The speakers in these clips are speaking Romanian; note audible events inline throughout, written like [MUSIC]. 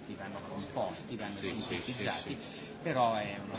modificati, composti, vanno sì, sintetizzati, sì, sì, sì. però è uno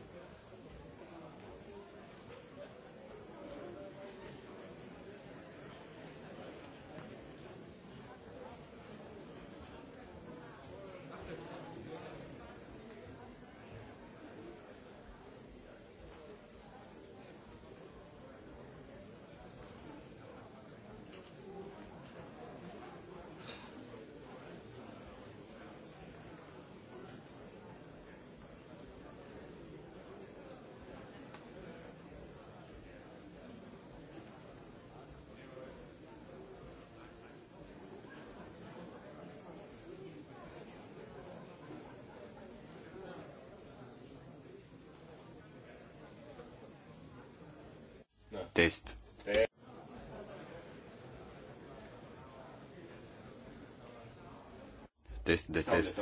test. Test de test.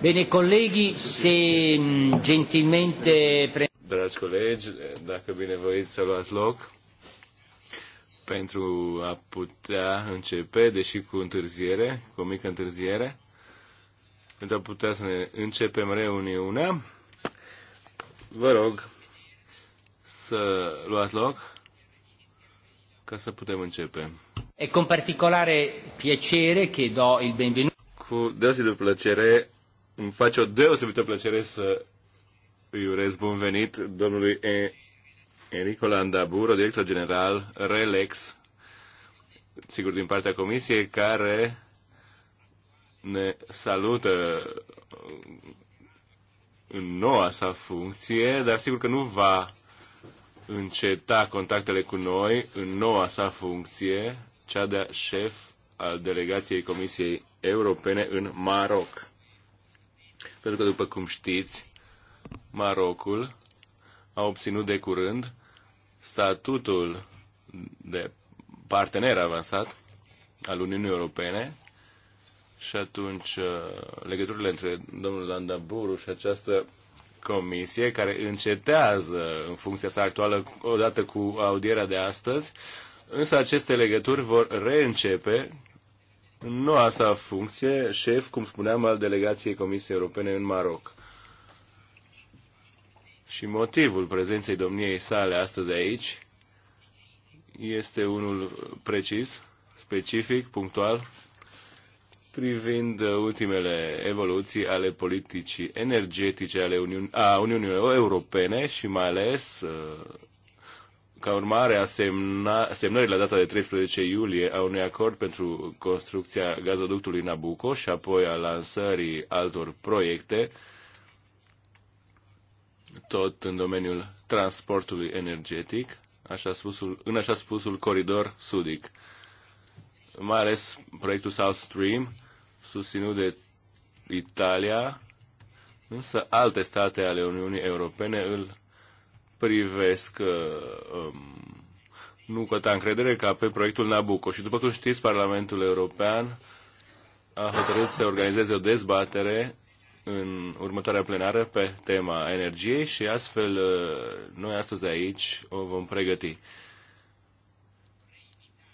Bine, colegi, se mm, gentilmente... Pre... Dragi colegi, dacă binevoiți să luați loc pentru a putea începe, deși cu întârziere, cu o mică întârziere, pentru a putea să ne începem reuniunea, vă rog să luați loc ca să putem începe. E con particolare piacere che do il benvenuto cu deosebită plăcere, îmi face o deosebită plăcere să îi urez bun venit domnului e. Enrico Landaburo, director general Relex, sigur din partea comisiei, care ne salută în noua sa funcție, dar sigur că nu va înceta contactele cu noi în noua sa funcție, cea de șef al delegației Comisiei europene în Maroc. Pentru că, după cum știți, Marocul a obținut de curând statutul de partener avansat al Uniunii Europene și atunci uh, legăturile între domnul Landaburu și această comisie care încetează în funcția sa actuală odată cu audierea de astăzi, însă aceste legături vor reîncepe în noua sa funcție, șef, cum spuneam, al delegației Comisiei Europene în Maroc. Și motivul prezenței domniei sale astăzi aici este unul precis, specific, punctual, privind ultimele evoluții ale politicii energetice ale Uniun- a Uniunii Europene și mai ales uh, ca urmare a semna, semnării la data de 13 iulie a unui acord pentru construcția gazoductului Nabucco și apoi a lansării altor proiecte, tot în domeniul transportului energetic, așa spusul, în așa spusul coridor sudic. Mai ales proiectul South Stream, susținut de Italia, însă alte state ale Uniunii Europene îl privesc uh, um, nu cu atâta încredere ca pe proiectul Nabucco. Și după cum știți, Parlamentul European a hotărât să organizeze o dezbatere în următoarea plenară pe tema energiei și astfel uh, noi astăzi aici o vom pregăti.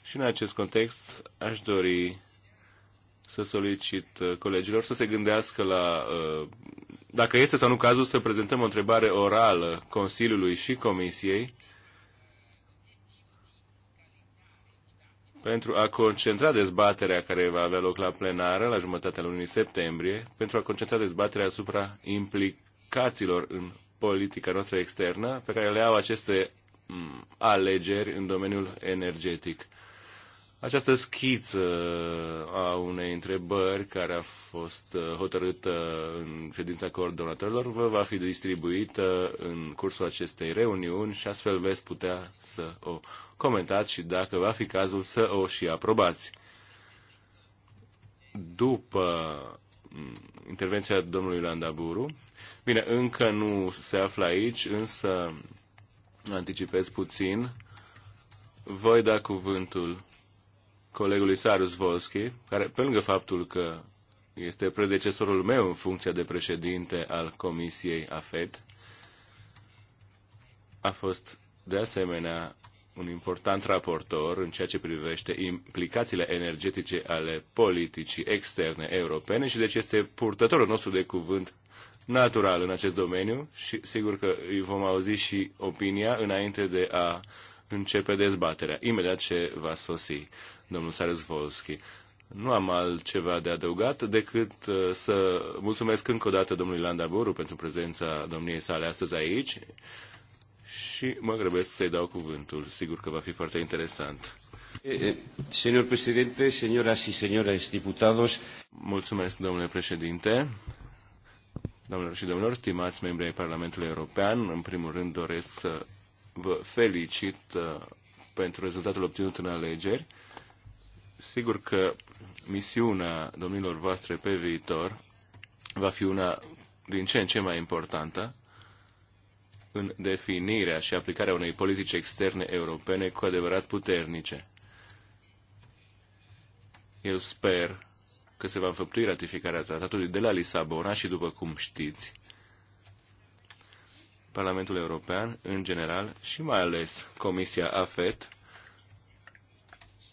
Și în acest context aș dori să solicit uh, colegilor să se gândească la uh, dacă este sau nu cazul să prezentăm o întrebare orală Consiliului și Comisiei pentru a concentra dezbaterea care va avea loc la plenară la jumătatea lunii septembrie, pentru a concentra dezbaterea asupra implicațiilor în politica noastră externă pe care le au aceste mm, alegeri în domeniul energetic această schiță a unei întrebări care a fost uh, hotărâtă în ședința coordonatorilor vă va fi distribuită în cursul acestei reuniuni și astfel veți putea să o comentați și dacă va fi cazul să o și aprobați. După mm, intervenția domnului Landaburu, bine, încă nu se află aici, însă anticipez puțin, voi da cuvântul colegului Sarus Volski, care, pe lângă faptul că este predecesorul meu în funcția de președinte al Comisiei AFET, a fost de asemenea un important raportor în ceea ce privește implicațiile energetice ale politicii externe europene și deci este purtătorul nostru de cuvânt natural în acest domeniu și sigur că îi vom auzi și opinia înainte de a începe dezbaterea, imediat ce va sosi domnul Sarez Volski. Nu am altceva de adăugat decât uh, să mulțumesc încă o dată domnului Landaboru pentru prezența domniei sale astăzi aici și mă grăbesc să-i dau cuvântul. Sigur că va fi foarte interesant. Eh, eh, Senor președinte, señoras și señores diputados. Mulțumesc, domnule președinte. Domnilor și domnilor, stimați membri ai Parlamentului European, în primul rând doresc să vă felicit uh, pentru rezultatul obținut în alegeri. Sigur că misiunea domnilor voastre pe viitor va fi una din ce în ce mai importantă în definirea și aplicarea unei politici externe europene cu adevărat puternice. Eu sper că se va înfăptui ratificarea tratatului de la Lisabona și, după cum știți, Parlamentul European, în general, și mai ales Comisia AFET,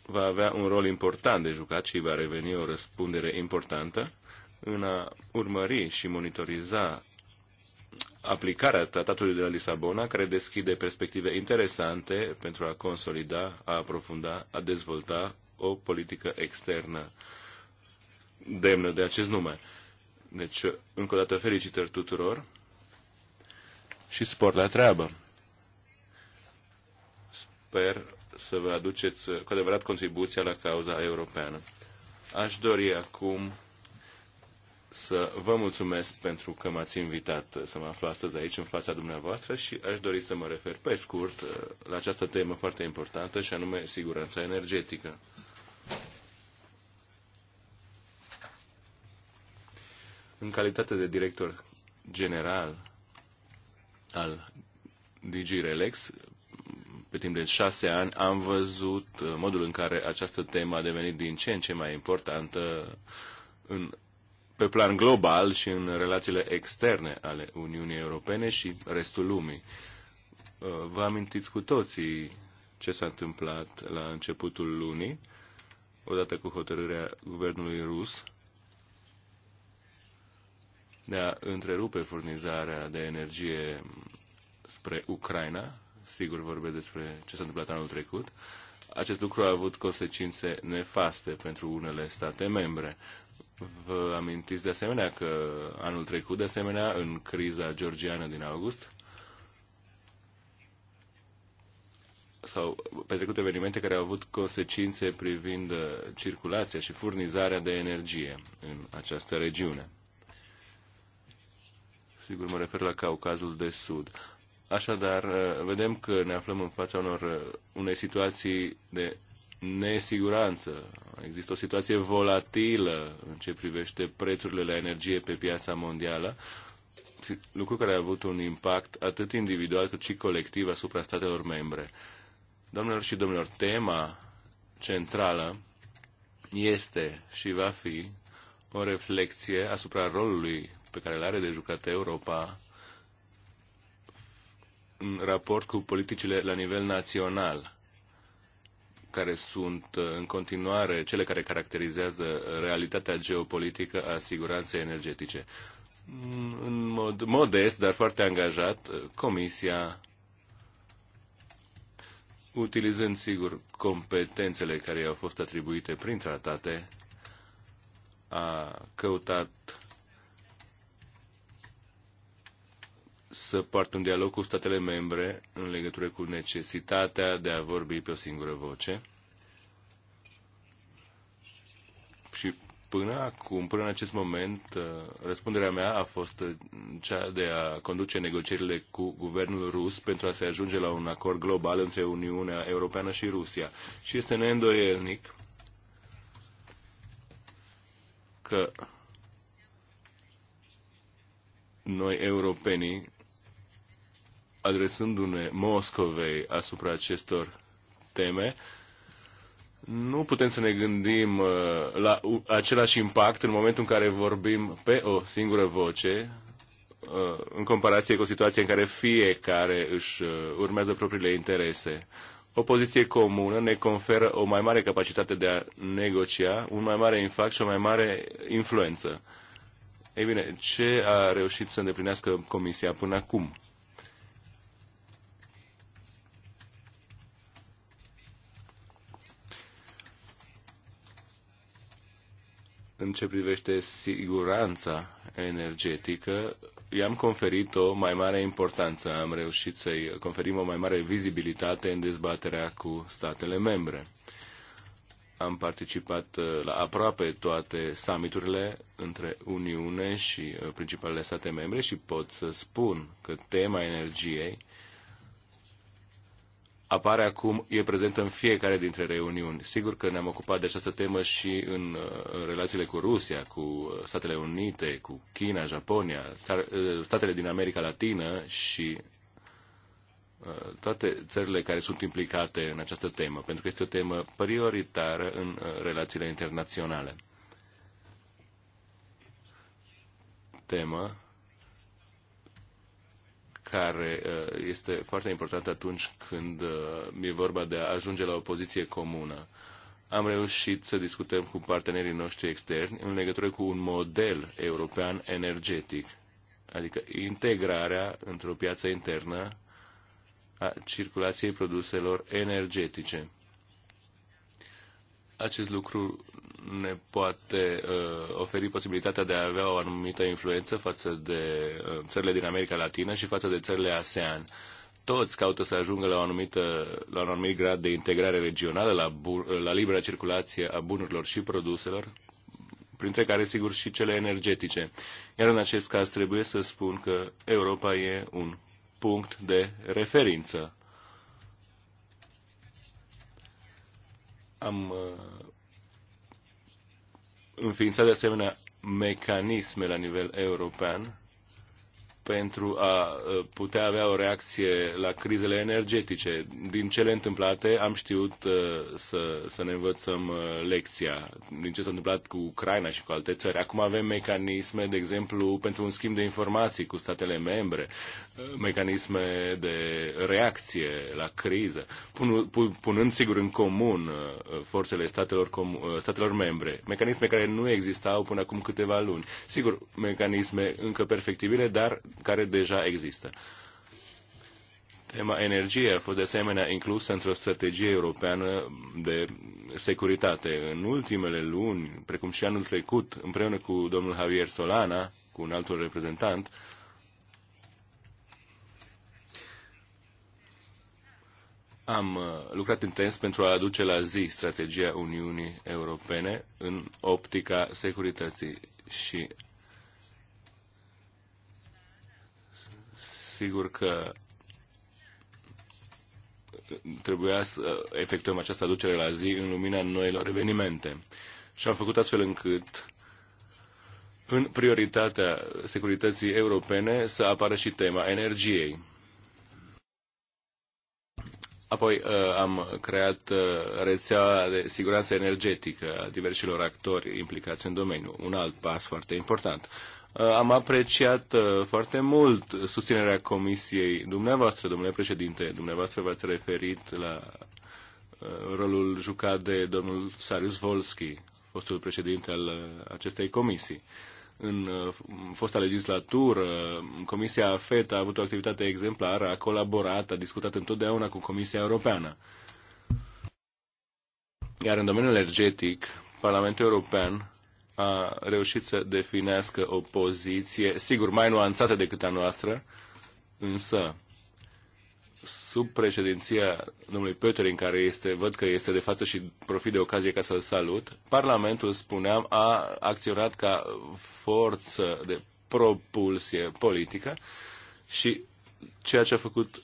va avea un rol important de jucat și va reveni o răspundere importantă în a urmări și monitoriza aplicarea tratatului de la Lisabona, care deschide perspective interesante pentru a consolida, a aprofunda, a dezvolta o politică externă demnă de acest nume. Deci, încă o dată, felicitări tuturor și spor la treabă. Sper să vă aduceți cu adevărat contribuția la cauza europeană. Aș dori acum să vă mulțumesc pentru că m-ați invitat să mă aflu astăzi aici în fața dumneavoastră și aș dori să mă refer pe scurt uh, la această temă foarte importantă și anume siguranța energetică. În calitate de director general al DG Relax, pe timp de șase ani, am văzut uh, modul în care această temă a devenit din ce în ce mai importantă în, pe plan global și în relațiile externe ale Uniunii Europene și restul lumii. Uh, vă amintiți cu toții ce s-a întâmplat la începutul lunii, odată cu hotărârea guvernului rus de a întrerupe furnizarea de energie spre Ucraina. Sigur vorbesc despre ce s-a întâmplat anul trecut. Acest lucru a avut consecințe nefaste pentru unele state membre. Vă amintiți de asemenea că anul trecut, de asemenea, în criza georgiană din august, s-au petrecut evenimente care au avut consecințe privind circulația și furnizarea de energie în această regiune. Sigur, mă refer la Caucazul de Sud. Așadar, uh, vedem că ne aflăm în fața unor, uh, unei situații de nesiguranță. Există o situație volatilă în ce privește prețurile la energie pe piața mondială, lucru care a avut un impact atât individual cât și colectiv asupra statelor membre. Domnilor și domnilor, tema centrală este și va fi o reflexie asupra rolului pe care le are de jucat Europa în raport cu politicile la nivel național, care sunt uh, în continuare cele care caracterizează realitatea geopolitică a siguranței energetice. Mm, în mod modest, dar foarte angajat, uh, Comisia utilizând, sigur, competențele care i-au fost atribuite prin tratate, a căutat să poartă un dialog cu statele membre în legătură cu necesitatea de a vorbi pe o singură voce. Și până acum, până în acest moment, uh, răspunderea mea a fost uh, cea de a conduce negocierile cu guvernul rus pentru a se ajunge la un acord global între Uniunea Europeană și Rusia. Și este neîndoielnic că noi europenii adresându-ne Moscovei asupra acestor teme, nu putem să ne gândim uh, la același impact în momentul în care vorbim pe o singură voce, uh, în comparație cu o situație în care fiecare își uh, urmează propriile interese. O poziție comună ne conferă o mai mare capacitate de a negocia, un mai mare impact și o mai mare influență. Ei bine, ce a reușit să îndeplinească Comisia până acum? în ce privește siguranța energetică, i-am conferit o mai mare importanță, am reușit să-i conferim o mai mare vizibilitate în dezbaterea cu statele membre. Am participat uh, la aproape toate summiturile între Uniune și uh, principalele state membre și pot să spun că tema energiei apare acum, e prezentă în fiecare dintre reuniuni. Sigur că ne-am ocupat de această temă și în, în relațiile cu Rusia, cu uh, Statele Unite, cu China, Japonia, uh, statele din America Latină și uh, toate țările care sunt implicate în această temă, pentru că este o temă prioritară în relațiile internaționale. Temă care uh, este foarte importantă atunci când uh, e vorba de a ajunge la o poziție comună. Am reușit să discutăm cu partenerii noștri externi în legătură cu un model european energetic, adică integrarea într-o piață internă a circulației produselor energetice. Acest lucru ne poate uh, oferi posibilitatea de a avea o anumită influență față de uh, țările din America Latină și față de țările ASEAN. Toți caută să ajungă la, o anumită, la un anumit grad de integrare regională, la, la libera circulație a bunurilor și produselor, printre care, sigur, și cele energetice. Iar în acest caz trebuie să spun că Europa e un punct de referință. Am uh, înființat de asemenea mecanisme la nivel european pentru a putea avea o reacție la crizele energetice. Din cele întâmplate am știut să, să ne învățăm lecția, din ce s-a întâmplat cu Ucraina și cu alte țări. Acum avem mecanisme, de exemplu, pentru un schimb de informații cu statele membre, mecanisme de reacție la criză, pun, pun, punând sigur în comun forțele statelor, statelor membre, mecanisme care nu existau până acum câteva luni. Sigur, mecanisme încă perfectibile, dar care deja există. Tema energiei a fost de asemenea inclusă într-o strategie europeană de securitate. În ultimele luni, precum și anul trecut, împreună cu domnul Javier Solana, cu un altul reprezentant, Am uh, lucrat intens pentru a aduce la zi strategia Uniunii Europene în optica securității și sigur că trebuia să efectuăm această aducere la zi în lumina noilor evenimente. Și am făcut astfel încât în prioritatea securității europene să apară și tema energiei. Apoi uh, am creat uh, rețea de siguranță energetică a diversilor actori implicați în domeniu, un alt pas foarte important. Uh, am apreciat uh, foarte mult susținerea comisiei dumneavoastră, domnule președinte. Dumneavoastră v-ați referit la uh, rolul jucat de domnul Sarius Volski, fostul președinte al acestei comisii. În fosta legislatură, Comisia FET a avut o activitate exemplară, a colaborat, a discutat întotdeauna cu Comisia Europeană. Iar în domeniul energetic, Parlamentul European a reușit să definească o poziție, sigur, mai nuanțată decât a noastră, însă sub președinția domnului în care este, văd că este de față și profit de ocazie ca să-l salut, Parlamentul, spuneam, a acționat ca forță de propulsie politică și ceea ce a făcut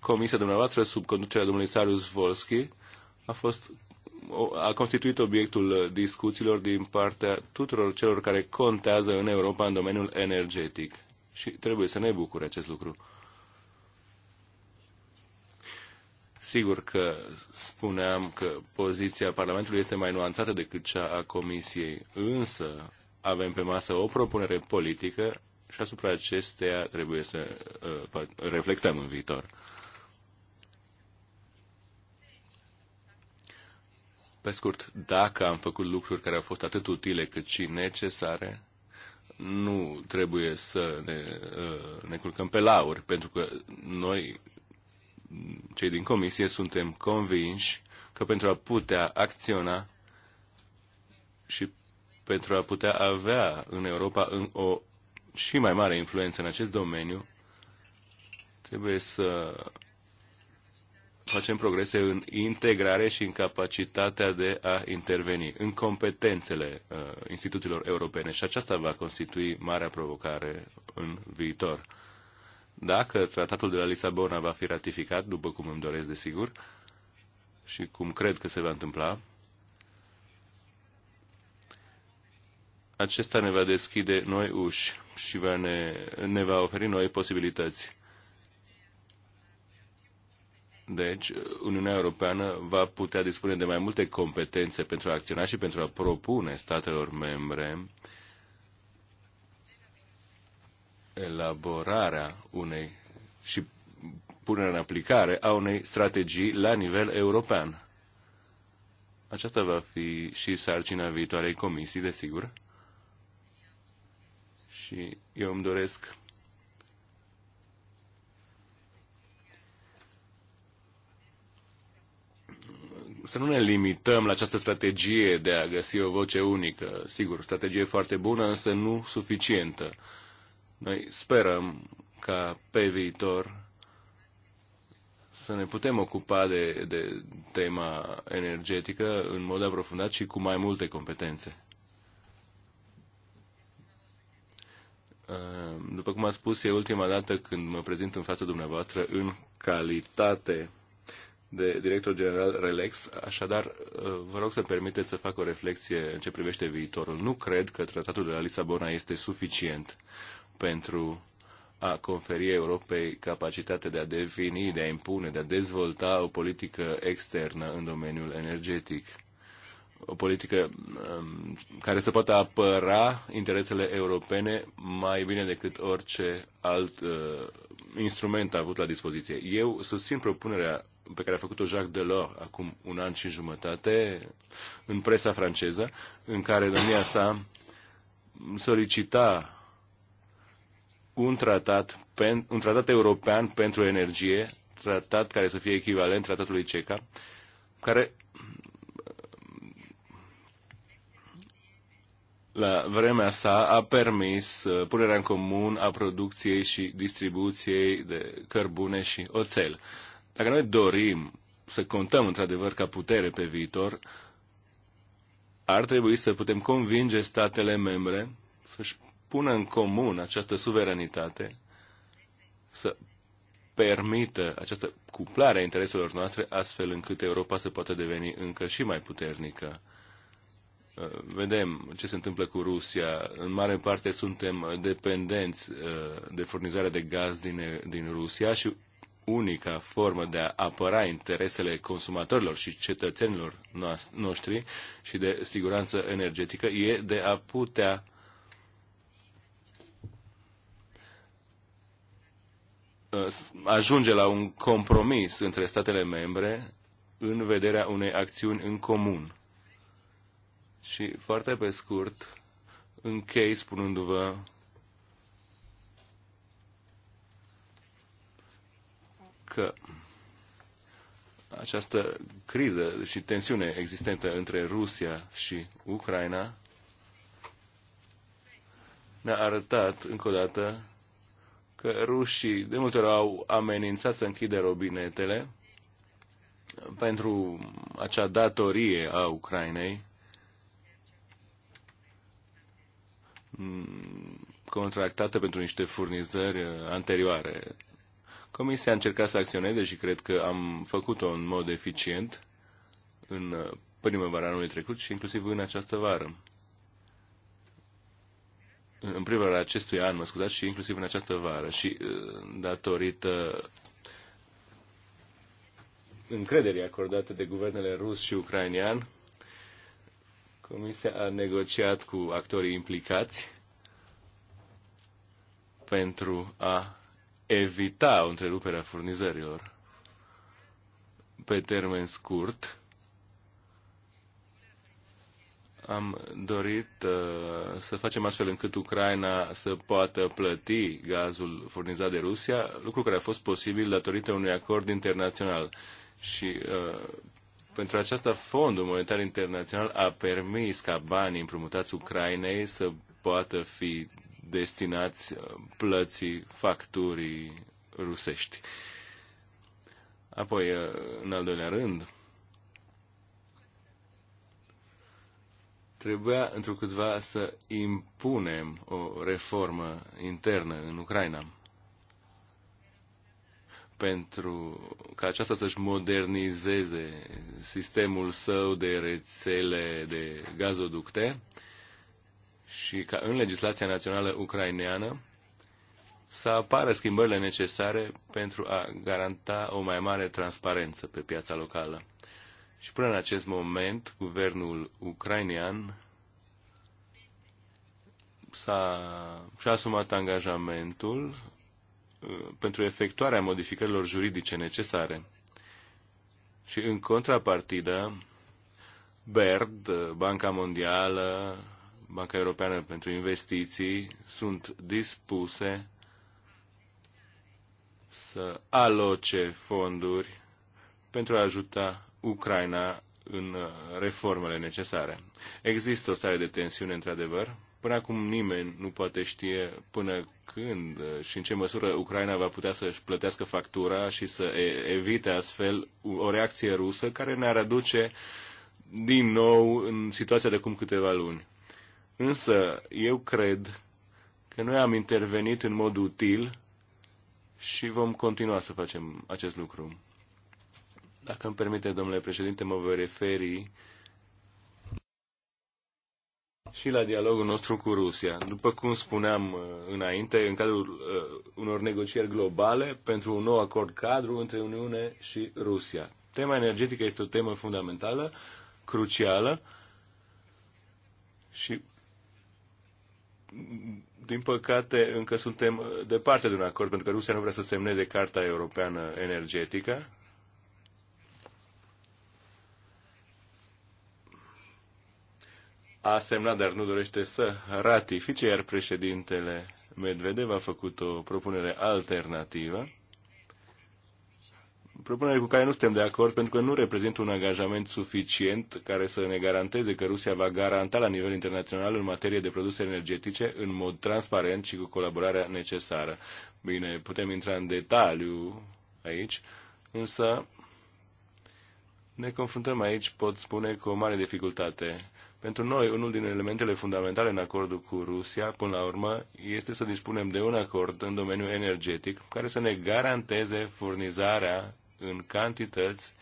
comisia dumneavoastră sub conducerea domnului Sarius Volski a fost a constituit obiectul discuțiilor din partea tuturor celor care contează în Europa în domeniul energetic. Și trebuie să ne bucure acest lucru. Sigur că spuneam că poziția Parlamentului este mai nuanțată decât cea a Comisiei, însă avem pe masă o propunere politică și asupra acesteia trebuie să uh, reflectăm în viitor. Pe scurt, dacă am făcut lucruri care au fost atât utile cât și necesare, nu trebuie să ne, uh, ne culcăm pe lauri, pentru că noi, cei din comisie, suntem convinși că pentru a putea acționa și pentru a putea avea în Europa o și mai mare influență în acest domeniu, trebuie să facem progrese în integrare și în capacitatea de a interveni, în competențele uh, instituțiilor europene și aceasta va constitui marea provocare în viitor. Dacă tratatul de la Lisabona va fi ratificat, după cum îmi doresc desigur, și cum cred că se va întâmpla, acesta ne va deschide noi uși și va ne, ne va oferi noi posibilități deci, Uniunea Europeană va putea dispune de mai multe competențe pentru a acționa și pentru a propune statelor membre elaborarea unei și punerea în aplicare a unei strategii la nivel european. Aceasta va fi și sarcina viitoarei comisii, desigur. Și eu îmi doresc să nu ne limităm la această strategie de a găsi o voce unică. Sigur, strategie foarte bună, însă nu suficientă. Noi sperăm ca pe viitor să ne putem ocupa de, de tema energetică în mod aprofundat și cu mai multe competențe. După cum am spus, e ultima dată când mă prezint în fața dumneavoastră în calitate de director general Relex. Așadar, uh, vă rog să-mi permiteți să fac o reflexie în ce privește viitorul. Nu cred că tratatul de la Lisabona este suficient pentru a conferi Europei capacitatea de a defini, de a impune, de a dezvolta o politică externă în domeniul energetic. O politică um, care să poată apăra interesele europene mai bine decât orice alt uh, instrument avut la dispoziție. Eu susțin propunerea pe care a făcut-o Jacques Delors acum un an și jumătate în presa franceză, în care domnia sa solicita un tratat, un tratat european pentru energie, tratat care să fie echivalent tratatului CECA, care la vremea sa a permis uh, punerea în comun a producției și distribuției de cărbune și oțel. Dacă noi dorim să contăm într-adevăr ca putere pe viitor, ar trebui să putem convinge statele membre să-și pună în comun această suveranitate, să permită această cuplare a intereselor noastre, astfel încât Europa să poată deveni încă și mai puternică. Uh, vedem ce se întâmplă cu Rusia. În mare parte suntem dependenți uh, de furnizarea de gaz din, din Rusia și unica formă de a apăra interesele consumatorilor și cetățenilor noștri și de siguranță energetică e de a putea uh, ajunge la un compromis între statele membre în vederea unei acțiuni în comun. Și foarte pe scurt, închei spunându-vă că această criză și tensiune existentă între Rusia și Ucraina ne-a arătat încă o dată că rușii de multe ori au amenințat să închide robinetele pentru acea datorie a Ucrainei contractată pentru niște furnizări anterioare Comisia a încercat să acționeze și cred că am făcut-o în mod eficient în uh, primăvara anului trecut și inclusiv în această vară. În primăvara acestui an, mă scuzați, și inclusiv în această vară. Și uh, datorită încrederii acordate de guvernele rus și ucrainian, Comisia a negociat cu actorii implicați pentru a evita o întrerupere a furnizărilor pe termen scurt. Am dorit uh, să facem astfel încât Ucraina să poată plăti gazul furnizat de Rusia, lucru care a fost posibil datorită unui acord internațional. Și uh, pentru aceasta Fondul Monetar Internațional a permis ca banii împrumutați Ucrainei să poată fi destinați uh, plății facturii rusești. Apoi, uh, în al doilea rând, trebuia câtva să impunem o reformă internă în Ucraina pentru ca aceasta să-și modernizeze sistemul său de rețele de gazoducte și ca în legislația națională ucraineană să apară schimbările necesare pentru a garanta o mai mare transparență pe piața locală. Și până în acest moment, guvernul ucrainean s-a, și-a asumat angajamentul uh, pentru efectuarea modificărilor juridice necesare. Și în contrapartidă, BERD, uh, Banca Mondială Banca Europeană pentru Investiții sunt dispuse să aloce fonduri pentru a ajuta Ucraina în uh, reformele necesare. Există o stare de tensiune, într-adevăr. Până acum nimeni nu poate știe până când uh, și în ce măsură Ucraina va putea să-și plătească factura și să evite astfel o reacție rusă care ne-ar aduce din nou în situația de acum câteva luni. Însă, eu cred că noi am intervenit în mod util și vom continua să facem acest lucru. Dacă îmi permite, domnule președinte, mă voi referi și la dialogul nostru cu Rusia. După cum spuneam uh, înainte, în cadrul uh, unor negocieri globale pentru un nou acord cadru între Uniune și Rusia. Tema energetică este o temă fundamentală, crucială și din păcate, încă suntem uh, departe de un acord, pentru că Rusia nu vrea să semneze Carta Europeană Energetică. A semnat, dar nu dorește să ratifice, iar președintele Medvedev a făcut o propunere alternativă propunere cu care nu suntem de acord pentru că nu reprezintă un angajament suficient care să ne garanteze că Rusia va garanta la nivel internațional în materie de produse energetice în mod transparent și cu colaborarea necesară. Bine, putem intra în detaliu aici, însă ne confruntăm aici, pot spune, cu o mare dificultate. Pentru noi, unul din elementele fundamentale în acordul cu Rusia, până la urmă, este să dispunem de un acord în domeniul energetic care să ne garanteze furnizarea în cantități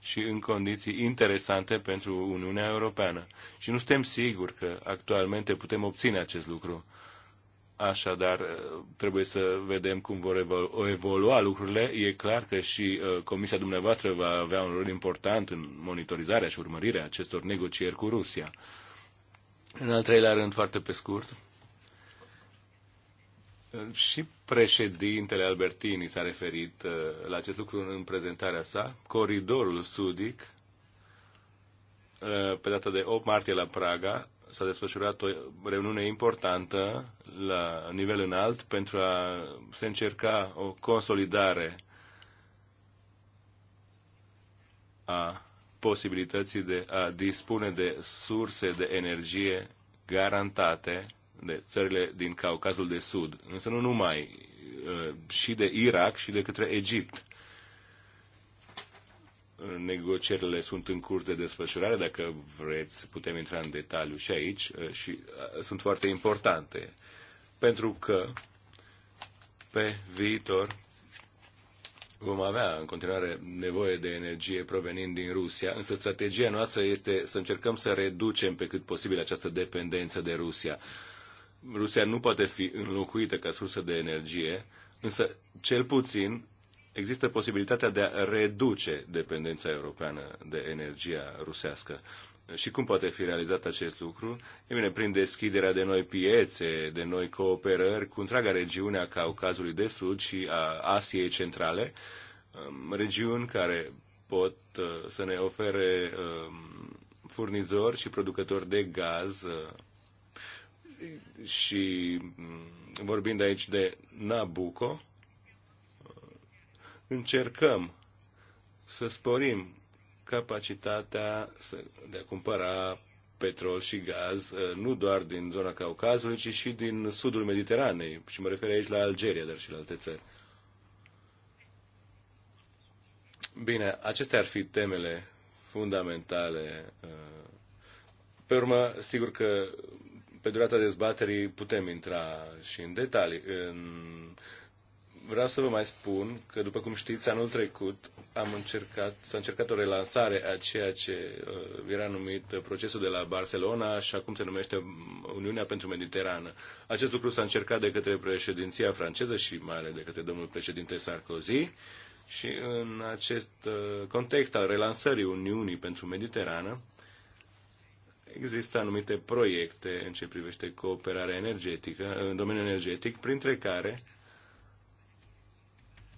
și în condiții interesante pentru Uniunea Europeană. Și nu suntem siguri că actualmente putem obține acest lucru. Așadar, eh, trebuie să vedem cum vor evolua lucrurile. E clar că și eh, Comisia dumneavoastră va avea un rol important în monitorizarea și urmărirea acestor negocieri cu Rusia. În al treilea rând, foarte pe scurt, eh, și Președintele Albertini s-a referit uh, la acest lucru în prezentarea sa. Coridorul sudic, uh, pe data de 8 martie la Praga, s-a desfășurat o reuniune importantă la nivel înalt pentru a se încerca o consolidare a posibilității de a dispune de surse de energie garantate de țările din Caucazul de Sud, însă nu numai, uh, și de Irak și de către Egipt. Negocierile sunt în curs de desfășurare, dacă vreți putem intra în detaliu și aici, uh, și uh, sunt foarte importante, pentru că pe viitor vom avea în continuare nevoie de energie provenind din Rusia, însă strategia noastră este să încercăm să reducem pe cât posibil această dependență de Rusia. Rusia nu poate fi înlocuită ca sursă de energie, însă cel puțin există posibilitatea de a reduce dependența europeană de energia rusească. Și cum poate fi realizat acest lucru? E bine, prin deschiderea de noi piețe, de noi cooperări cu întreaga regiune a Caucazului de Sud și a Asiei Centrale, um, regiuni care pot uh, să ne ofere um, furnizori și producători de gaz uh, și mm, vorbind aici de Nabucco, încercăm să sporim capacitatea de a cumpăra petrol și gaz, ă, nu doar din zona Caucazului, ci și din sudul Mediteranei. Și mă refer aici la Algeria, dar și la alte țări. Bine, acestea ar fi temele fundamentale. Ă, pe urmă, sigur că pe durata dezbaterii putem intra și în detalii. În... Vreau să vă mai spun că, după cum știți, anul trecut am încercat, s-a încercat o relansare a ceea ce uh, era numit procesul de la Barcelona și acum se numește mm, Uniunea pentru Mediterană. Acest lucru s-a încercat de către președinția franceză și mai ales de către domnul președinte Sarkozy și în acest uh, context al relansării Uniunii pentru Mediterană, există anumite proiecte în ce privește cooperarea energetică, în domeniul energetic, printre care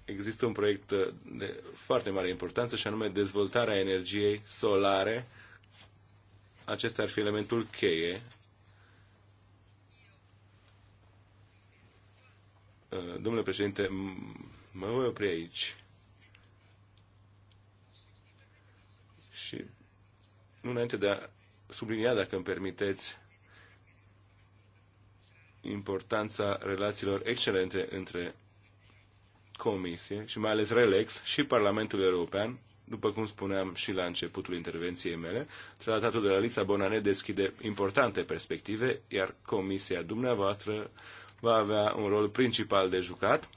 există un proiect de foarte mare importanță și anume dezvoltarea energiei solare. Acesta ar fi elementul cheie. Domnule președinte, mă voi opri aici. Și înainte de a sublinia, dacă îmi permiteți, importanța relațiilor excelente între Comisie și mai ales RELEX și Parlamentul European, după cum spuneam și la începutul intervenției mele, tratatul de la Lisabona ne deschide importante perspective, iar Comisia dumneavoastră va avea un rol principal de jucat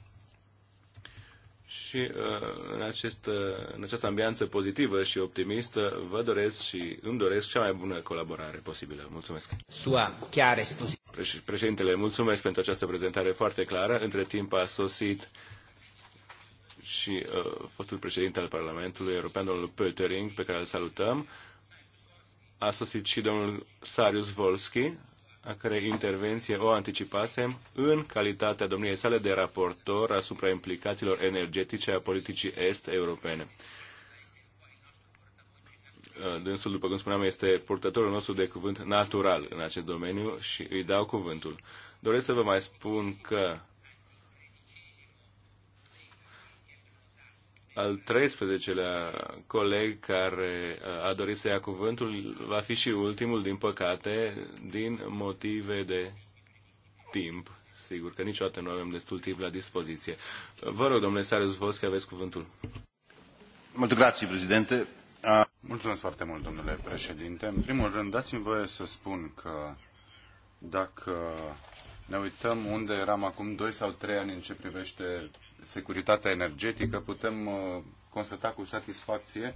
și uh, în, acest, uh, în această ambianță pozitivă și optimistă vă doresc și îmi doresc cea mai bună colaborare posibilă. Mulțumesc. Sua, chiar Preș- Președintele, mulțumesc pentru această prezentare foarte clară. Între timp a sosit și uh, fostul președinte al Parlamentului European, domnul Pötering, pe care îl salutăm. A sosit și domnul Sarius Volski, a cărei intervenție o anticipasem în calitatea domniei sale de raportor asupra implicațiilor energetice a politicii est-europene. Uh, dânsul, după cum spuneam, este purtătorul nostru de cuvânt natural în acest domeniu și îi dau cuvântul. Doresc să vă mai spun că al 13-lea coleg care uh, a dorit să ia cuvântul va fi și ultimul, din păcate, din motive de timp. Sigur că niciodată nu avem destul timp la dispoziție. Vă rog, domnule Sarius Vos, că aveți cuvântul. Mulțumesc, președinte. Mulțumesc foarte mult, domnule președinte. În primul rând, dați-mi voie să spun că dacă ne uităm unde eram acum 2 sau 3 ani în ce privește securitatea energetică, putem uh, constata cu satisfacție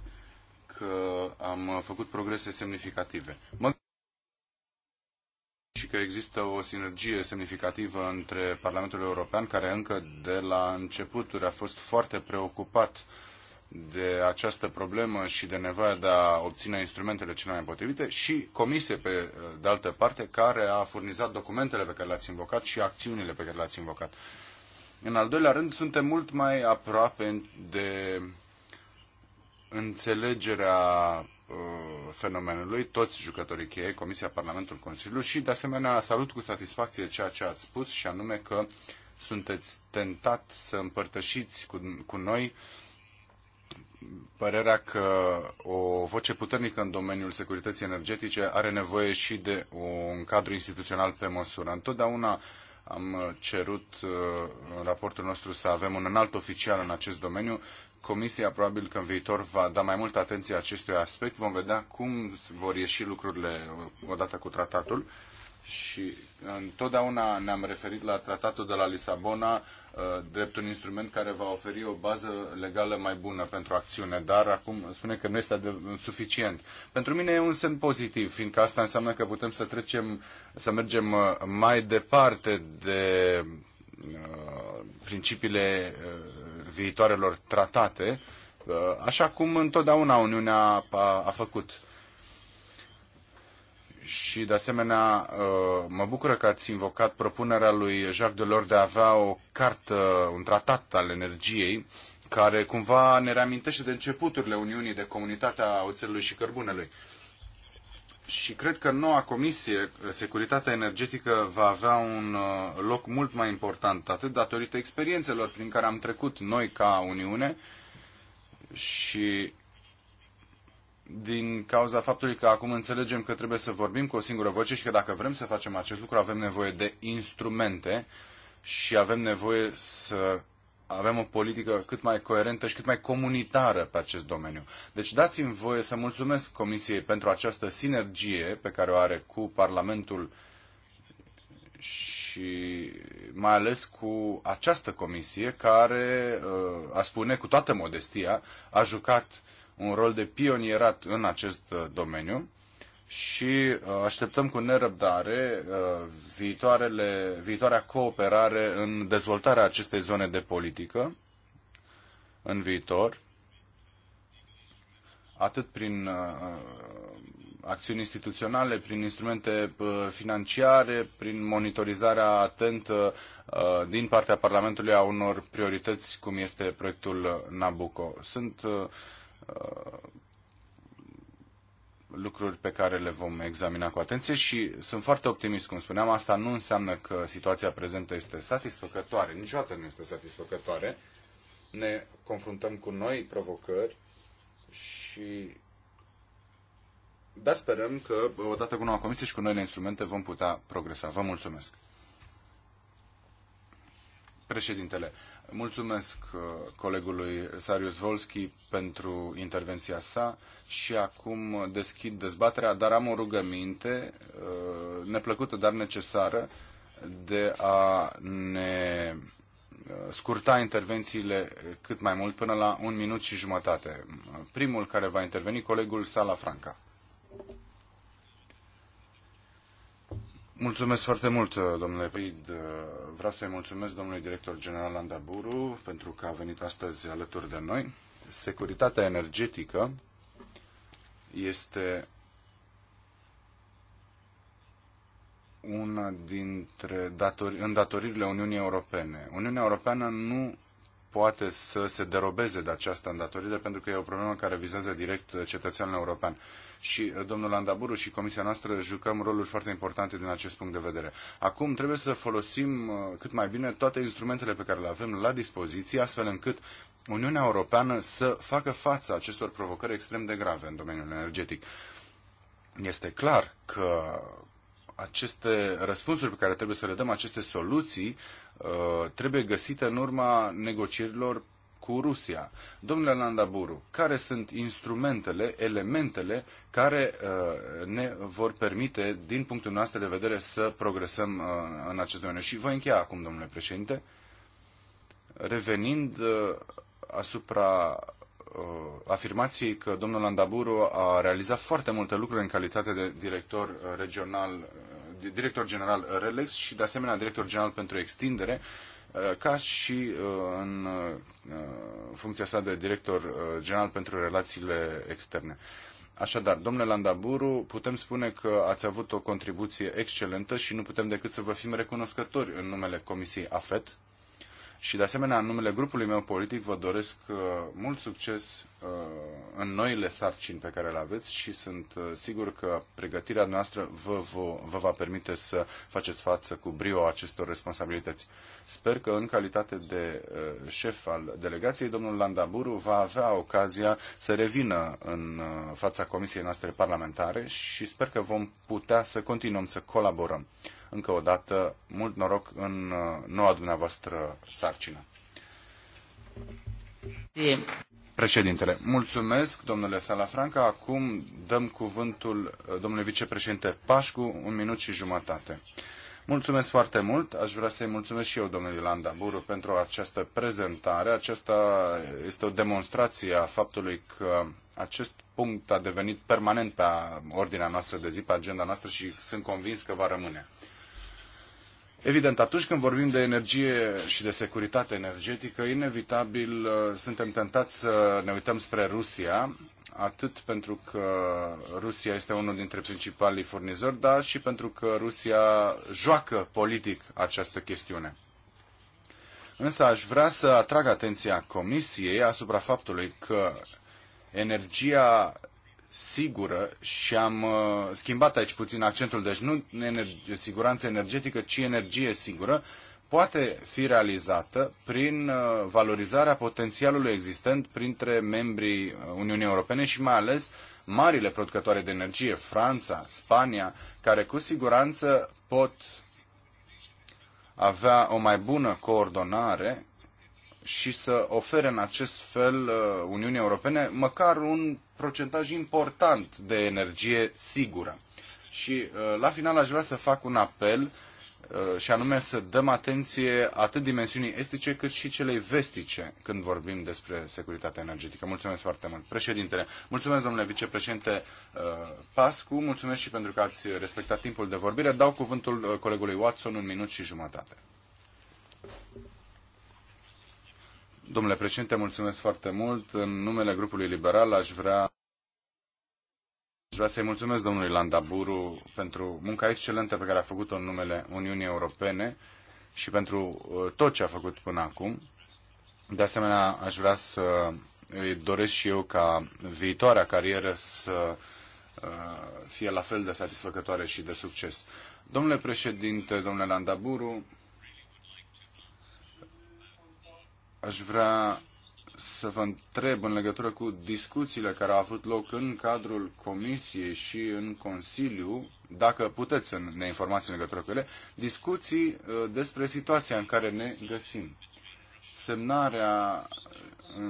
că am uh, făcut progrese semnificative. Mă și că există o sinergie semnificativă între Parlamentul European, care încă de la începuturi a fost foarte preocupat de această problemă și de nevoia de a obține instrumentele cele mai potrivite și comisie, pe uh, de altă parte, care a furnizat documentele pe care le-ați invocat și acțiunile pe care le-ați invocat. În al doilea rând, suntem mult mai aproape de înțelegerea uh, fenomenului, toți jucătorii cheie, Comisia, Parlamentul, Consiliului. și, de asemenea, salut cu satisfacție ceea ce ați spus și anume că sunteți tentat să împărtășiți cu, cu noi părerea că o voce puternică în domeniul securității energetice are nevoie și de un cadru instituțional pe măsură. Întotdeauna am uh, cerut uh, în raportul nostru să avem un înalt oficial în acest domeniu. Comisia probabil că în viitor va da mai multă atenție acestui aspect. Vom vedea cum vor ieși lucrurile uh, odată cu tratatul și Întotdeauna ne-am referit la tratatul de la Lisabona uh, drept un instrument care va oferi o bază legală mai bună pentru acțiune, dar acum spune că nu este suficient. Pentru mine e un semn pozitiv, fiindcă asta înseamnă că putem să trecem, să mergem uh, mai departe de uh, principiile viitoarelor tratate, așa cum întotdeauna Uniunea a, a făcut și, de asemenea, uh, mă bucură că ați invocat propunerea lui Jacques Delors de a avea o cartă, un tratat al energiei, care cumva ne reamintește de începuturile Uniunii de Comunitatea Oțelului și Cărbunelui. Și cred că noua comisie, Securitatea Energetică, va avea un uh, loc mult mai important, atât datorită experiențelor prin care am trecut noi ca Uniune și din cauza faptului că acum înțelegem că trebuie să vorbim cu o singură voce și că dacă vrem să facem acest lucru avem nevoie de instrumente și avem nevoie să avem o politică cât mai coerentă și cât mai comunitară pe acest domeniu. Deci dați-mi voie să mulțumesc Comisiei pentru această sinergie pe care o are cu Parlamentul și mai ales cu această comisie care, uh, a spune cu toată modestia, a jucat un rol de pionierat în acest uh, domeniu și uh, așteptăm cu nerăbdare uh, viitoarele, viitoarea cooperare în dezvoltarea acestei zone de politică în viitor, atât prin acțiuni instituționale, prin instrumente financiare, prin monitorizarea atentă din partea Parlamentului a unor priorități, cum este proiectul Nabucco. Sunt Uh, lucruri pe care le vom examina cu atenție și sunt foarte optimist, cum spuneam, asta nu înseamnă că situația prezentă este satisfăcătoare, niciodată nu este satisfăcătoare. Ne confruntăm cu noi provocări și dar sperăm că odată cu noua comisie și cu noile instrumente vom putea progresa. Vă mulțumesc. Președintele, Mulțumesc uh, colegului Sarius Volski pentru intervenția sa și acum deschid dezbaterea, dar am o rugăminte uh, neplăcută, dar necesară de a ne uh, scurta intervențiile cât mai mult până la un minut și jumătate. Primul care va interveni, colegul Sala Franca. Mulțumesc foarte mult, domnule Pid. Vreau să-i mulțumesc domnului director general Andaburu pentru că a venit astăzi alături de noi. Securitatea energetică este una dintre datori, îndatoririle Uniunii Europene. Uniunea Europeană nu poate să se derobeze de această îndatorire pentru că e o problemă care vizează direct cetățeanul european și uh, domnul Andaburu și comisia noastră jucăm roluri foarte importante din acest punct de vedere. Acum trebuie să folosim uh, cât mai bine toate instrumentele pe care le avem la dispoziție, astfel încât Uniunea Europeană să facă față acestor provocări extrem de grave în domeniul energetic. Este clar că aceste răspunsuri pe care trebuie să le dăm, aceste soluții, uh, trebuie găsite în urma negocierilor cu Rusia. Domnule Landaburu, care sunt instrumentele, elementele care uh, ne vor permite, din punctul nostru de vedere, să progresăm uh, în acest domeniu? Și voi încheia acum, domnule președinte, revenind uh, asupra uh, afirmației că domnul Landaburu a realizat foarte multe lucruri în calitate de director uh, regional, uh, director general Relex și de asemenea director general pentru extindere Uh, ca și uh, în uh, funcția sa de director general pentru relațiile externe. Așadar, domnule Landaburu, putem spune că ați avut o contribuție excelentă și nu putem decât să vă fim recunoscători în numele Comisiei AFET și de asemenea în numele grupului meu politic vă doresc uh, mult succes uh, în noile sarcini pe care le aveți și sunt uh, sigur că pregătirea noastră vă, vă, vă va permite să faceți față cu brio acestor responsabilități. Sper că în calitate de șef al delegației, domnul Landaburu va avea ocazia să revină în fața comisiei noastre parlamentare și sper că vom putea să continuăm să colaborăm. Încă o dată, mult noroc în uh, noua dumneavoastră sarcină. E. Președintele, mulțumesc, domnule Salafranca. Acum dăm cuvântul uh, domnului vicepreședinte Pașcu, un minut și jumătate. Mulțumesc foarte mult. Aș vrea să-i mulțumesc și eu domnului Landaburu pentru această prezentare. Aceasta este o demonstrație a faptului că acest punct a devenit permanent pe ordinea noastră de zi, pe agenda noastră și sunt convins că va rămâne. Evident, atunci când vorbim de energie și de securitate energetică, inevitabil uh, suntem tentați să ne uităm spre Rusia, atât pentru că Rusia este unul dintre principalii furnizori, dar și pentru că Rusia joacă politic această chestiune. Însă aș vrea să atrag atenția Comisiei asupra faptului că energia sigură și am uh, schimbat aici puțin accentul, deci nu energie, siguranță energetică, ci energie sigură, poate fi realizată prin uh, valorizarea potențialului existent printre membrii uh, Uniunii Europene și mai ales marile producătoare de energie, Franța, Spania, care cu siguranță pot avea o mai bună coordonare și să ofere în acest fel Uniunii Europene măcar un procentaj important de energie sigură. Și uh, la final aș vrea să fac un apel uh, și anume să dăm atenție atât dimensiunii estice cât și celei vestice când vorbim despre securitatea energetică. Mulțumesc foarte mult, președintele. Mulțumesc, domnule vicepreședinte uh, Pascu, mulțumesc și pentru că ați respectat timpul de vorbire. Dau cuvântul colegului Watson un minut și jumătate. Domnule președinte, mulțumesc foarte mult. În numele grupului liberal aș vrea, aș vrea să-i mulțumesc domnului Landaburu pentru munca excelentă pe care a făcut-o în numele Uniunii Europene și pentru uh, tot ce a făcut până acum. De asemenea, aș vrea să îi doresc și eu ca viitoarea carieră să uh, fie la fel de satisfăcătoare și de succes. Domnule președinte, domnule Landaburu, aș vrea să vă întreb în legătură cu discuțiile care au avut loc în cadrul Comisiei și în Consiliu, dacă puteți să ne informați în legătură cu ele, discuții uh, despre situația în care ne găsim. Semnarea uh,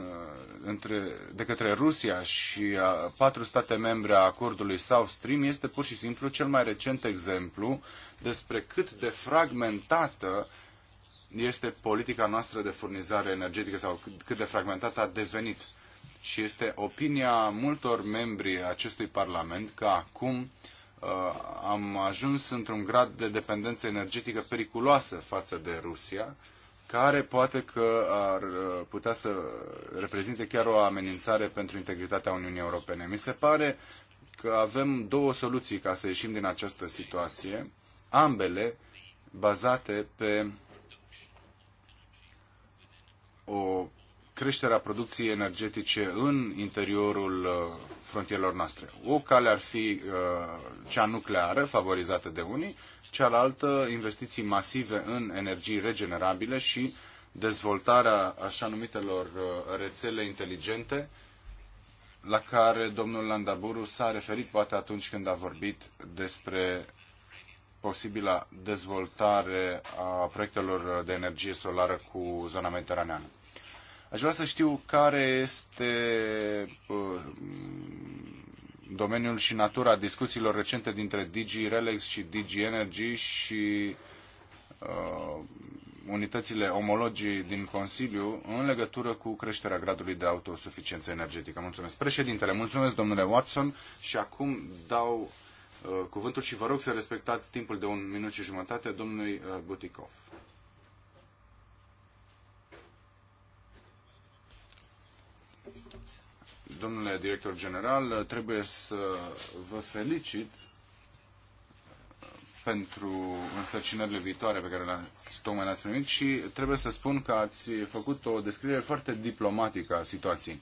între, de către Rusia și patru state membre a acordului South Stream este pur și simplu cel mai recent exemplu despre cât de fragmentată este politica noastră de furnizare energetică sau cât de fragmentată a devenit. Și este opinia multor membri acestui Parlament că acum uh, am ajuns într-un grad de dependență energetică periculoasă față de Rusia, care poate că ar uh, putea să reprezinte chiar o amenințare pentru integritatea Uniunii Europene. Mi se pare că avem două soluții ca să ieșim din această situație, ambele bazate pe o creștere a producției energetice în interiorul uh, frontierelor noastre. O cale ar fi uh, cea nucleară, favorizată de unii, cealaltă investiții masive în energii regenerabile și dezvoltarea așa numitelor uh, rețele inteligente la care domnul Landaburu s-a referit poate atunci când a vorbit despre posibila dezvoltare a proiectelor de energie solară cu zona mediteraneană. Aș vrea să știu care este uh, domeniul și natura discuțiilor recente dintre DG Relex și DG Energy și uh, unitățile omologii din Consiliu în legătură cu creșterea gradului de autosuficiență energetică. Mulțumesc, președintele. Mulțumesc, domnule Watson. Și acum dau uh, cuvântul și vă rog să respectați timpul de un minut și jumătate domnului uh, Butikov. domnule director general, trebuie să vă felicit pentru însărcinările viitoare pe care le-ați, tocmai le-ați primit și trebuie să spun că ați făcut o descriere foarte diplomatică a situației.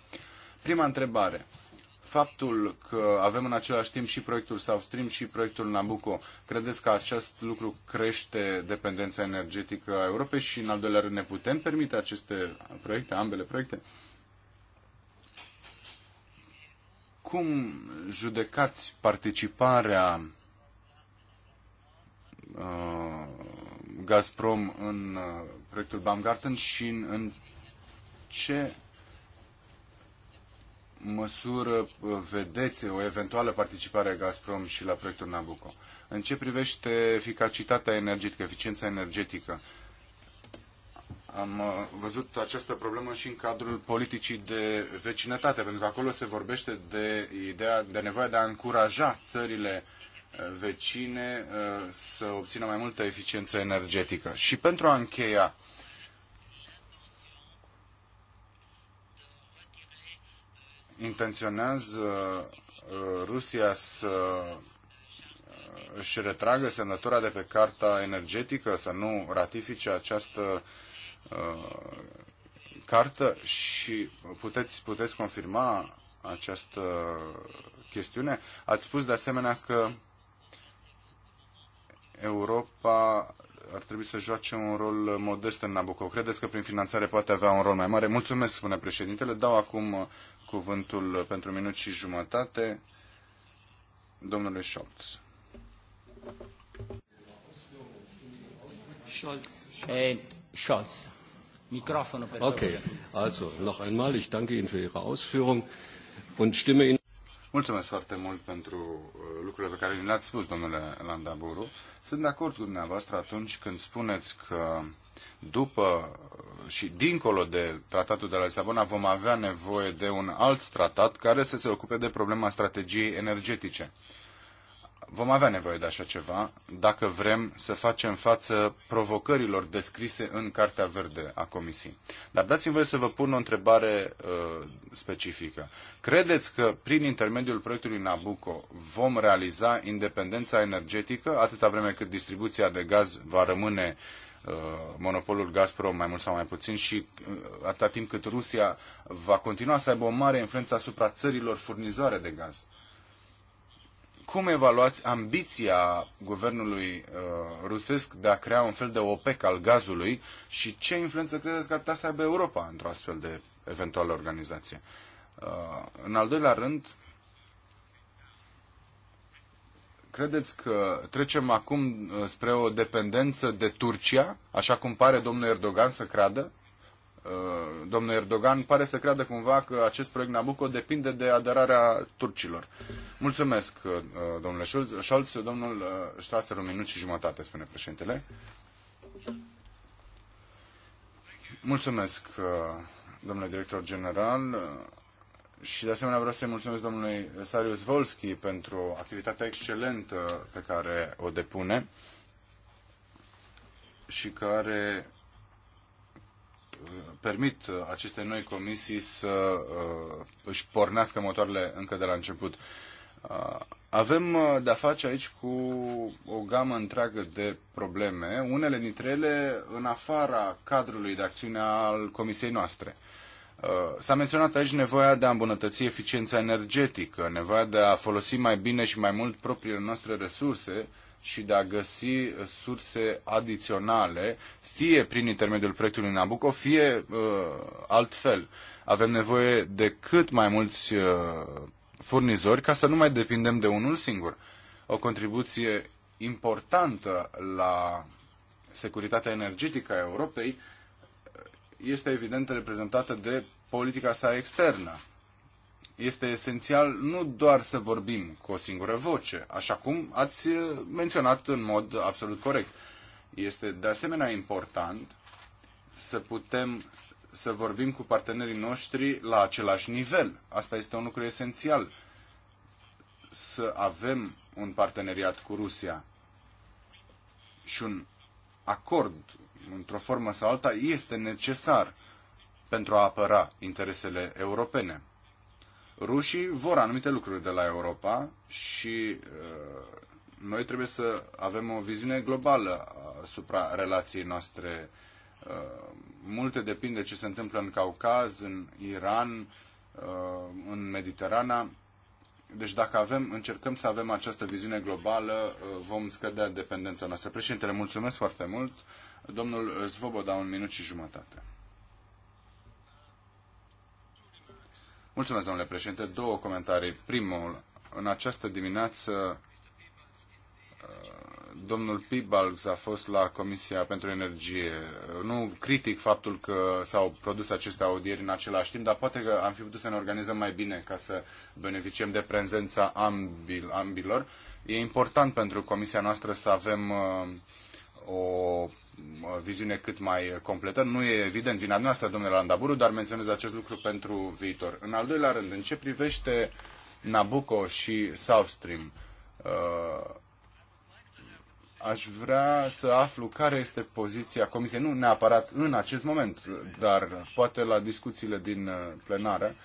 Prima întrebare. Faptul că avem în același timp și proiectul South Stream și proiectul Nabucco, credeți că acest lucru crește dependența energetică a Europei și, în al doilea rând, ne putem permite aceste proiecte, ambele proiecte? Uh, cum judecați participarea uh, Gazprom în uh, proiectul Baumgarten și în, în ce măsură uh, vedeți o eventuală participare a Gazprom și la proiectul Nabucco? În ce privește eficacitatea energetică, eficiența energetică? Am uh, văzut această problemă și în cadrul politicii de vecinătate, pentru că acolo se vorbește de ideea de nevoia de a încuraja țările uh, vecine uh, să obțină mai multă eficiență energetică. Și pentru a încheia, intenționează Rusia să își retragă semnătura de pe carta energetică, să nu ratifice această Uh, cartă și puteți, puteți confirma această chestiune. Ați spus de asemenea că Europa ar trebui să joace un rol modest în Nabucco. Credeți că prin finanțare poate avea un rol mai mare? Mulțumesc, spune președintele. Dau acum cuvântul pentru minut și jumătate domnului Scholz. Scholz. Scholz. Eh, Scholz. Mikrofon. Okay, also noch einmal, ich danke Ihnen für Ihre Ausführung und stimme Ihnen. Mulțumesc foarte mult pentru uh, lucrurile pe care le-ați spus, domnule Landaburu. Sunt de acord cu dumneavoastră atunci când spuneți că după uh, și dincolo de tratatul de la Lisabona vom avea nevoie de un alt tratat care să se ocupe de problema strategiei energetice. Vom avea nevoie de așa ceva dacă vrem să facem față provocărilor descrise în Cartea Verde a Comisiei. Dar dați-mi voie să vă pun o întrebare uh, specifică. Credeți că prin intermediul proiectului Nabucco vom realiza independența energetică atâta vreme cât distribuția de gaz va rămâne uh, monopolul Gazprom mai mult sau mai puțin și atât uh, atâta timp cât Rusia va continua să aibă o mare influență asupra țărilor furnizoare de gaz cum evaluați ambiția guvernului uh, rusesc de a crea un fel de OPEC al gazului și ce influență credeți că ar putea să aibă Europa într-o astfel de eventuală organizație? Uh, în al doilea rând, credeți că trecem acum uh, spre o dependență de Turcia, așa cum pare domnul Erdogan să creadă? Uh, domnul Erdogan pare să creadă cumva că acest proiect Nabucco depinde de aderarea turcilor. Mulțumesc, uh, domnule Scholz. Domnul Strasser, uh, un minut și jumătate, spune președintele. Mulțumesc, domnule director general. Și de asemenea vreau să-i mulțumesc domnului Sarius Volski pentru activitatea excelentă pe care o depune și care permit acestei noi comisii să uh, își pornească motoarele încă de la început. Uh, avem uh, de-a face aici cu o gamă întreagă de probleme, unele dintre ele în afara cadrului de acțiune al comisiei noastre. S-a menționat aici nevoia de a îmbunătăți eficiența energetică, nevoia de a folosi mai bine și mai mult propriile noastre resurse și de a găsi surse adiționale, fie prin intermediul proiectului Nabucco, fie uh, altfel. Avem nevoie de cât mai mulți uh, furnizori ca să nu mai depindem de unul singur. O contribuție importantă la securitatea energetică a Europei uh, este evident reprezentată de politica sa externă este esențial nu doar să vorbim cu o singură voce, așa cum ați menționat în mod absolut corect. Este de asemenea important să putem să vorbim cu partenerii noștri la același nivel. Asta este un lucru esențial. Să avem un parteneriat cu Rusia și un acord, într-o formă sau alta, este necesar pentru a apăra interesele europene rușii vor anumite lucruri de la Europa și uh, noi trebuie să avem o viziune globală asupra relației noastre. Uh, multe depinde ce se întâmplă în Caucaz, în Iran, uh, în Mediterana. Deci dacă avem, încercăm să avem această viziune globală, vom scădea dependența noastră. Președintele, mulțumesc foarte mult. Domnul Svoboda, un minut și jumătate. Mulțumesc, domnule președinte. Două comentarii. Primul, în această dimineață domnul Pibalgs a fost la Comisia pentru Energie. Nu critic faptul că s-au produs aceste audieri în același timp, dar poate că am fi putut să ne organizăm mai bine ca să beneficiem de prezența ambil, ambilor. E important pentru Comisia noastră să avem uh, o viziune cât mai completă. Nu e evident vina noastră, domnule Landaburu, dar menționez acest lucru pentru viitor. În al doilea rând, în ce privește Nabucco și South Stream, uh, aș vrea să aflu care este poziția Comisiei, nu neapărat în acest moment, dar poate la discuțiile din uh, plenară,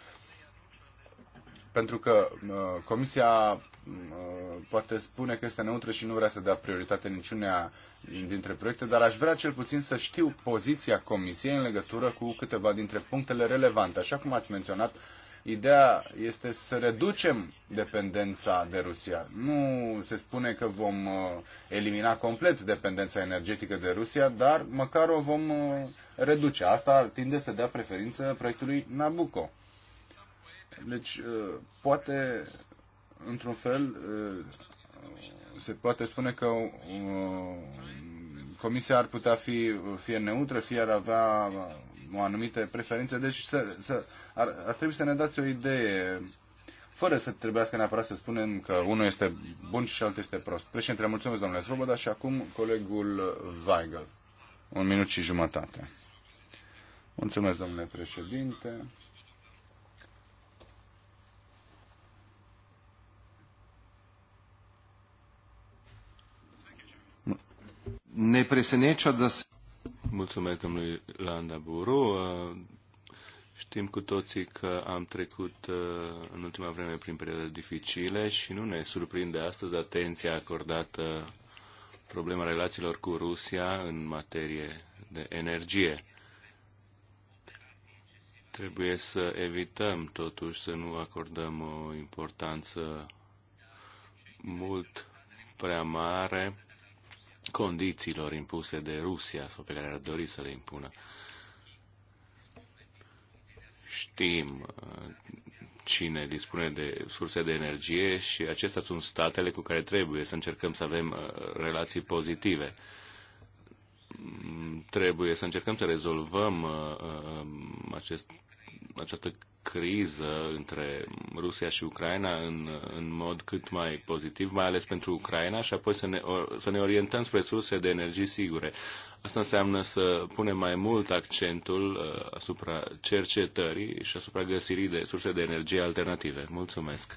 pentru că uh, Comisia Uh, poate spune că este neutră și nu vrea să dea prioritate niciunea dintre proiecte, dar aș vrea cel puțin să știu poziția Comisiei în legătură cu câteva dintre punctele relevante. Așa cum ați menționat, ideea este să reducem dependența de Rusia. Nu se spune că vom uh, elimina complet dependența energetică de Rusia, dar măcar o vom uh, reduce. Asta tinde să dea preferință proiectului Nabucco. Deci, poate într-un fel, se poate spune că Comisia ar putea fi fie neutră, fie ar avea o anumite preferințe. Deci să, să, ar, ar trebui să ne dați o idee, fără să trebuiască neapărat să spunem că unul este bun și altul este prost. Președinte, mulțumesc, domnule Svoboda, și acum colegul Weigel. Un minut și jumătate. Mulțumesc, domnule președinte. ne preseneča, da se... Mulțumesc domnului Landaburu. Uh, știm cu toții că am trecut uh, în ultima vreme prin perioade dificile și nu ne surprinde astăzi atenția acordată problema relațiilor cu Rusia în materie de energie. Trebuie să evităm totuși să nu acordăm o importanță mult prea mare condițiilor impuse de Rusia sau pe care ar dori să le impună. Știm uh, cine dispune de surse de energie și acestea sunt statele cu care trebuie să încercăm să avem uh, relații pozitive. Mm, trebuie să încercăm să rezolvăm uh, acest, această criză între Rusia și Ucraina în, în mod cât mai pozitiv, mai ales pentru Ucraina, și apoi să ne, să ne orientăm spre surse de energie sigure. Asta înseamnă să punem mai mult accentul uh, asupra cercetării și asupra găsirii de surse de energie alternative. Mulțumesc!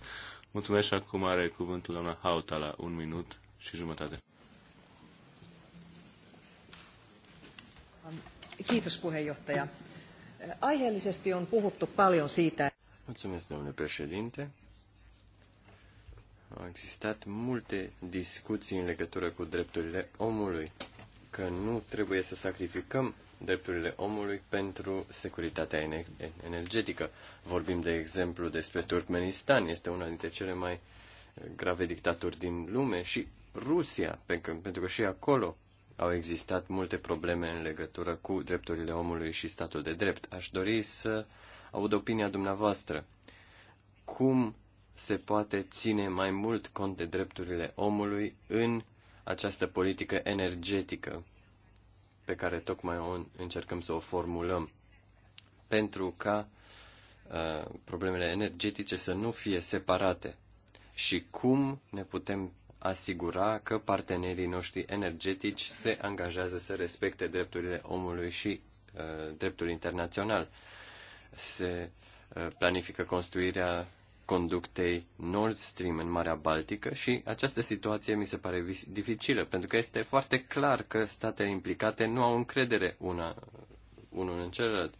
Mulțumesc și acum are cuvântul doamna Hauta la un minut și jumătate. Kiitos puheenjohtaja. Aiheellisesti on puhuttu paljon siitä. Mulțumesc, domnule președinte. Au existat multe discuții în legătură cu drepturile omului, că nu trebuie să sacrificăm drepturile omului pentru securitatea energetică. Vorbim, de exemplu, despre Turkmenistan, este una dintre cele mai grave dictaturi din lume, și Rusia, pentru că și acolo au existat multe probleme în legătură cu drepturile omului și statul de drept. Aș dori să aud opinia dumneavoastră. Cum se poate ține mai mult cont de drepturile omului în această politică energetică pe care tocmai o încercăm să o formulăm pentru ca uh, problemele energetice să nu fie separate și cum ne putem asigura că partenerii noștri energetici se angajează să respecte drepturile omului și uh, dreptul internațional. Se uh, planifică construirea conductei Nord Stream în Marea Baltică și această situație mi se pare dificilă, pentru că este foarte clar că statele implicate nu au încredere una, unul în celălalt.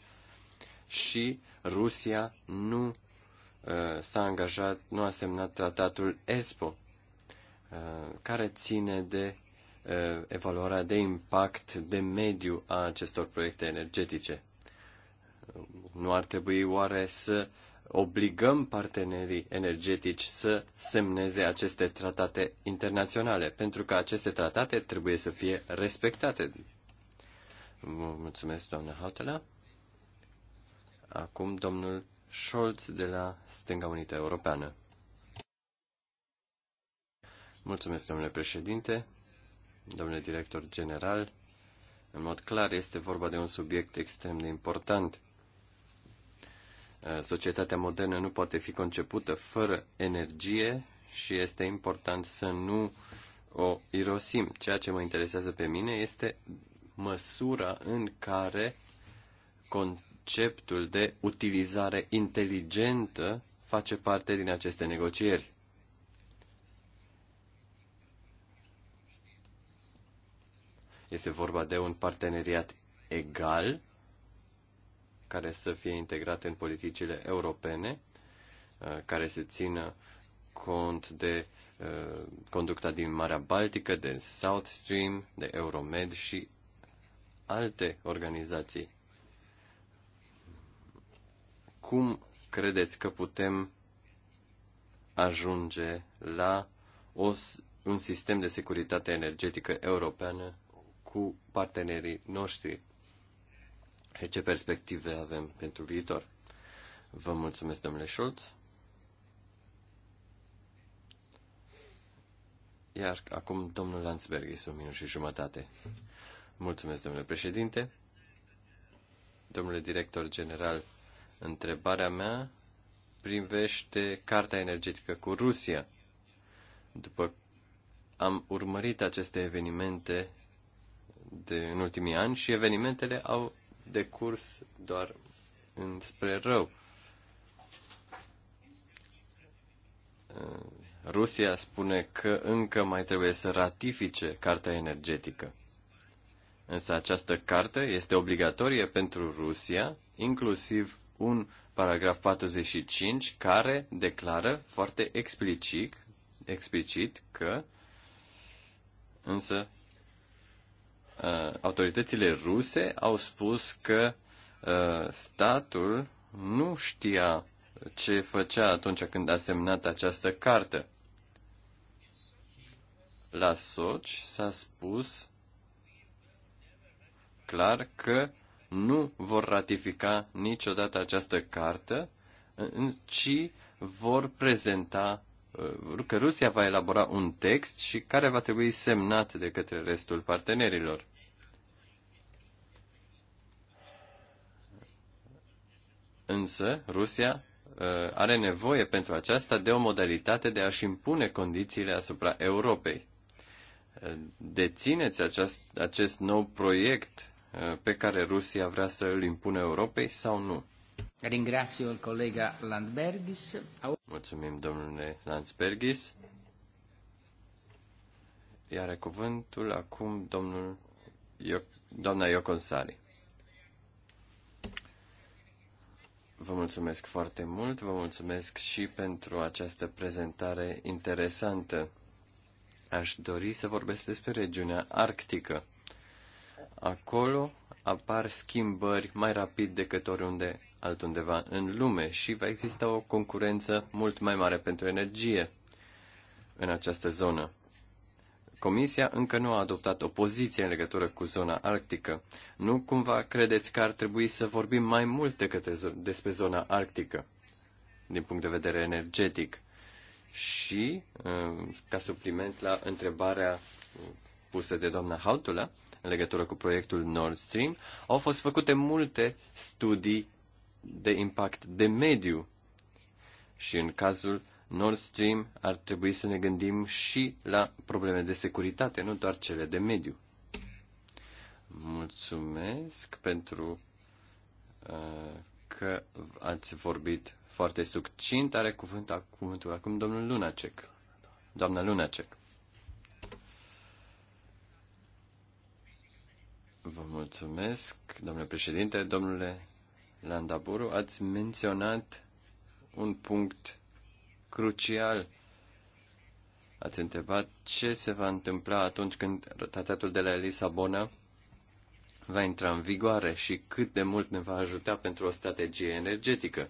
Și Rusia nu uh, s-a angajat, nu a semnat tratatul ESPO, Uh, care ține de uh, evaluarea de impact de mediu a acestor proiecte energetice. Nu ar trebui oare să obligăm partenerii energetici să semneze aceste tratate internaționale, pentru că aceste tratate trebuie să fie respectate. mulțumesc, doamnă Hautela. Acum domnul Scholz de la Stânga Unită Europeană. Mulțumesc, domnule președinte, domnule director general. În mod clar, este vorba de un subiect extrem de important. Uh, societatea modernă nu poate fi concepută fără energie și este important să nu o irosim. Ceea ce mă interesează pe mine este măsura în care conceptul de utilizare inteligentă face parte din aceste negocieri. Este vorba de un parteneriat egal care să fie integrat în politicile europene, uh, care se țină cont de uh, conducta din Marea Baltică, de South Stream, de Euromed și alte organizații. Cum credeți că putem ajunge la o, un sistem de securitate energetică europeană cu partenerii noștri. ce perspective avem pentru viitor? Vă mulțumesc, domnule Schulz. Iar acum domnul Landsberg, un minut și jumătate. Mulțumesc, domnule președinte. Domnule director general, întrebarea mea privește Carta Energetică cu Rusia. După am urmărit aceste evenimente de, în ultimii ani și evenimentele au decurs doar înspre rău. Uh, Rusia spune că încă mai trebuie să ratifice Carta Energetică. Însă această carte este obligatorie pentru Rusia, inclusiv un paragraf 45 care declară foarte explicit, explicit că însă Uh, autoritățile ruse au spus că uh, statul nu știa ce făcea atunci când a semnat această carte. La Soci s-a spus clar că nu vor ratifica niciodată această carte, ci vor prezenta Uh, că Rusia va elabora un text și care va trebui semnat de către restul partenerilor. Însă, Rusia uh, are nevoie pentru aceasta de o modalitate de a-și impune condițiile asupra Europei. Uh, dețineți aceast, acest nou proiect pe care Rusia vrea să îl impună Europei sau nu? Ringrazio il collega Landbergis. Mulțumim, domnule Landsbergis. Iar cuvântul acum domnul Io- doamna Ioconsari. Vă mulțumesc foarte mult, vă mulțumesc și pentru această prezentare interesantă. Aș dori să vorbesc despre regiunea arctică. Acolo apar schimbări mai rapid decât oriunde altundeva în lume și va exista o concurență mult mai mare pentru energie în această zonă. Comisia încă nu a adoptat o poziție în legătură cu zona arctică. Nu cumva credeți că ar trebui să vorbim mai mult decât despre zona arctică din punct de vedere energetic? Și, uh, ca supliment la întrebarea pusă de doamna Hautula, în legătură cu proiectul Nord Stream, au fost făcute multe studii de impact de mediu. Și în cazul Nord Stream ar trebui să ne gândim și la probleme de securitate, nu doar cele de mediu. Mulțumesc pentru uh, că ați vorbit foarte succint. Are cuvânt, cuvântul acum domnul Lunacek. Doamna Lunacek. Vă mulțumesc, domnule președinte, domnule Landaburu, ați menționat un punct crucial. Ați întrebat ce se va întâmpla atunci când tratatul de la Lisabona va intra în vigoare și cât de mult ne va ajuta pentru o strategie energetică.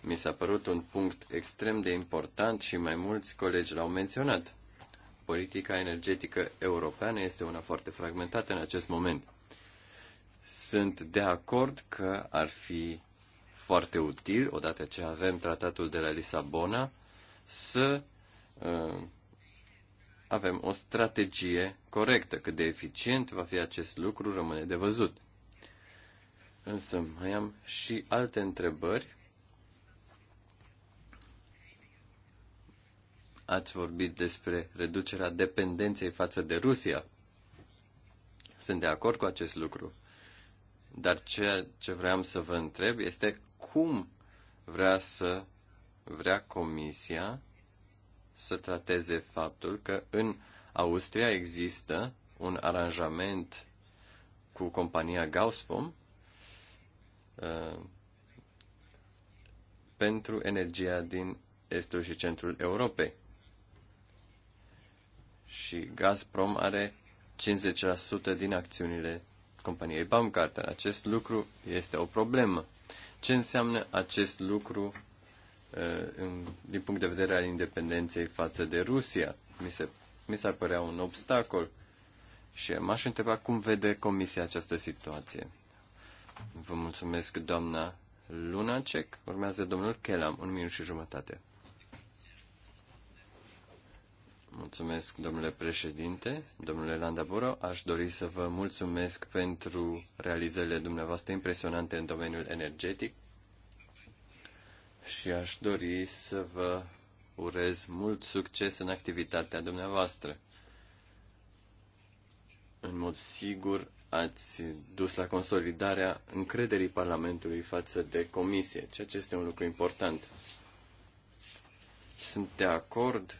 Mi s-a părut un punct extrem de important și mai mulți colegi l-au menționat. Politica energetică europeană este una foarte fragmentată în acest moment. Sunt de acord că ar fi foarte util, odată ce avem tratatul de la Lisabona, să uh, avem o strategie corectă. Cât de eficient va fi acest lucru rămâne de văzut. Însă mai am și alte întrebări. Ați vorbit despre reducerea dependenței față de Rusia. Sunt de acord cu acest lucru. Dar ceea ce vreau să vă întreb este cum vrea să vrea Comisia să trateze faptul că în Austria există un aranjament cu compania Gazprom uh, pentru energia din estul și centrul Europei. Și Gazprom are 50% din acțiunile companiei Baumgarten. Acest lucru este o problemă. Ce înseamnă acest lucru uh, din punct de vedere al independenței față de Rusia? Mi, se, mi s-ar părea un obstacol și m-aș întreba cum vede Comisia această situație. Vă mulțumesc, doamna Lunacek. Urmează domnul Kelam, un minut și jumătate. Mulțumesc, domnule președinte, domnule Landaburo. Aș dori să vă mulțumesc pentru realizările dumneavoastră impresionante în domeniul energetic și aș dori să vă urez mult succes în activitatea dumneavoastră. În mod sigur, ați dus la consolidarea încrederii Parlamentului față de Comisie, ceea ce este un lucru important. Sunt de acord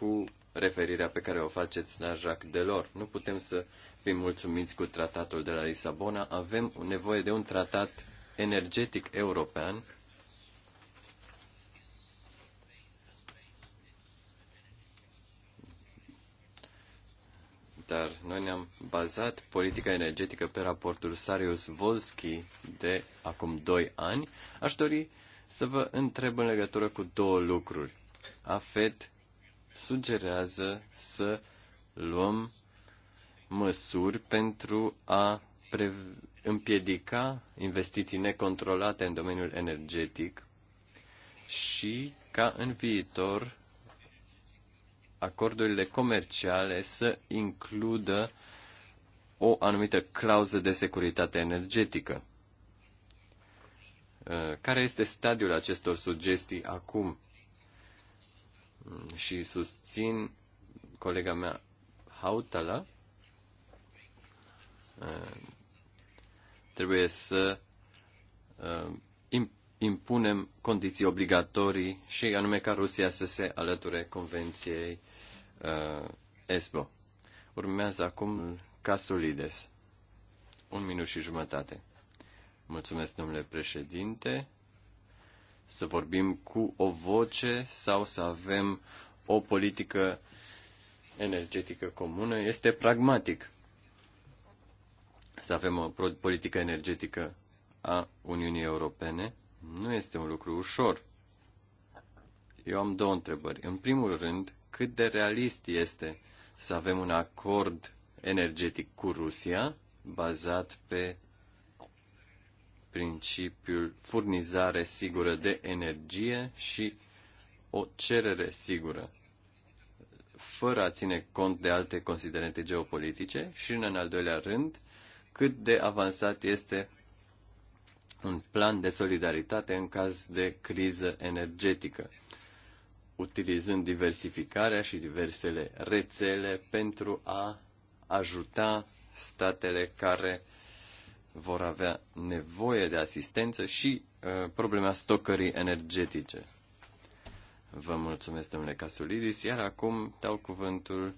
cu referirea pe care o faceți la Jacques Delors. Nu putem să fim mulțumiți cu tratatul de la Lisabona. Avem nevoie de un tratat energetic european dar noi ne-am bazat politica energetică pe raportul Sarius Volski de acum 2 ani, aș dori să vă întreb în legătură cu două lucruri. AFET sugerează să luăm măsuri pentru a împiedica investiții necontrolate în domeniul energetic și ca în viitor acordurile comerciale să includă o anumită clauză de securitate energetică. Uh, care este stadiul acestor sugestii acum? și susțin colega mea Hautala. Trebuie să uh, impunem condiții obligatorii și anume ca Rusia să se alăture Convenției uh, ESBO. Urmează acum Casulides. Un minut și jumătate. Mulțumesc, domnule președinte să vorbim cu o voce sau să avem o politică energetică comună este pragmatic. Să avem o politică energetică a Uniunii Europene nu este un lucru ușor. Eu am două întrebări. În primul rând, cât de realist este să avem un acord energetic cu Rusia bazat pe principiul furnizare sigură de energie și o cerere sigură, fără a ține cont de alte considerente geopolitice și, în al doilea rând, cât de avansat este un plan de solidaritate în caz de criză energetică, utilizând diversificarea și diversele rețele pentru a ajuta statele care vor avea nevoie de asistență și uh, problema stocării energetice. Vă mulțumesc, domnule Casulidis, iar acum dau cuvântul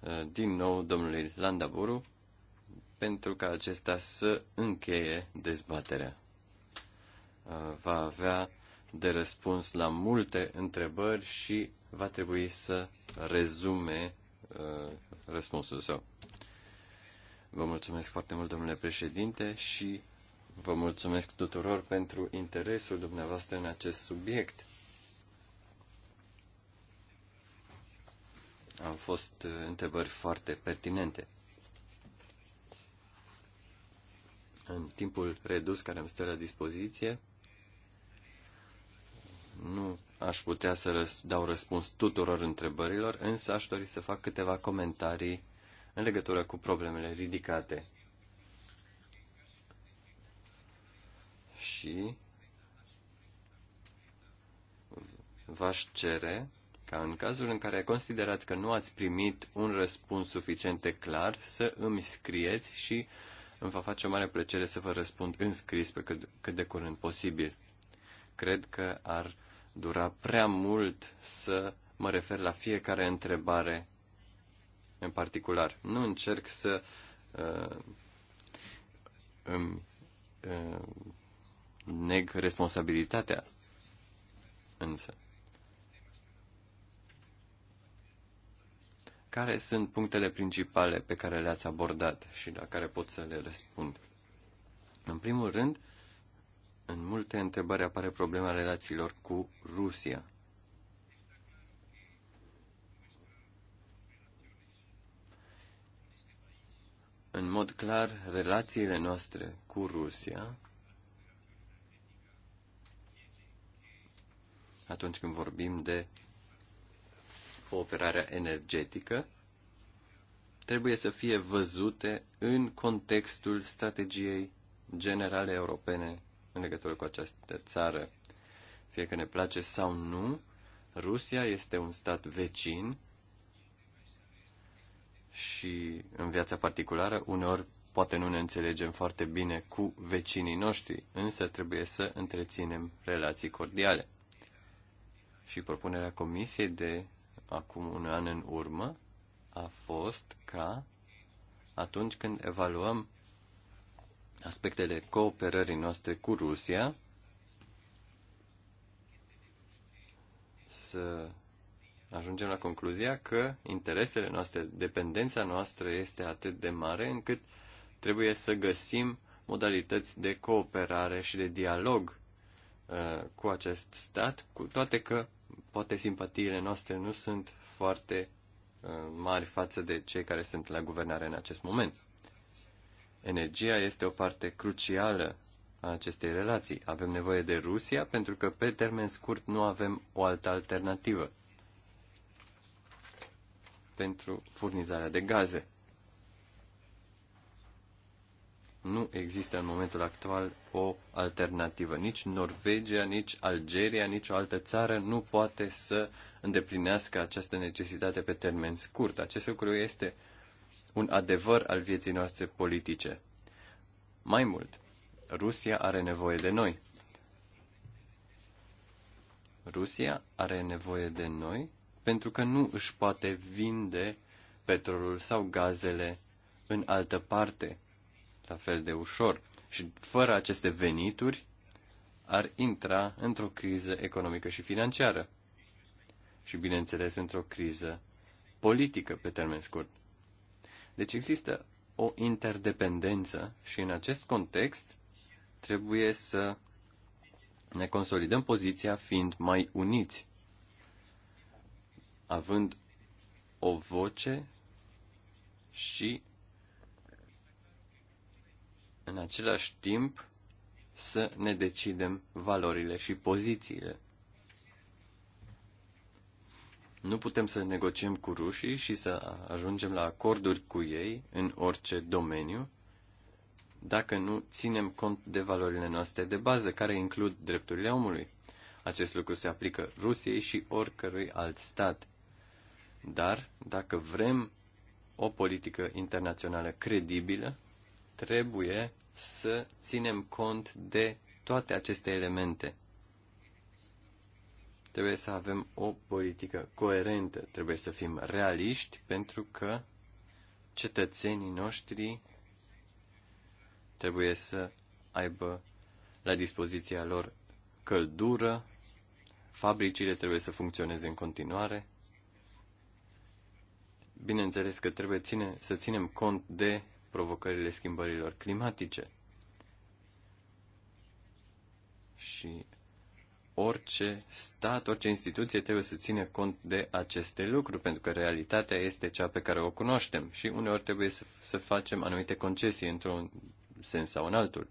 uh, din nou domnului Landaburu pentru ca acesta să încheie dezbaterea. Uh, va avea de răspuns la multe întrebări și va trebui să rezume uh, răspunsul său. Vă mulțumesc foarte mult, domnule președinte, și vă mulțumesc tuturor pentru interesul dumneavoastră în acest subiect. Au fost uh, întrebări foarte pertinente. În timpul redus care îmi stă la dispoziție, nu aș putea să dau răspuns tuturor întrebărilor, însă aș dori să fac câteva comentarii în legătură cu problemele ridicate. Și v-aș cere ca în cazul în care considerați că nu ați primit un răspuns suficient de clar, să îmi scrieți și îmi va face o mare plăcere să vă răspund în scris pe cât, cât de curând posibil. Cred că ar dura prea mult să mă refer la fiecare întrebare în particular. Nu încerc să uh, îmi uh, neg responsabilitatea, însă. Care sunt punctele principale pe care le-ați abordat și la care pot să le răspund? În primul rând, în multe întrebări apare problema relațiilor cu Rusia. în mod clar relațiile noastre cu Rusia atunci când vorbim de cooperarea energetică, trebuie să fie văzute în contextul strategiei generale europene în legătură cu această țară. Fie că ne place sau nu, Rusia este un stat vecin și în viața particulară, uneori poate nu ne înțelegem foarte bine cu vecinii noștri, însă trebuie să întreținem relații cordiale. Și propunerea comisiei de acum un an în urmă a fost ca atunci când evaluăm aspectele cooperării noastre cu Rusia, să ajungem la concluzia că interesele noastre, dependența noastră este atât de mare încât trebuie să găsim modalități de cooperare și de dialog uh, cu acest stat, cu toate că poate simpatiile noastre nu sunt foarte uh, mari față de cei care sunt la guvernare în acest moment. Energia este o parte crucială a acestei relații. Avem nevoie de Rusia pentru că pe termen scurt nu avem o altă alternativă pentru furnizarea de gaze. Nu există în momentul actual o alternativă. Nici Norvegia, nici Algeria, nici o altă țară nu poate să îndeplinească această necesitate pe termen scurt. Acest lucru este un adevăr al vieții noastre politice. Mai mult, Rusia are nevoie de noi. Rusia are nevoie de noi pentru că nu își poate vinde petrolul sau gazele în altă parte, la fel de ușor. Și fără aceste venituri, ar intra într-o criză economică și financiară. Și, bineînțeles, într-o criză politică pe termen scurt. Deci există o interdependență și în acest context trebuie să ne consolidăm poziția fiind mai uniți având o voce și în același timp să ne decidem valorile și pozițiile. Nu putem să negociem cu rușii și să ajungem la acorduri cu ei în orice domeniu dacă nu ținem cont de valorile noastre de bază, care includ drepturile omului. Acest lucru se aplică Rusiei și oricărui alt stat dar dacă vrem o politică internațională credibilă, trebuie să ținem cont de toate aceste elemente. Trebuie să avem o politică coerentă, trebuie să fim realiști pentru că cetățenii noștri trebuie să aibă la dispoziția lor căldură, fabricile trebuie să funcționeze în continuare, Bineînțeles că trebuie ține, să ținem cont de provocările schimbărilor climatice și orice stat, orice instituție trebuie să ține cont de aceste lucruri, pentru că realitatea este cea pe care o cunoaștem și uneori trebuie să, să facem anumite concesii într-un sens sau în altul.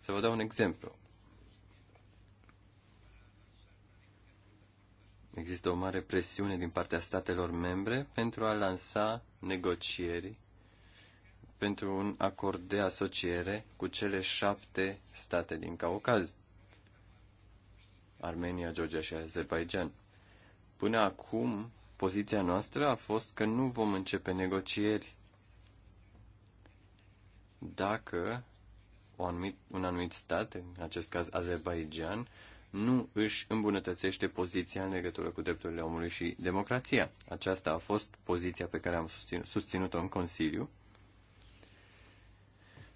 Să vă dau un exemplu. Există o mare presiune din partea statelor membre pentru a lansa negocieri pentru un acord de asociere cu cele șapte state din Caucaz, Armenia, Georgia și Azerbaijan. Până acum, poziția noastră a fost că nu vom începe negocieri dacă un anumit, stat, în acest caz Azerbaijan, nu își îmbunătățește poziția în legătură cu drepturile omului și democrația. Aceasta a fost poziția pe care am susținut-o în Consiliu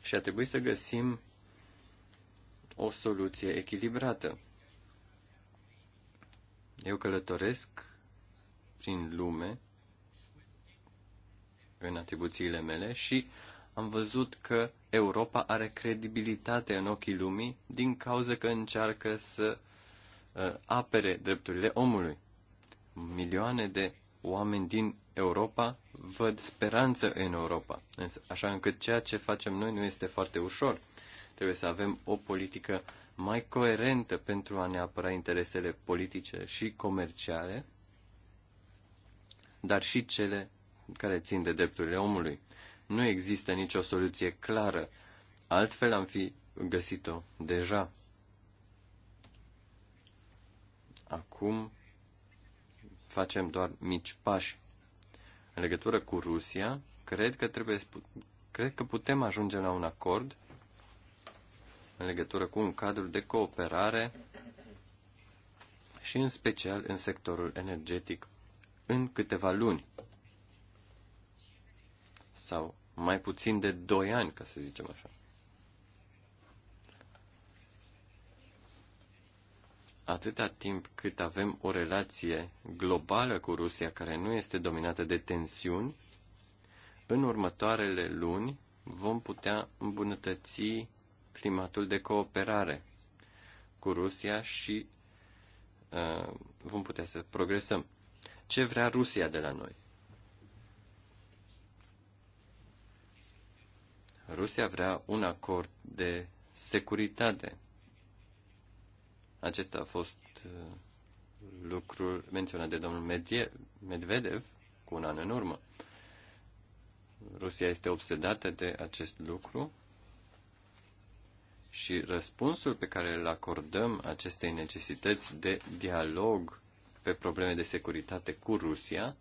și a trebuit să găsim o soluție echilibrată. Eu călătoresc prin lume în atribuțiile mele și am văzut că Europa are credibilitate în ochii lumii din cauza că încearcă să uh, apere drepturile omului. Milioane de oameni din Europa văd speranță în Europa, însă, așa încât ceea ce facem noi nu este foarte ușor. Trebuie să avem o politică mai coerentă pentru a ne apăra interesele politice și comerciale, dar și cele care țin de drepturile omului. Nu există nicio soluție clară. Altfel am fi găsit-o deja. Acum facem doar mici pași. În legătură cu Rusia, cred că, trebuie, cred că putem ajunge la un acord în legătură cu un cadru de cooperare și în special în sectorul energetic în câteva luni sau mai puțin de 2 ani, ca să zicem așa. Atâta timp cât avem o relație globală cu Rusia care nu este dominată de tensiuni, în următoarele luni vom putea îmbunătăți climatul de cooperare cu Rusia și uh, vom putea să progresăm. Ce vrea Rusia de la noi? Rusia vrea un acord de securitate. Acesta a fost uh, lucrul menționat de domnul Medvedev cu un an în urmă. Rusia este obsedată de acest lucru și răspunsul pe care îl acordăm acestei necesități de dialog pe probleme de securitate cu Rusia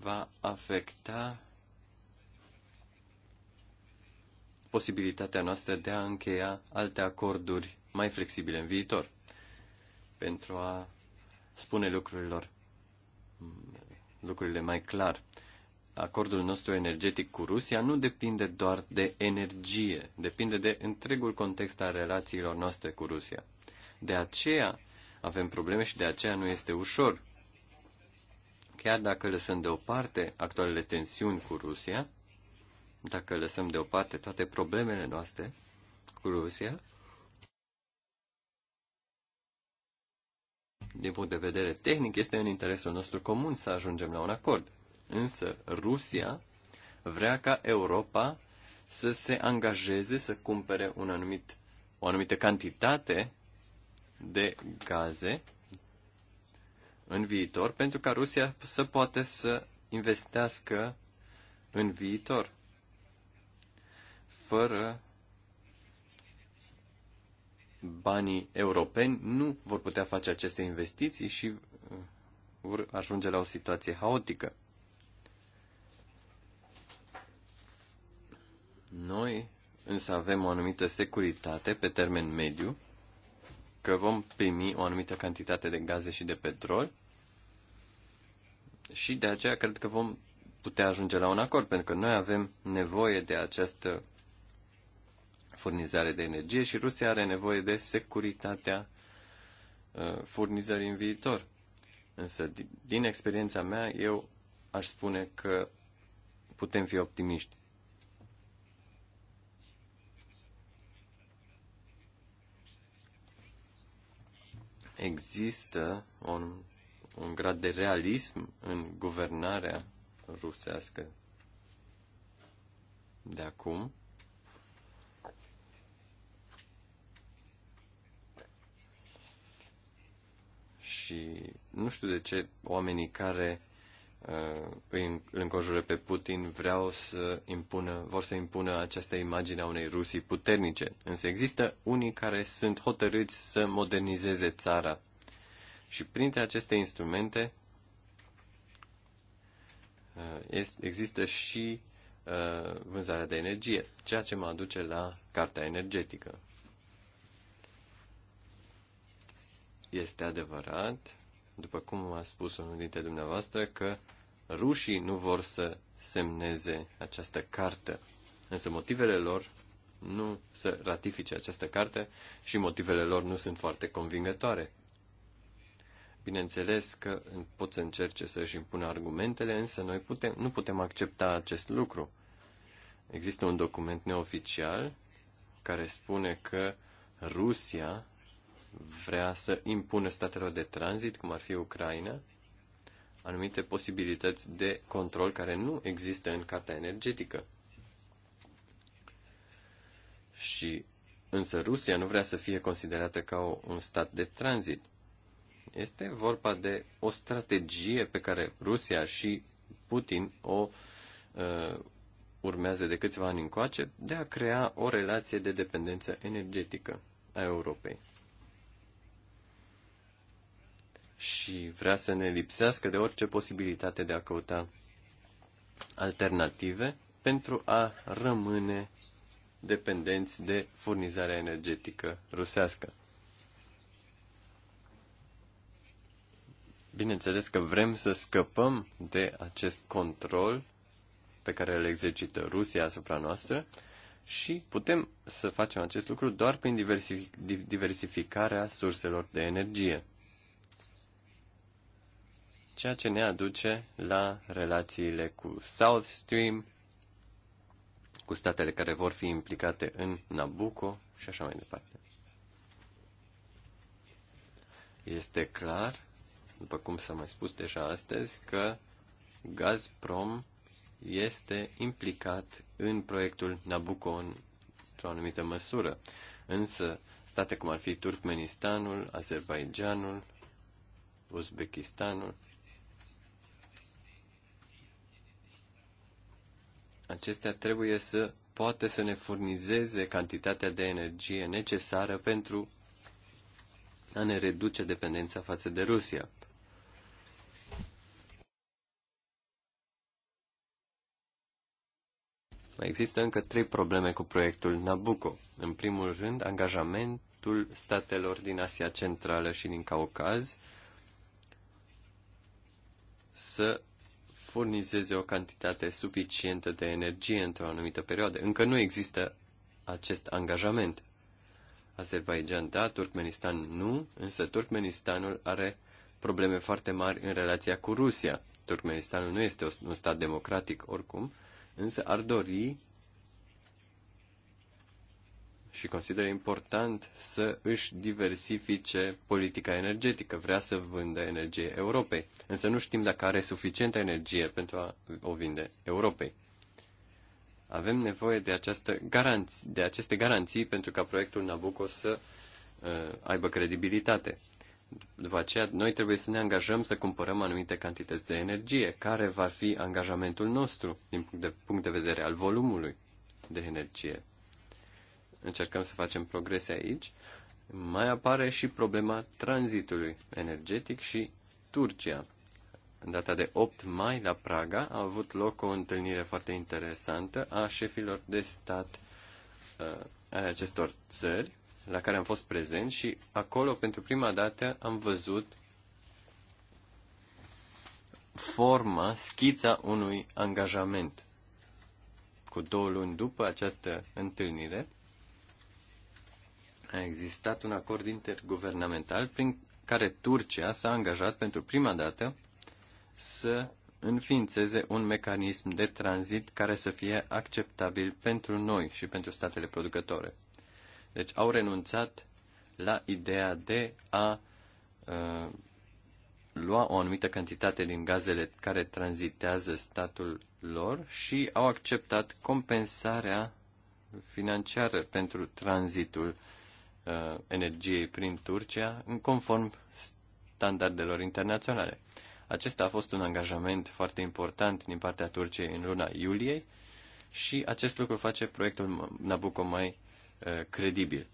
va afecta posibilitatea noastră de a încheia alte acorduri mai flexibile în viitor pentru a spune lucrurilor lucrurile mai clar. Acordul nostru energetic cu Rusia nu depinde doar de energie, depinde de întregul context al relațiilor noastre cu Rusia. De aceea avem probleme și de aceea nu este ușor Chiar dacă lăsăm deoparte actualele tensiuni cu Rusia, dacă lăsăm deoparte toate problemele noastre cu Rusia, din punct de vedere tehnic, este în interesul nostru comun să ajungem la un acord. Însă Rusia vrea ca Europa să se angajeze să cumpere un anumit, o anumită cantitate de gaze în viitor pentru ca Rusia să poată să investească în viitor fără banii europeni nu vor putea face aceste investiții și uh, vor ajunge la o situație haotică. Noi însă avem o anumită securitate pe termen mediu că vom primi o anumită cantitate de gaze și de petrol și de aceea cred că vom putea ajunge la un acord, pentru că noi avem nevoie de această furnizare de energie și Rusia are nevoie de securitatea uh, furnizării în viitor. Însă, din experiența mea, eu aș spune că putem fi optimiști. Există un un grad de realism în guvernarea rusească de acum. Și nu știu de ce oamenii care uh, îi înconjură pe Putin vreau să impună, vor să impună această imagine a unei Rusii puternice. Însă există unii care sunt hotărâți să modernizeze țara și printre aceste instrumente uh, există și uh, vânzarea de energie, ceea ce mă aduce la cartea energetică. Este adevărat, după cum a spus unul dintre dumneavoastră, că rușii nu vor să semneze această carte. Însă motivele lor nu să ratifice această carte și motivele lor nu sunt foarte convingătoare. Bineînțeles că pot să încerce să își impună argumentele, însă noi putem, nu putem accepta acest lucru. Există un document neoficial care spune că Rusia vrea să impună statelor de tranzit, cum ar fi Ucraina, anumite posibilități de control care nu există în carta energetică. Și însă Rusia nu vrea să fie considerată ca un stat de tranzit. Este vorba de o strategie pe care Rusia și Putin o uh, urmează de câțiva ani încoace de a crea o relație de dependență energetică a Europei. Și vrea să ne lipsească de orice posibilitate de a căuta alternative pentru a rămâne dependenți de furnizarea energetică rusească. Bineînțeles că vrem să scăpăm de acest control pe care îl exercită Rusia asupra noastră și putem să facem acest lucru doar prin diversificarea surselor de energie. Ceea ce ne aduce la relațiile cu South Stream, cu statele care vor fi implicate în Nabucco și așa mai departe. Este clar după cum s-a mai spus deja astăzi, că Gazprom este implicat în proiectul Nabucco într-o anumită măsură. Însă, state cum ar fi Turkmenistanul, Azerbaijanul, Uzbekistanul, acestea trebuie să poate să ne furnizeze cantitatea de energie necesară pentru a ne reduce dependența față de Rusia. Există încă trei probleme cu proiectul Nabucco. În primul rând, angajamentul statelor din Asia Centrală și din Caucaz să furnizeze o cantitate suficientă de energie într-o anumită perioadă. Încă nu există acest angajament. Azerbaijan da, Turkmenistan nu, însă Turkmenistanul are probleme foarte mari în relația cu Rusia. Turkmenistanul nu este un stat democratic oricum, însă ar dori și consideră important să își diversifice politica energetică. Vrea să vândă energie Europei, însă nu știm dacă are suficientă energie pentru a o vinde Europei. Avem nevoie de, această garanț- de aceste garanții pentru ca proiectul Nabucco să uh, aibă credibilitate. După aceea, noi trebuie să ne angajăm să cumpărăm anumite cantități de energie. Care va fi angajamentul nostru din punct de, punct de vedere al volumului de energie? Încercăm să facem progrese aici. Mai apare și problema tranzitului energetic și Turcia. În data de 8 mai, la Praga, a avut loc o întâlnire foarte interesantă a șefilor de stat uh, ale acestor țări la care am fost prezent și acolo pentru prima dată am văzut forma, schița unui angajament. Cu două luni după această întâlnire, a existat un acord interguvernamental prin care Turcia s-a angajat pentru prima dată să înființeze un mecanism de tranzit care să fie acceptabil pentru noi și pentru statele producătoare. Deci au renunțat la ideea de a uh, lua o anumită cantitate din gazele care tranzitează statul lor și au acceptat compensarea financiară pentru tranzitul uh, energiei prin Turcia în conform standardelor internaționale. Acesta a fost un angajament foarte important din partea Turciei în luna iulie și acest lucru face proiectul Nabucco mai Uh, credibil.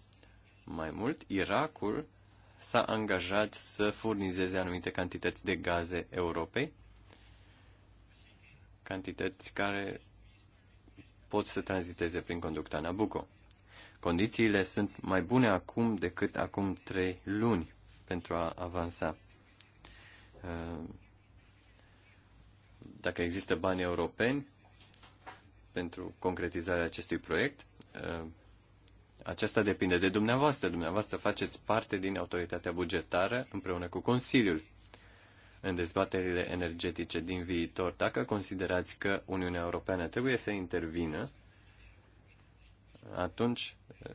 Mai mult, Irakul s-a angajat să furnizeze anumite cantități de gaze Europei, cantități care pot să tranziteze prin conducta Nabucco. Condițiile sunt mai bune acum decât acum trei luni pentru a avansa. Uh, dacă există bani europeni pentru concretizarea acestui proiect, uh, aceasta depinde de dumneavoastră. Dumneavoastră faceți parte din autoritatea bugetară împreună cu Consiliul în dezbaterile energetice din viitor. Dacă considerați că Uniunea Europeană trebuie să intervină, atunci eh,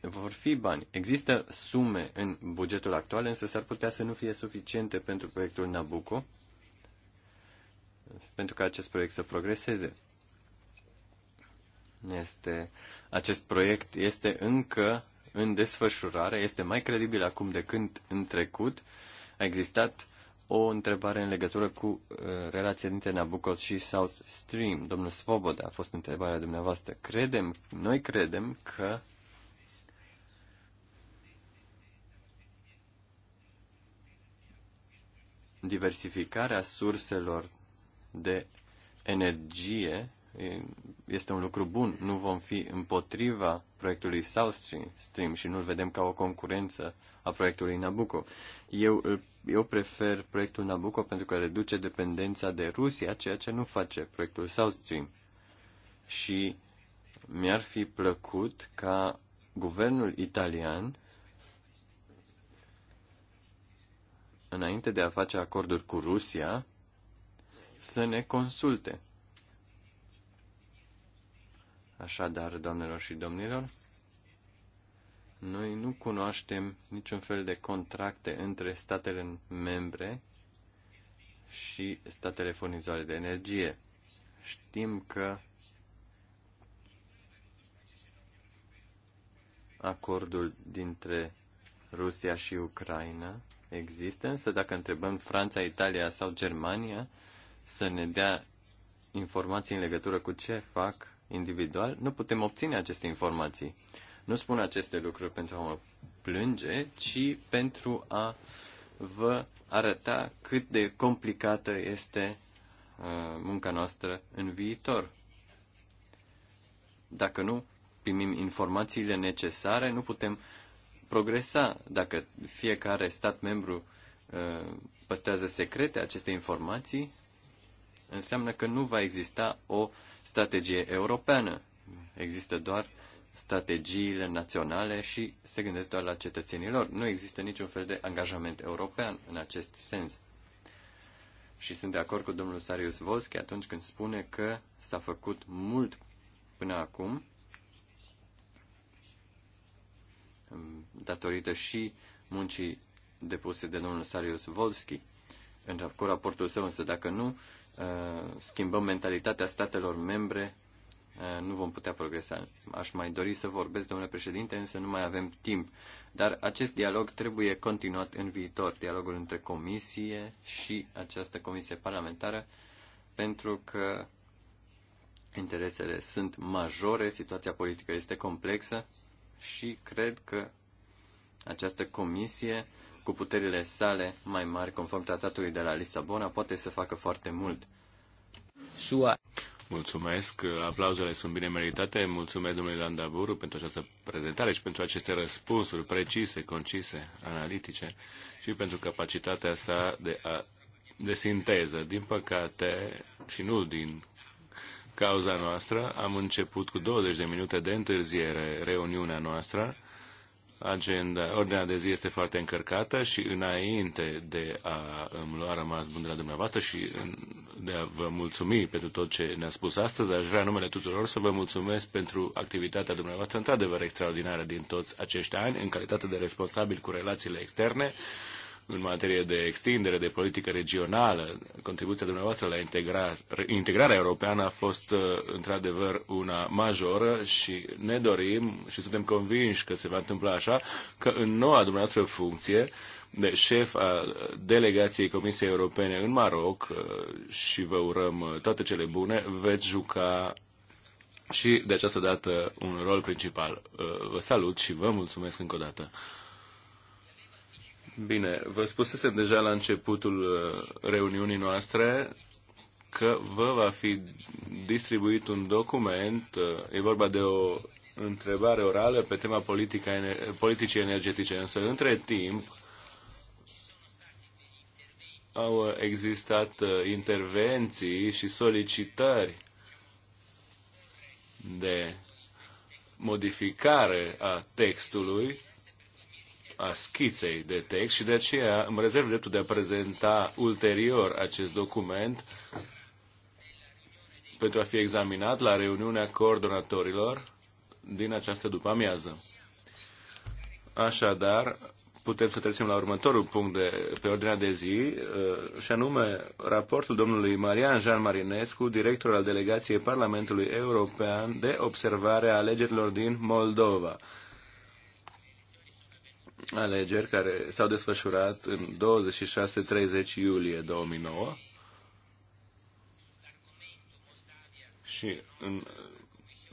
vor fi bani. Există sume în bugetul actual, însă s-ar putea să nu fie suficiente pentru proiectul Nabucco, pentru ca acest proiect să progreseze. Este, acest proiect este încă în desfășurare, este mai credibil acum decât în trecut. A existat o întrebare în legătură cu uh, relația dintre Nabucco și South Stream. Domnul Svoboda, a fost întrebarea dumneavoastră. Credem, noi credem că diversificarea surselor de energie este un lucru bun. Nu vom fi împotriva proiectului South Stream și nu-l vedem ca o concurență a proiectului Nabucco. Eu, eu prefer proiectul Nabucco pentru că reduce dependența de Rusia, ceea ce nu face proiectul South Stream. Și mi-ar fi plăcut ca guvernul italian, înainte de a face acorduri cu Rusia, să ne consulte Așadar, doamnelor și domnilor, noi nu cunoaștem niciun fel de contracte între statele membre și statele furnizoare de energie. Știm că acordul dintre Rusia și Ucraina există, însă dacă întrebăm Franța, Italia sau Germania să ne dea informații în legătură cu ce fac individual, nu putem obține aceste informații. Nu spun aceste lucruri pentru a mă plânge, ci pentru a vă arăta cât de complicată este uh, munca noastră în viitor. Dacă nu primim informațiile necesare, nu putem progresa. Dacă fiecare stat membru uh, păstrează secrete aceste informații, înseamnă că nu va exista o strategie europeană. Există doar strategiile naționale și se gândesc doar la cetățenilor. Nu există niciun fel de angajament european în acest sens. Și sunt de acord cu domnul Sarius Volski atunci când spune că s-a făcut mult până acum, datorită și muncii depuse de domnul Sarius Volski în, cu raportul său, însă dacă nu, Uh, schimbăm mentalitatea statelor membre, uh, nu vom putea progresa. Aș mai dori să vorbesc, domnule președinte, însă nu mai avem timp. Dar acest dialog trebuie continuat în viitor, dialogul între comisie și această comisie parlamentară, pentru că interesele sunt majore, situația politică este complexă și cred că această comisie cu puterile sale mai mari conform tratatului de la Lisabona, poate să facă foarte mult. SUA. Mulțumesc, aplauzele sunt bine meritate. Mulțumesc domnului Landaburu pentru această prezentare și pentru aceste răspunsuri precise, concise, analitice și pentru capacitatea sa de, a, de sinteză. Din păcate, și nu din cauza noastră, am început cu 20 de minute de întârziere reuniunea noastră agenda, ordinea de zi este foarte încărcată și înainte de a îmi lua rămas bun de la dumneavoastră și de a vă mulțumi pentru tot ce ne-a spus astăzi, aș vrea numele tuturor să vă mulțumesc pentru activitatea dumneavoastră într-adevăr extraordinară din toți acești ani, în calitate de responsabil cu relațiile externe în materie de extindere, de politică regională. Contribuția dumneavoastră la integra, integrarea europeană a fost uh, într-adevăr una majoră și ne dorim și suntem convinși că se va întâmpla așa, că în noua dumneavoastră funcție de șef al delegației Comisiei Europene în Maroc uh, și vă urăm uh, toate cele bune, veți juca și de această dată un rol principal. Vă salut și vă mulțumesc încă o dată. Bine, vă spusesem deja la începutul uh, reuniunii noastre că vă va fi distribuit un document, uh, e vorba de o întrebare orală pe tema politica, politicii energetice, însă între timp au existat uh, intervenții și solicitări de modificare a textului a schiței de text și de aceea îmi rezerv dreptul de a prezenta ulterior acest document pentru a fi examinat la reuniunea coordonatorilor din această după-amiază. Așadar, putem să trecem la următorul punct de, pe ordinea de zi, uh, și anume raportul domnului Marian Jean Marinescu, director al delegației Parlamentului European de observare a alegerilor din Moldova alegeri care s-au desfășurat în 26-30 iulie 2009 și în,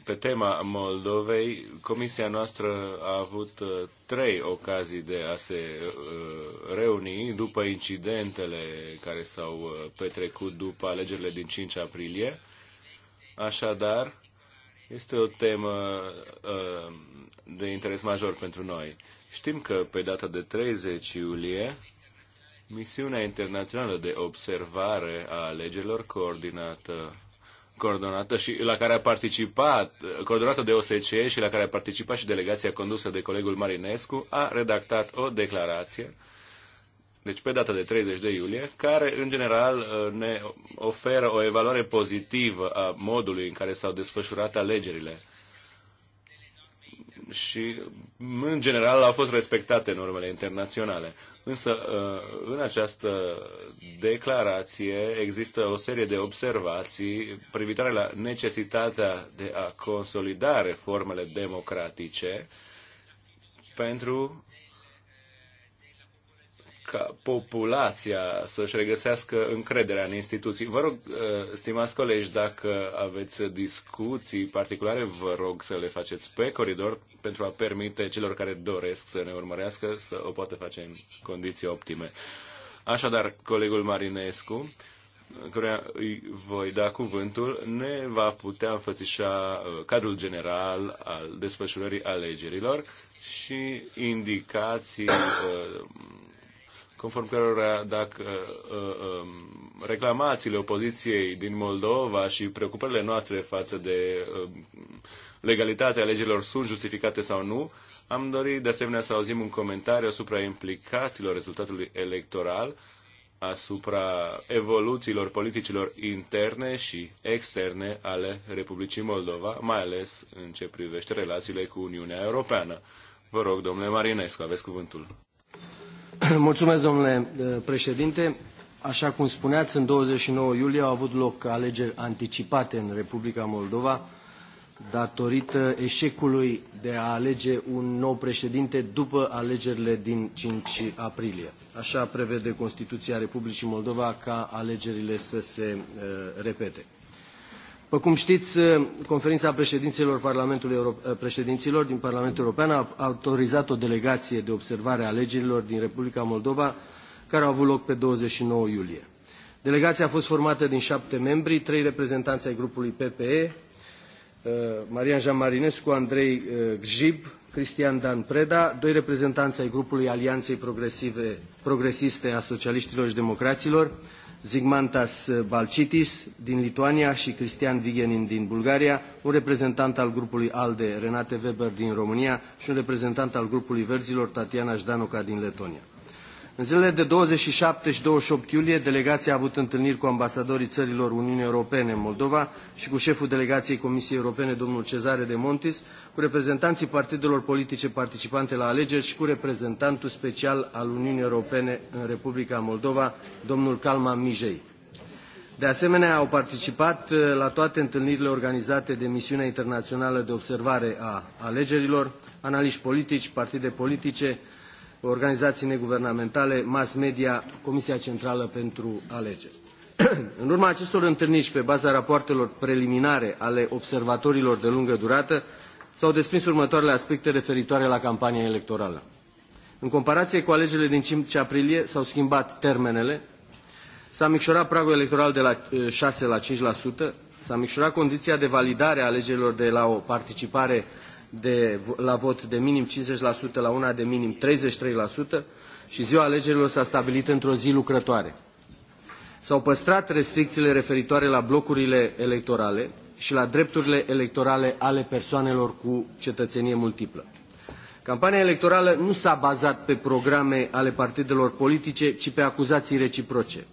pe tema Moldovei, comisia noastră a avut uh, trei ocazii de a se uh, reuni după incidentele care s-au uh, petrecut după alegerile din 5 aprilie. Așadar, este o temă uh, de interes major pentru noi. Știm că pe data de 30 iulie, misiunea internațională de observare a alegerilor coordonată coordonată și la care a participat, coordonată de OSCE și la care a participat și delegația condusă de colegul Marinescu, a redactat o declarație, deci pe data de 30 de iulie, care în general uh, ne oferă o evaluare pozitivă a modului în care s-au desfășurat alegerile și, în general, au fost respectate normele internaționale. Însă, uh, în această declarație există o serie de observații privitoare la necesitatea de a consolida reformele democratice pentru ca populația să-și regăsească încrederea în instituții. Vă rog, uh, stimați colegi, dacă aveți discuții particulare, vă rog să le faceți pe coridor pentru a permite celor care doresc să ne urmărească să o poată face în condiții optime. Așadar, colegul Marinescu, căruia îi voi da cuvântul, ne va putea înfățișa uh, cadrul general al desfășurării alegerilor și indicații uh, conform cărora dacă uh, um, reclamațiile opoziției din Moldova și preocupările noastre față de um, legalitatea legilor sunt justificate sau nu, am dorit de asemenea să auzim un comentariu asupra implicațiilor rezultatului electoral, asupra evoluțiilor politicilor interne și externe ale Republicii Moldova, mai ales în ce privește relațiile cu Uniunea Europeană. Vă rog, domnule Marinescu, aveți cuvântul. [CLEARS THROAT] Mulțumesc, domnule președinte. Așa cum spuneați, în 29 iulie au avut loc alegeri anticipate în Republica Moldova datorită eșecului de a alege un nou președinte după alegerile din 5 aprilie. Așa prevede Constituția Republicii Moldova ca alegerile să se eh, repete. După cum știți, ă, conferința președinților, Parlamentului Euro... Ă, președinților din Parlamentul European a autorizat o delegație de observare a alegerilor din Republica Moldova, care au avut loc pe 29 iulie. Delegația a fost formată din șapte membri, trei reprezentanți ai grupului PPE, ă, Marian Jean Marinescu, Andrei Gjib, Cristian Dan Preda, doi reprezentanți ai grupului Alianței Progresive, Progresiste a Socialiștilor și Democraților, Zigmantas Balcitis din Lituania și Cristian Vigenin din Bulgaria, un reprezentant al grupului ALDE, Renate Weber din România și un reprezentant al grupului Verzilor, Tatiana Jdanuca din Letonia. În zilele de 27 și 28 iulie, delegația a avut întâlniri cu ambasadorii țărilor Uniunii Europene în Moldova și cu șeful delegației Comisiei Europene, domnul Cezare de Montis, cu reprezentanții partidelor politice participante la alegeri și cu reprezentantul special al Uniunii Europene în Republica Moldova, domnul Calma Mijei. De asemenea, au participat uh, la toate întâlnirile organizate de misiunea internațională de observare a alegerilor, analiști politici, partide politice, organizații neguvernamentale, mass media, Comisia Centrală pentru Alegeri. [CLEARS THROAT] În urma acestor întâlniri și pe baza rapoartelor preliminare ale observatorilor de lungă durată, s-au desprins următoarele aspecte referitoare la campania electorală. În comparație cu alegerile din 5 aprilie s-au schimbat termenele, s-a micșorat pragul electoral de la 6 eh, la 5%, s-a micșorat condiția de validare a alegerilor de la o participare de, la vot de minim 50% la una de minim 33% și ziua alegerilor s-a stabilit într-o zi lucrătoare. S-au păstrat restricțiile referitoare la blocurile electorale și la drepturile electorale ale persoanelor cu cetățenie multiplă. Campania electorală nu s-a bazat pe programe ale partidelor politice, ci pe acuzații reciproce.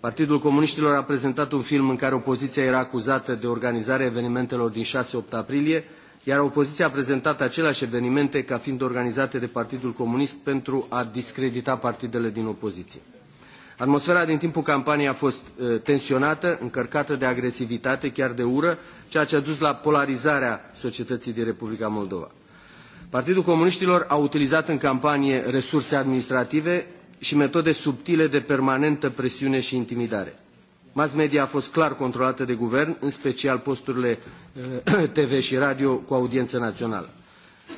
Partidul Comuniștilor a prezentat un film în care opoziția era acuzată de organizarea evenimentelor din 6-8 aprilie, iar opoziția a prezentat aceleași evenimente ca fiind organizate de Partidul Comunist pentru a discredita partidele din opoziție. Atmosfera din timpul campaniei a fost uh, tensionată, încărcată de agresivitate, chiar de ură, ceea ce a dus la polarizarea societății din Republica Moldova. Partidul Comuniștilor a utilizat în campanie resurse administrative și metode subtile de permanentă presiune și intimidare. Mass media a fost clar controlată de guvern, în special posturile eh, TV [CLEARS THROAT] și radio cu audiență națională.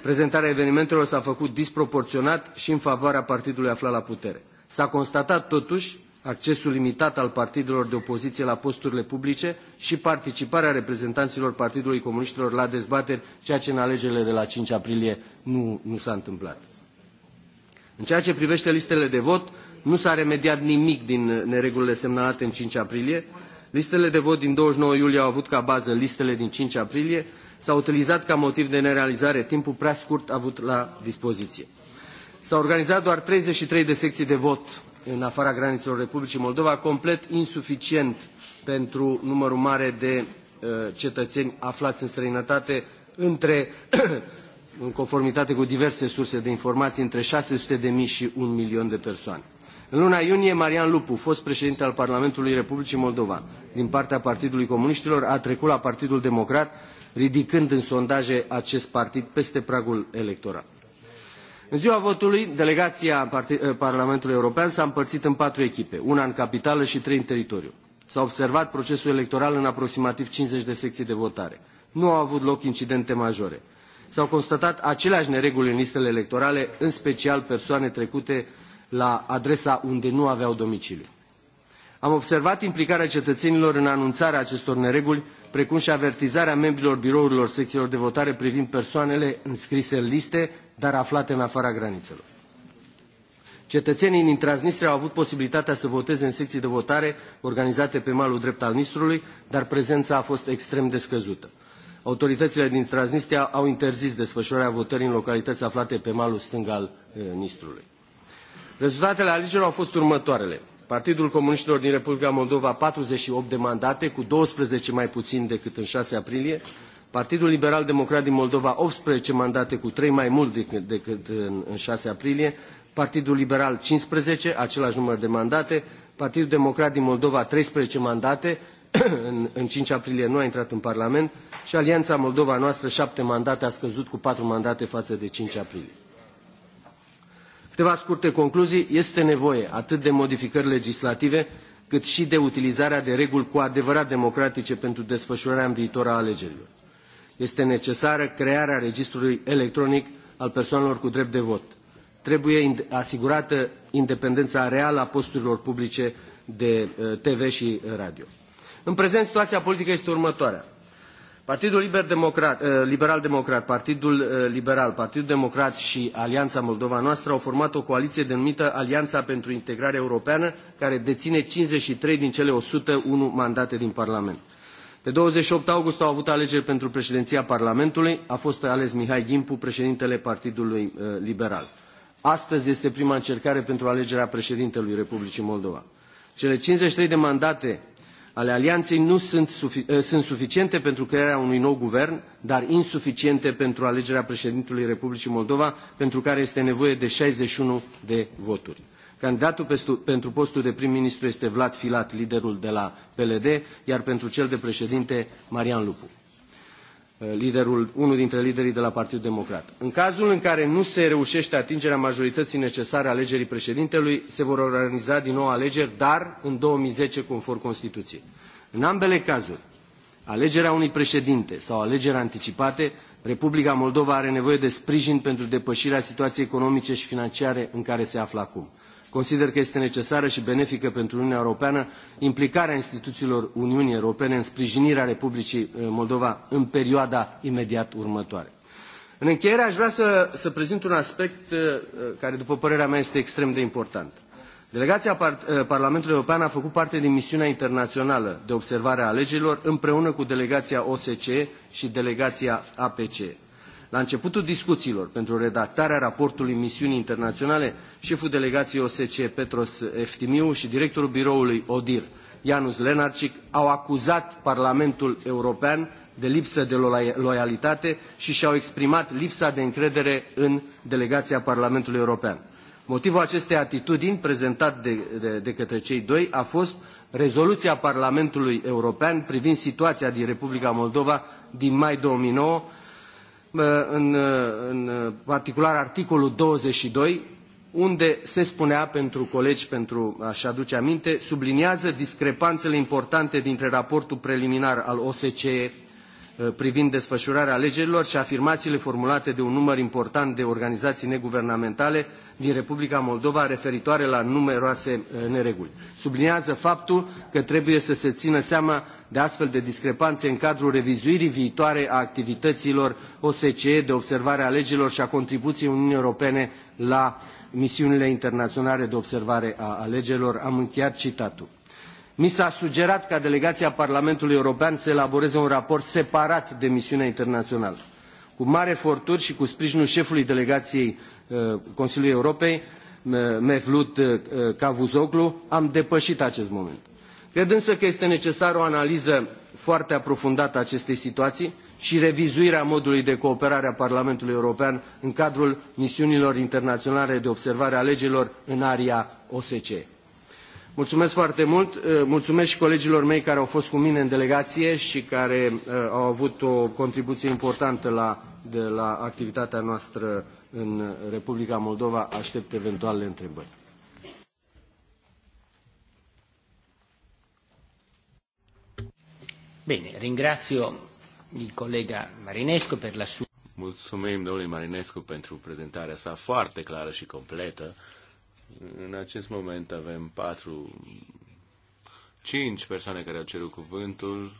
Prezentarea evenimentelor s-a făcut disproporționat și în favoarea partidului aflat la putere. S-a constatat totuși accesul limitat al partidelor de opoziție la posturile publice și participarea reprezentanților Partidului Comuniștilor la dezbateri, ceea ce în alegerile de la 5 aprilie nu, nu s-a întâmplat. În ceea ce privește listele de vot, nu s-a remediat nimic din uh, neregulile semnalate în 5 aprilie, listele de vot din 29 iulie au avut ca bază listele din 5 aprilie, s-a utilizat ca motiv de nerealizare timpul prea scurt avut la dispoziție. S-au organizat doar 33 de secții de vot în afara granițelor Republicii Moldova, complet insuficient pentru numărul mare de uh, cetățeni aflați în străinătate, între, [COUGHS] în conformitate cu diverse surse de informații, între 600.000 și 1 milion de persoane. În luna iunie, Marian Lupu, fost președinte al Parlamentului Republicii Moldova, din partea Partidului Comuniștilor, a trecut la Partidul Democrat, ridicând în sondaje acest partid peste pragul electoral. În ziua votului, delegația eh, Parlamentului European s-a împărțit în patru echipe, una în capitală și trei în teritoriu. S-a observat procesul electoral în aproximativ 50 de secții de votare. Nu au avut loc incidente majore. S-au constatat aceleași nereguli în listele electorale, în special persoane trecute la adresa unde nu aveau domiciliu. Am observat implicarea cetățenilor în anunțarea acestor nereguli, precum și avertizarea membrilor birourilor secțiilor de votare privind persoanele înscrise în liste, dar aflate în afara granițelor. Cetățenii din Transnistria au avut posibilitatea să voteze în secții de votare organizate pe malul drept al Nistrului, dar prezența a fost extrem de scăzută. Autoritățile din Transnistria au interzis desfășurarea votării în localități aflate pe malul stâng al eh, Nistrului. Rezultatele alegerilor au fost următoarele. Partidul Comuniștilor din Republica Moldova 48 de mandate, cu 12 mai puțin decât în 6 aprilie, Partidul Liberal Democrat din Moldova 18 mandate, cu 3 mai mult decât, decât în, în 6 aprilie, Partidul Liberal 15, același număr de mandate, Partidul Democrat din Moldova 13 mandate, [CLEARS THROAT] în, în 5 aprilie nu a intrat în Parlament, și Alianța Moldova Noastră 7 mandate a scăzut cu 4 mandate față de 5 aprilie. Câteva scurte concluzii. Este nevoie atât de modificări legislative, cât și de utilizarea de reguli cu adevărat democratice pentru desfășurarea în viitor a alegerilor. Este necesară crearea registrului electronic al persoanelor cu drept de vot. Trebuie asigurată independența reală a posturilor publice de uh, TV și uh, radio. În prezent, situația politică este următoarea. Partidul Liber Democrat, eh, Liberal Democrat, Partidul eh, Liberal, Partidul Democrat și Alianța Moldova Noastră au format o coaliție denumită Alianța pentru Integrare Europeană, care deține 53 din cele 101 mandate din Parlament. Pe 28 august au avut alegeri pentru președinția Parlamentului, a fost ales Mihai Gimpu, președintele Partidului eh, Liberal. Astăzi este prima încercare pentru alegerea președintelui Republicii Moldova. Cele 53 de mandate ale alianței nu sunt, sufi ă, sunt suficiente pentru crearea unui nou guvern, dar insuficiente pentru alegerea președintelui Republicii Moldova, pentru care este nevoie de 61 de voturi. Candidatul pentru postul de prim-ministru este Vlad Filat, liderul de la PLD, iar pentru cel de președinte Marian Lupu. Eh, liderul, unul dintre liderii de la Partidul Democrat. În cazul în care nu se reușește atingerea majorității necesare alegerii președintelui, se vor organiza din nou alegeri, dar în 2010 conform Constituției. În ambele cazuri, alegerea unui președinte sau alegeri anticipate, Republica Moldova are nevoie de sprijin pentru depășirea situației economice și financiare în care se află acum. Consider că este necesară și benefică pentru Uniunea Europeană implicarea instituțiilor Uniunii Europene în sprijinirea Republicii eh, Moldova în perioada imediat următoare. În încheiere aș vrea să, să prezint un aspect eh, care, după părerea mea, este extrem de important. Delegația Par eh, Parlamentului European a făcut parte din misiunea internațională de observare a alegerilor împreună cu delegația OSCE și delegația APCE. La începutul discuțiilor pentru redactarea raportului misiunii internaționale, șeful delegației OSCE Petros Eftimiu și directorul biroului ODIR, Janus Lenarcic, au acuzat Parlamentul European de lipsă de loialitate și și-au exprimat lipsa de încredere în delegația Parlamentului European. Motivul acestei atitudini prezentat de, de, de către cei doi a fost rezoluția Parlamentului European privind situația din Republica Moldova din mai 2009, Uh, în, uh, în uh, particular articolul 22, unde se spunea pentru colegi, pentru a-și aduce aminte, subliniază discrepanțele importante dintre raportul preliminar al OSCE privind desfășurarea alegerilor și afirmațiile formulate de un număr important de organizații neguvernamentale din Republica Moldova referitoare la numeroase nereguli. Subliniază faptul că trebuie să se țină seama de astfel de discrepanțe în cadrul revizuirii viitoare a activităților OSCE de observare a legilor și a contribuției Uniunii Europene la misiunile internaționale de observare a alegerilor. Am încheiat citatul. Mi s-a sugerat ca delegația Parlamentului European să elaboreze un raport separat de misiunea internațională. Cu mari eforturi și cu sprijinul șefului delegației uh, Consiliului Europei, uh, Mevlut uh, Cavuzoglu, am depășit acest moment. Cred însă că este necesară o analiză foarte aprofundată a acestei situații și revizuirea modului de cooperare a Parlamentului European în cadrul misiunilor internaționale de observare a alegerilor în aria OSCE. Mulțumesc foarte mult, uh, mulțumesc și colegilor mei care au fost cu mine în delegație și care uh, au avut o contribuție importantă la, de la activitatea noastră în Republica Moldova. Aștept eventuale întrebări. Bine, ringrazio il colega Marinescu per la sua... Mulțumim domnului Marinescu pentru prezentarea sa foarte clară și completă. În acest moment avem patru, cinci persoane care au cerut cuvântul,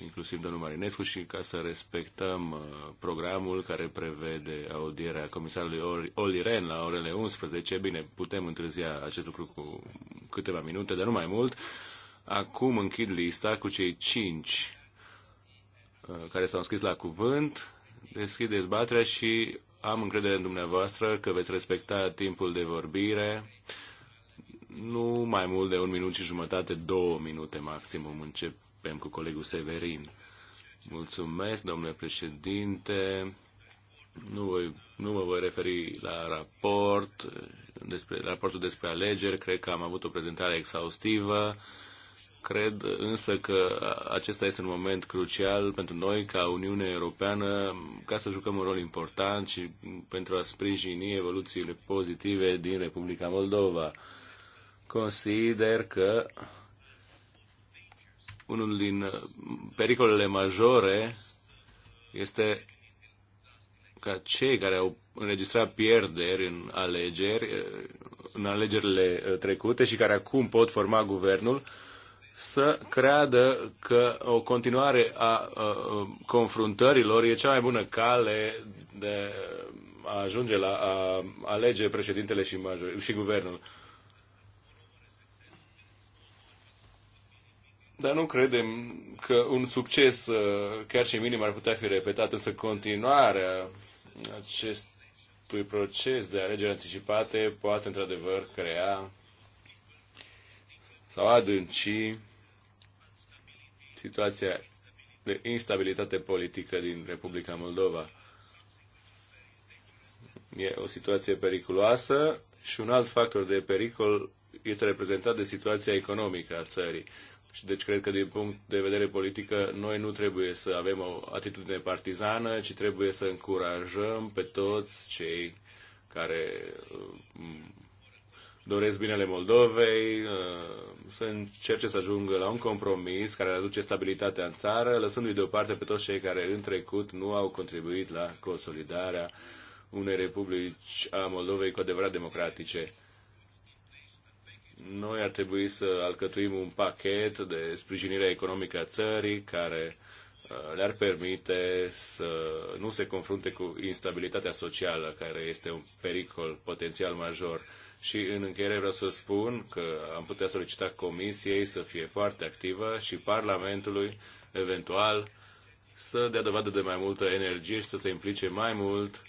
inclusiv domnul Marinescu, și ca să respectăm uh, programul care prevede audierea comisarului Oli Ren la orele 11, bine, putem întârzia acest lucru cu câteva minute, dar nu mai mult. Acum închid lista cu cei cinci uh, care s-au înscris la cuvânt. Deschid dezbaterea și am încredere în dumneavoastră că veți respecta timpul de vorbire. Nu mai mult de un minut și jumătate, două minute maximum. Începem cu colegul Severin. Mulțumesc, domnule președinte. Nu, voi, nu mă voi referi la raport, despre, raportul despre alegeri. Cred că am avut o prezentare exhaustivă Cred însă că acesta este un moment crucial pentru noi ca Uniune Europeană ca să jucăm un rol important și pentru a sprijini evoluțiile pozitive din Republica Moldova. Consider că unul din pericolele majore este ca cei care au înregistrat pierderi în alegeri, în alegerile trecute și care acum pot forma guvernul, să creadă că o continuare a confruntărilor e cea mai bună cale de a ajunge la a alege președintele și, major, și guvernul. Dar nu credem că un succes, chiar și minim, ar putea fi repetat, însă continuarea acestui proces de alegeri anticipate poate, într-adevăr, crea sau adânci situația de instabilitate politică din Republica Moldova. E o situație periculoasă și un alt factor de pericol este reprezentat de situația economică a țării. Și deci cred că din punct de vedere politică noi nu trebuie să avem o atitudine partizană, ci trebuie să încurajăm pe toți cei care doresc binele Moldovei, uh, să încerce să ajungă la un compromis care aduce stabilitatea în țară, lăsându-i deoparte pe toți cei care în trecut nu au contribuit la consolidarea unei republici a Moldovei cu adevărat democratice. Noi ar trebui să alcătuim un pachet de sprijinire economică a țării care uh, le-ar permite să nu se confrunte cu instabilitatea socială, care este un pericol potențial major și în încheiere vreau să spun că am putea solicita Comisiei să fie foarte activă și Parlamentului, eventual, să dea dovadă de mai multă energie și să se implice mai mult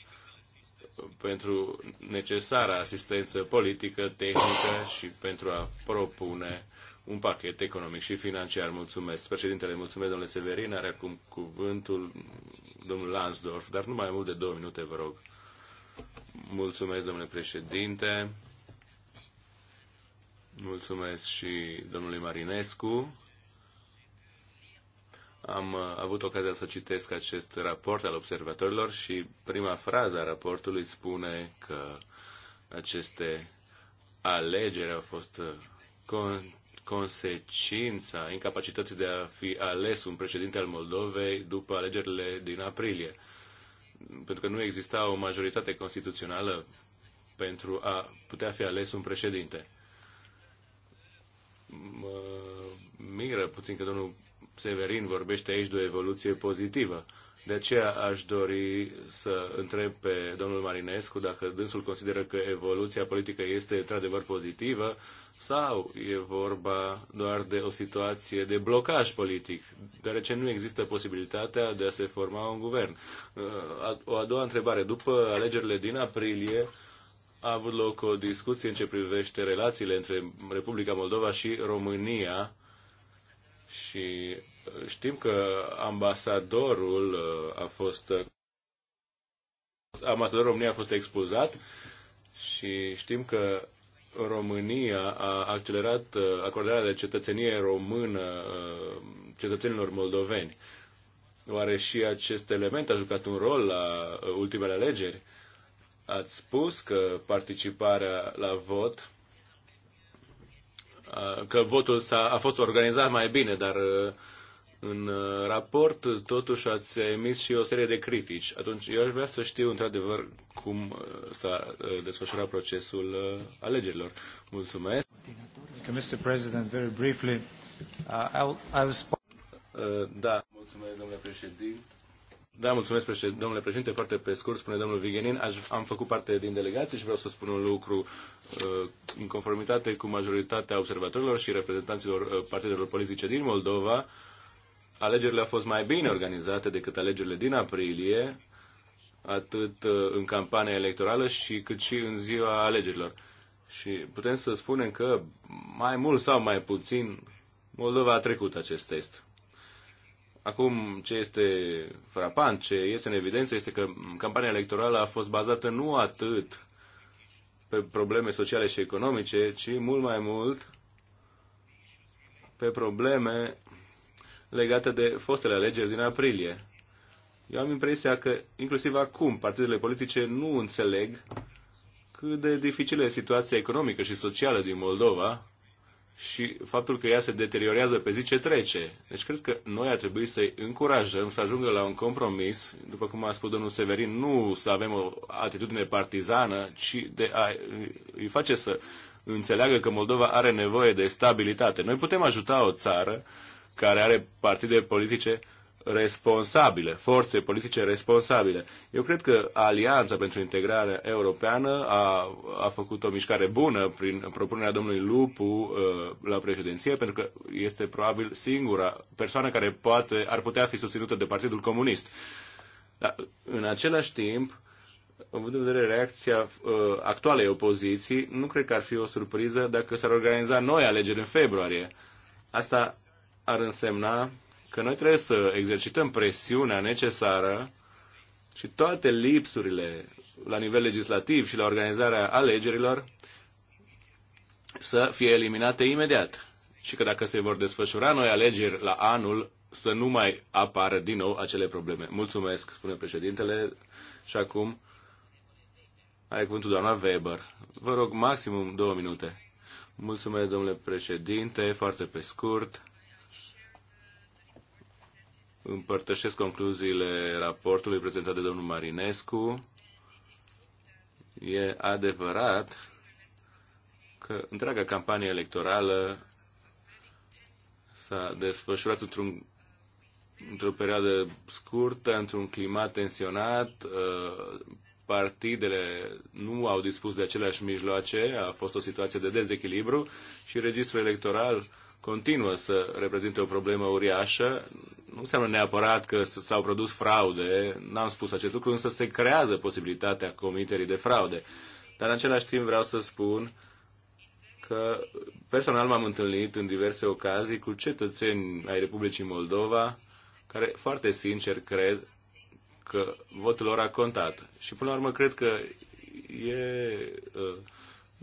pentru necesara asistență politică, tehnică și pentru a propune un pachet economic și financiar. Mulțumesc. Președintele, mulțumesc, domnule Severin. Are acum cuvântul domnul Lansdorf, dar nu mai mult de două minute, vă rog. Mulțumesc, domnule președinte. Mulțumesc și domnului Marinescu. Am uh, avut ocazia să citesc acest raport al observatorilor și prima frază a raportului spune că aceste alegeri au fost uh, con- consecința incapacității de a fi ales un președinte al Moldovei după alegerile din aprilie, pentru că nu exista o majoritate constituțională pentru a putea fi ales un președinte mă miră puțin că domnul Severin vorbește aici de o evoluție pozitivă. De aceea aș dori să întreb pe domnul Marinescu dacă dânsul consideră că evoluția politică este într-adevăr pozitivă sau e vorba doar de o situație de blocaj politic, deoarece nu există posibilitatea de a se forma un guvern. Uh, o a doua întrebare. După alegerile din aprilie, a avut loc o discuție în ce privește relațiile între Republica Moldova și România și uh, știm că ambasadorul uh, a fost uh, ambasadorul României a fost expulzat și știm că România a accelerat acordarea de cetățenie română cetățenilor moldoveni. Oare și acest element a jucat un rol la ultimele alegeri? Ați spus că participarea la vot, că votul a a fost organizat mai bine, dar în raport totuși ați emis și o serie de critici. Atunci eu aș vrea să știu într-adevăr cum s-a desfășurat procesul alegerilor. Mulțumesc. Mr. President, very briefly, uh, I'll, I'll... Uh, da, mulțumesc, domnule președinte. Da, mulțumesc, domnule președinte. Foarte pe scurt, spune domnul Vigenin, aș, am făcut parte din delegație și vreau să spun un lucru uh, în conformitate cu majoritatea observatorilor și reprezentanților uh, partidelor politice din Moldova. Alegerile au fost mai bine organizate decât alegerile din aprilie, atât uh, în campania electorală și cât și în ziua alegerilor. Și putem să spunem că mai mult sau mai puțin Moldova a trecut acest test. Acum, ce este frapant, ce iese în evidență, este că campania electorală a fost bazată nu atât pe probleme sociale și economice, ci mult mai mult pe probleme legate de fostele alegeri din aprilie. Eu am impresia că, inclusiv acum, partidele politice nu înțeleg cât de dificilă e situația economică și socială din Moldova și faptul că ea se deteriorează pe zi ce trece. Deci cred că noi ar trebui să-i încurajăm să ajungă la un compromis, după cum a spus domnul Severin, nu să avem o atitudine partizană, ci de a îi face să înțeleagă că Moldova are nevoie de stabilitate. Noi putem ajuta o țară care are partide politice responsabile, forțe politice responsabile. Eu cred că Alianța pentru Integrare Europeană a, a făcut o mișcare bună prin propunerea domnului Lupu uh, la președinție, pentru că este probabil singura persoană care poate, ar putea fi susținută de Partidul Comunist. Dar, în același timp, văd în vedere reacția uh, actualei opoziții, nu cred că ar fi o surpriză dacă s-ar organiza noi alegeri în februarie. Asta ar însemna că noi trebuie să exercităm presiunea necesară și toate lipsurile la nivel legislativ și la organizarea alegerilor să fie eliminate imediat. Și că dacă se vor desfășura noi alegeri la anul, să nu mai apară din nou acele probleme. Mulțumesc, spune președintele. Și acum are cuvântul doamna Weber. Vă rog, maximum două minute. Mulțumesc, domnule președinte, foarte pe scurt. Împărtășesc concluziile raportului prezentat de domnul Marinescu. E adevărat că întreaga campanie electorală s-a desfășurat într-un într-o perioadă scurtă, într-un climat tensionat, uh, partidele nu au dispus de aceleași mijloace, a fost o situație de dezechilibru și registrul electoral continuă să reprezinte o problemă uriașă. Nu înseamnă neapărat că s-au produs fraude, n-am spus acest lucru, însă se creează posibilitatea comiterii de fraude. Dar în același timp vreau să spun că personal m-am întâlnit în diverse ocazii cu cetățeni ai Republicii Moldova care foarte sincer cred că votul lor a contat. Și până la urmă cred că e uh,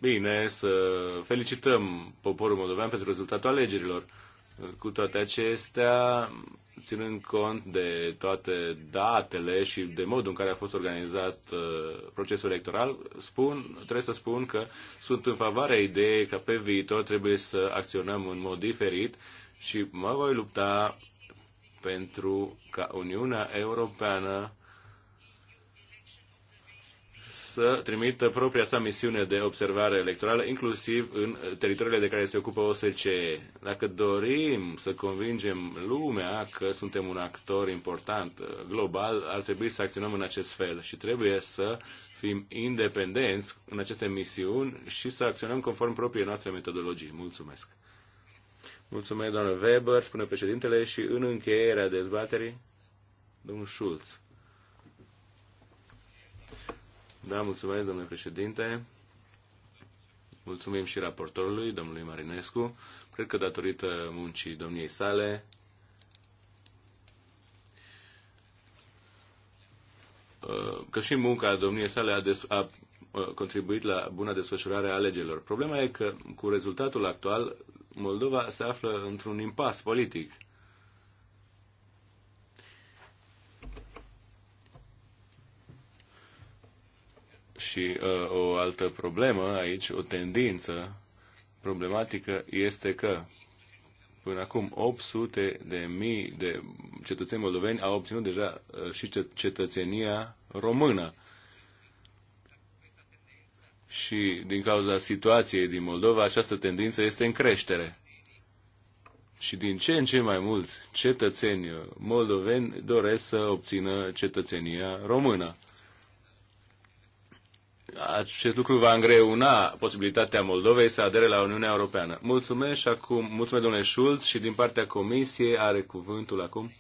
Bine, să felicităm poporul moldovean pentru rezultatul alegerilor. Cu toate acestea, ținând cont de toate datele și de modul în care a fost organizat uh, procesul electoral, spun, trebuie să spun că sunt în favoarea ideii că pe viitor trebuie să acționăm în mod diferit și mă voi lupta pentru ca Uniunea Europeană să trimită propria sa misiune de observare electorală, inclusiv în uh, teritoriile de care se ocupă OSCE. Dacă dorim să convingem lumea că suntem un actor important uh, global, ar trebui să acționăm în acest fel și trebuie să fim independenți în aceste misiuni și să acționăm conform propriei noastre metodologii. Mulțumesc! Mulțumesc, doamnă Weber, spune președintele, și în încheierea dezbaterii, domnul Schulz. Da, mulțumesc, domnule președinte. Mulțumim și raportorului, domnului Marinescu. Cred că datorită muncii domniei sale, uh, că și munca domniei sale a, des, a uh, contribuit la buna desfășurare a alegerilor. Problema e că, cu rezultatul actual, Moldova se află într-un impas politic. Și uh, o altă problemă aici, o tendință problematică este că până acum 800 de mii de cetățeni moldoveni au obținut deja uh, și cet cetățenia română. Și din cauza situației din Moldova, această tendință este în creștere. Și din ce în ce mai mulți cetățeni moldoveni doresc să obțină cetățenia română acest lucru va îngreuna posibilitatea Moldovei să adere la Uniunea Europeană. Mulțumesc și acum, mulțumesc domnule Schulz și din partea Comisiei are cuvântul acum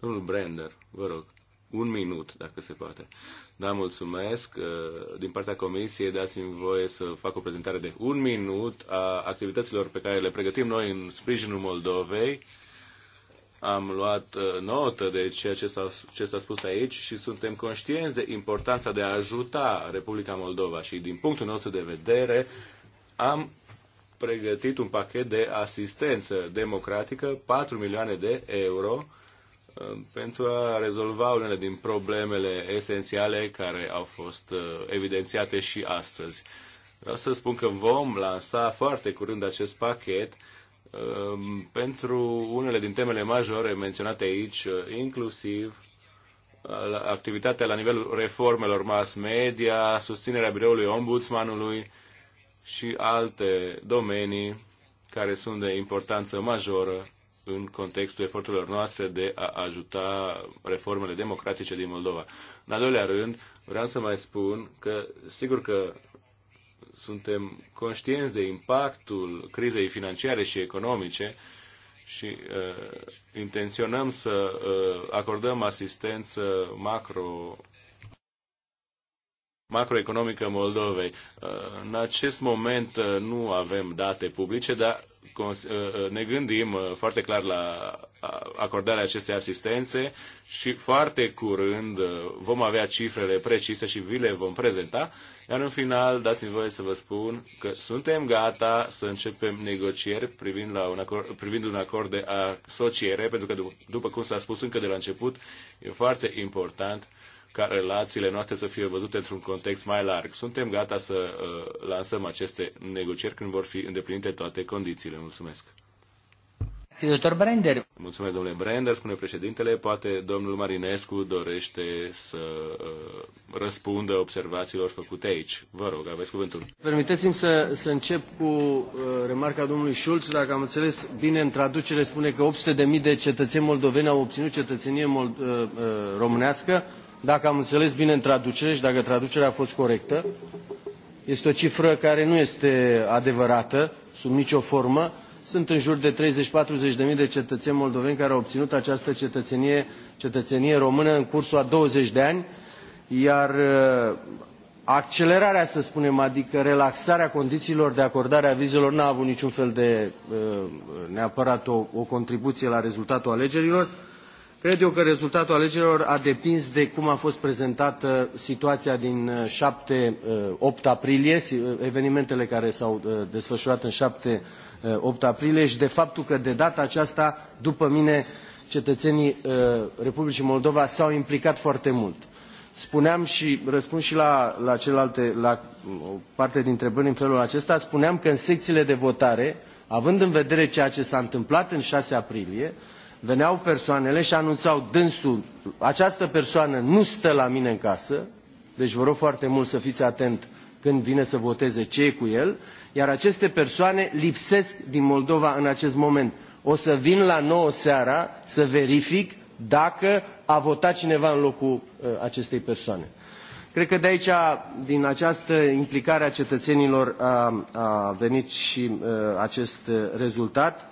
domnul Brander, vă rog, un minut dacă se poate. Da, mulțumesc. Uh, din partea Comisiei dați-mi voie să fac o prezentare de un minut a activităților pe care le pregătim noi în sprijinul Moldovei am luat uh, notă de ceea ce s-a, ce s-a spus aici și suntem conștienți de importanța de a ajuta Republica Moldova și din punctul nostru de vedere am pregătit un pachet de asistență democratică, 4 milioane de euro, uh, pentru a rezolva unele din problemele esențiale care au fost uh, evidențiate și astăzi. Vreau să spun că vom lansa foarte curând acest pachet Ehm, pentru unele din temele majore menționate aici, inclusiv activitatea la nivelul reformelor mass media, susținerea biroului ombudsmanului și alte domenii care sunt de importanță majoră în contextul eforturilor noastre de a ajuta reformele democratice din Moldova. În al doilea rând, vreau să mai spun că, sigur că suntem conștienți de impactul crizei financiare și economice și uh, intenționăm să uh, acordăm asistență macro macroeconomică Moldovei. Uh, în acest moment uh, nu avem date publice, dar uh, ne gândim foarte clar la acordarea acestei asistențe și foarte curând vom avea cifrele precise și vi le vom prezenta. Iar în final, dați-mi voie să vă spun că suntem gata să începem negocieri privind, la un, acord, privind un acord de asociere, pentru că, după cum s-a spus încă de la început, e foarte important ca relațiile noastre să fie văzute într-un context mai larg. Suntem gata să uh, lansăm aceste negocieri când vor fi îndeplinite toate condițiile. Mulțumesc. Dr. Brender. Mulțumesc, domnule Brender, spune președintele. Poate domnul Marinescu dorește să uh, răspundă observațiilor făcute aici. Vă rog, aveți cuvântul. Permiteți-mi să, să încep cu uh, remarca domnului Schulz. Dacă am înțeles bine, în traducere spune că 800.000 de cetățeni moldoveni au obținut cetățenie mold, uh, uh, românească dacă am înțeles bine în traducere și dacă traducerea a fost corectă, este o cifră care nu este adevărată, sub nicio formă. Sunt în jur de 30-40 de mii de cetățeni moldoveni care au obținut această cetățenie, cetățenie română în cursul a 20 de ani, iar uh, accelerarea, să spunem, adică relaxarea condițiilor de acordare a vizelor n-a avut niciun fel de uh, neapărat o, o contribuție la rezultatul alegerilor. Cred eu că rezultatul alegerilor a depins de cum a fost prezentată situația din 7-8 uh, uh, aprilie, uh, evenimentele care s-au desfășurat în 7-8 aprilie și de faptul că de data aceasta, după mine, cetățenii Republicii Moldova s-au implicat foarte mult. Spuneam și răspund și la, la, celelalte, la o parte din întrebări în felul acesta, spuneam că în secțiile de votare, având în vedere ceea ce s-a întâmplat în 6 aprilie, veneau persoanele și anunțau dânsul, această persoană nu stă la mine în casă, deci vă rog foarte mult să fiți atent când vine să voteze ce e cu el, iar aceste persoane lipsesc din Moldova în acest moment. O să vin la 9 seara să verific dacă a votat cineva în locul uh, acestei persoane. Cred că de aici, din această implicare a cetățenilor, a, a venit și uh, acest uh, rezultat.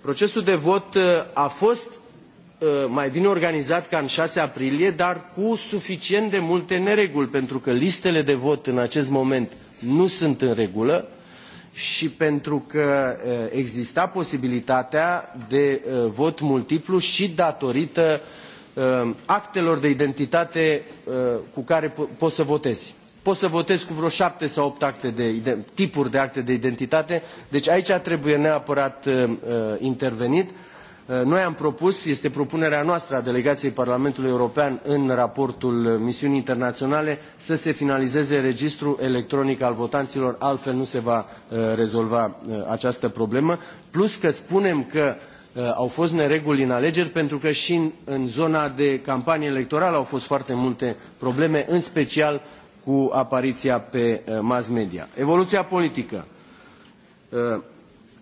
Procesul de vot uh, a fost uh, mai bine organizat ca în 6 aprilie, dar cu suficient de multe nereguli, pentru că listele de vot în acest moment nu sunt în regulă și pentru că uh, exista posibilitatea de vot multiplu și datorită actelor de identitate cu care poți să votezi poți să votezi cu vreo șapte sau opt acte de, tipuri de acte de identitate, deci aici trebuie neapărat uh, uh, intervenit. Uh, noi am propus, este propunerea noastră a delegației Parlamentului European în raportul misiunii internaționale, să se finalizeze registrul electronic al votanților, altfel nu se va uh, rezolva uh, această problemă. Plus că spunem că uh, au fost nereguli în alegeri pentru că și în, în zona de campanie electorală au fost foarte multe probleme, în special cu apariția pe eh, mass media. Evoluția politică. Eh,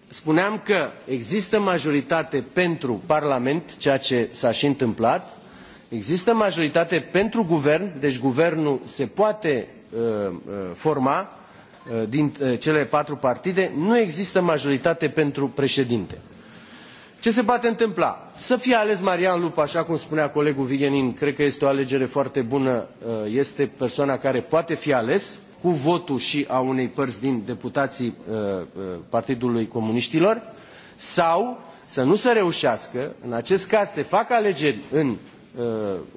spuneam că există majoritate pentru Parlament, ceea ce s-a și întâmplat, există majoritate pentru guvern, deci guvernul se poate eh, forma din cele patru partide, nu există majoritate pentru președinte. Ce se poate întâmpla? Să fie ales Marian Lupa, așa cum spunea colegul Vigenin, cred că este o alegere foarte bună, uh, este persoana care poate fi ales cu votul și a unei părți din deputații uh, uh, Partidului Comuniștilor, sau să nu se reușească, în acest caz se fac alegeri în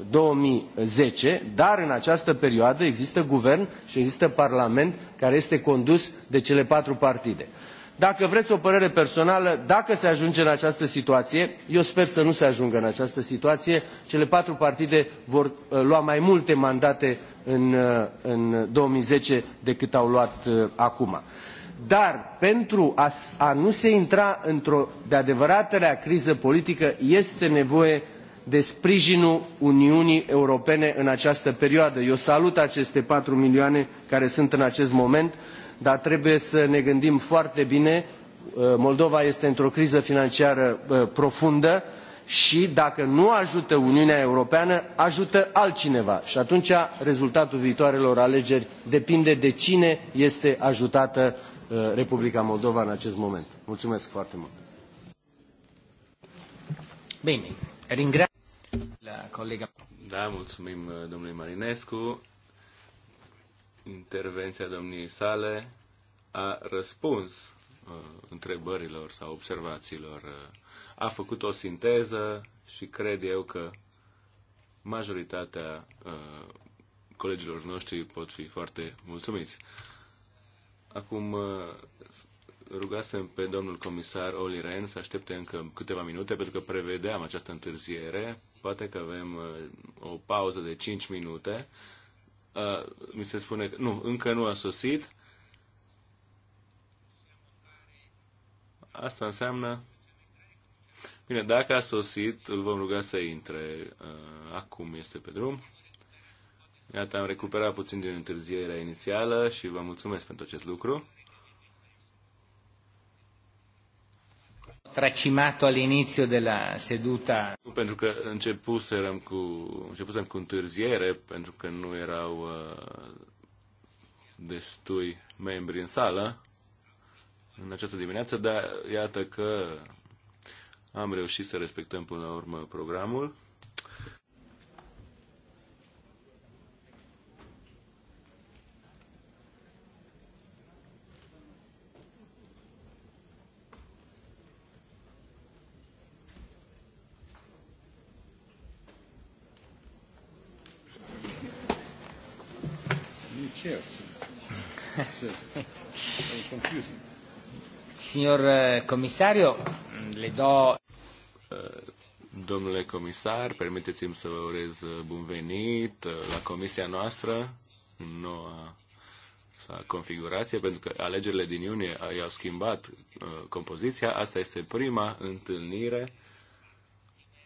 2010, dar în această perioadă există guvern și există parlament care este condus de cele patru partide. Dacă vreți o părere personală, dacă se ajunge în această situație, eu sper să nu se ajungă în această situație, cele patru partide vor uh, lua mai multe mandate în, uh, în 2010 decât au luat uh, acum. Dar pentru a, a nu se intra într-o de adevăratele criză politică este nevoie de sprijinul Uniunii Europene în această perioadă. Eu salut aceste patru milioane care sunt în acest moment dar trebuie să ne gândim foarte bine. Uh, Moldova este într-o criză financiară uh, profundă și dacă nu ajută Uniunea Europeană, ajută altcineva. Și atunci rezultatul viitoarelor alegeri depinde de cine este ajutată uh, Republica Moldova în acest moment. Mulțumesc foarte mult! Bine, ringra... la colega... Da, mulțumim domnului Marinescu intervenția domniei sale a răspuns uh, întrebărilor sau observațiilor. Uh, a făcut o sinteză și cred eu că majoritatea uh, colegilor noștri pot fi foarte mulțumiți. Acum rugasem pe domnul comisar Oli Ren să aștepte încă câteva minute pentru că prevedeam această întârziere. Poate că avem o pauză de 5 minute uh, mi se spune că nu, încă nu a sosit. Asta înseamnă Bine, dacă a sosit, îl vom ruga să intre. Acum este pe drum. Iată, am recuperat puțin din întârzierea inițială și vă mulțumesc pentru acest lucru. tracimato all'inizio della seduta. Pentru că începusem cu, începusem cu întârziere, pentru că nu erau uh, destui membri în sală în această dimineață, dar iată că am reușit să respectăm până la urmă programul. chair. It's very confusing. Signor eh, Comisario, le do... Eh, domnule comisar, permiteți-mi să vă urez eh, bun venit la comisia noastră, noua sa configurație, pentru că alegerile din iunie i-au schimbat compoziția. Asta este prima întâlnire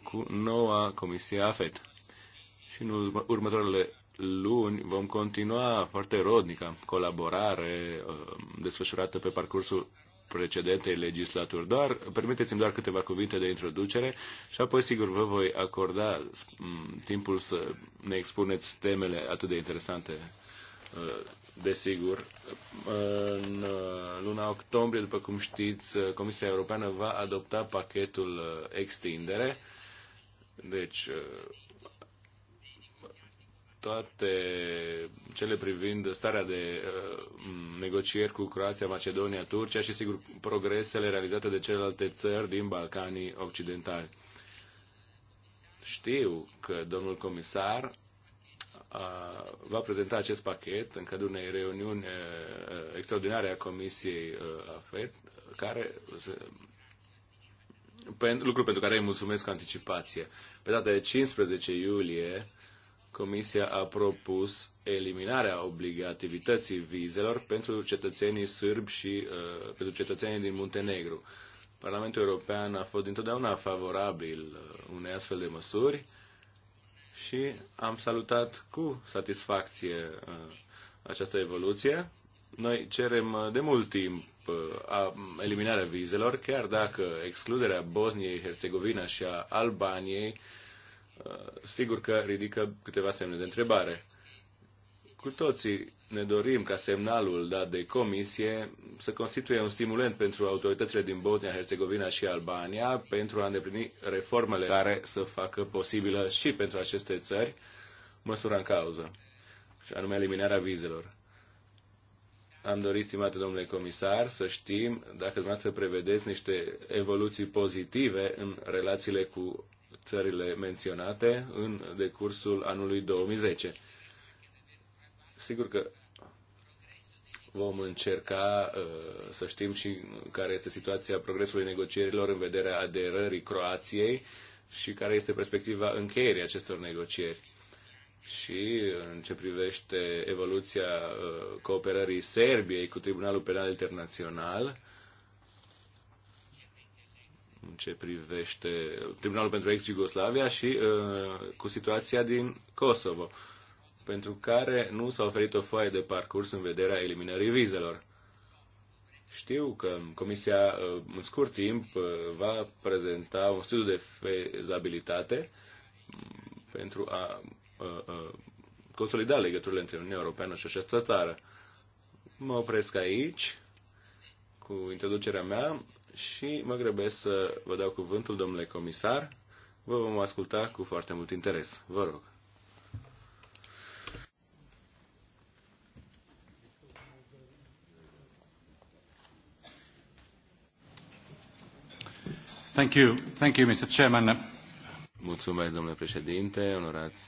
cu noua comisie AFET. Și în următoarele luni vom continua foarte rodnica colaborare um, desfășurată pe parcursul precedentei legislaturi. Doar, permiteți-mi doar câteva cuvinte de introducere și apoi, sigur, vă voi acorda um, timpul să ne expuneți temele atât de interesante, uh, desigur. În uh, luna octombrie, după cum știți, uh, Comisia Europeană va adopta pachetul extindere, deci toate cele privind starea de uh, negocieri cu Croația, Macedonia, Turcia și, sigur, progresele realizate de celelalte țări din Balcanii Occidentali. Știu că domnul comisar uh, va prezenta acest pachet în cadrul unei reuniuni uh, extraordinare a Comisiei uh, AFET, care lucru pentru care îi mulțumesc anticipație. Pe data de 15 iulie Comisia a propus eliminarea obligativității vizelor pentru cetățenii sârbi și uh, pentru cetățenii din Muntenegru. Parlamentul European a fost întotdeauna favorabil uh, unei astfel de măsuri și am salutat cu satisfacție uh, această evoluție. Noi cerem uh, de mult timp uh, eliminarea vizelor, chiar dacă excluderea Bosniei, Herțegovina și a Albaniei uh, sigur că ridică câteva semne de întrebare. Cu toții ne dorim ca semnalul dat de comisie să constituie un stimulent pentru autoritățile din Bosnia, Herzegovina și Albania pentru a îndeplini reformele care să facă posibilă și pentru aceste țări măsura în cauză, și anume eliminarea vizelor. Am dorit, stimate domnule comisar, să știm dacă dumneavoastră prevedeți niște evoluții pozitive în relațiile cu țările menționate în decursul anului 2010. Sigur că vom încerca uh, să știm și care este situația progresului negocierilor în vederea aderării Croației și care este perspectiva încheierii acestor negocieri. Și în ce privește evoluția uh, cooperării Serbiei cu Tribunalul Penal Internațional, în ce privește Tribunalul pentru ex Yugoslavia și uh, cu situația din Kosovo, pentru care nu s-a oferit o foaie de parcurs în vederea eliminării vizelor. Știu că Comisia, uh, în scurt timp, uh, va prezenta un studiu de fezabilitate pentru a uh, uh, consolida legăturile între Uniunea Europeană și această țară. Mă opresc aici cu introducerea mea și mă grăbesc să vă dau cuvântul, domnule comisar. Vă vom asculta cu foarte mult interes. Vă rog. Thank you. Thank you, Mr. Chairman. Mulțumesc, domnule președinte, onorați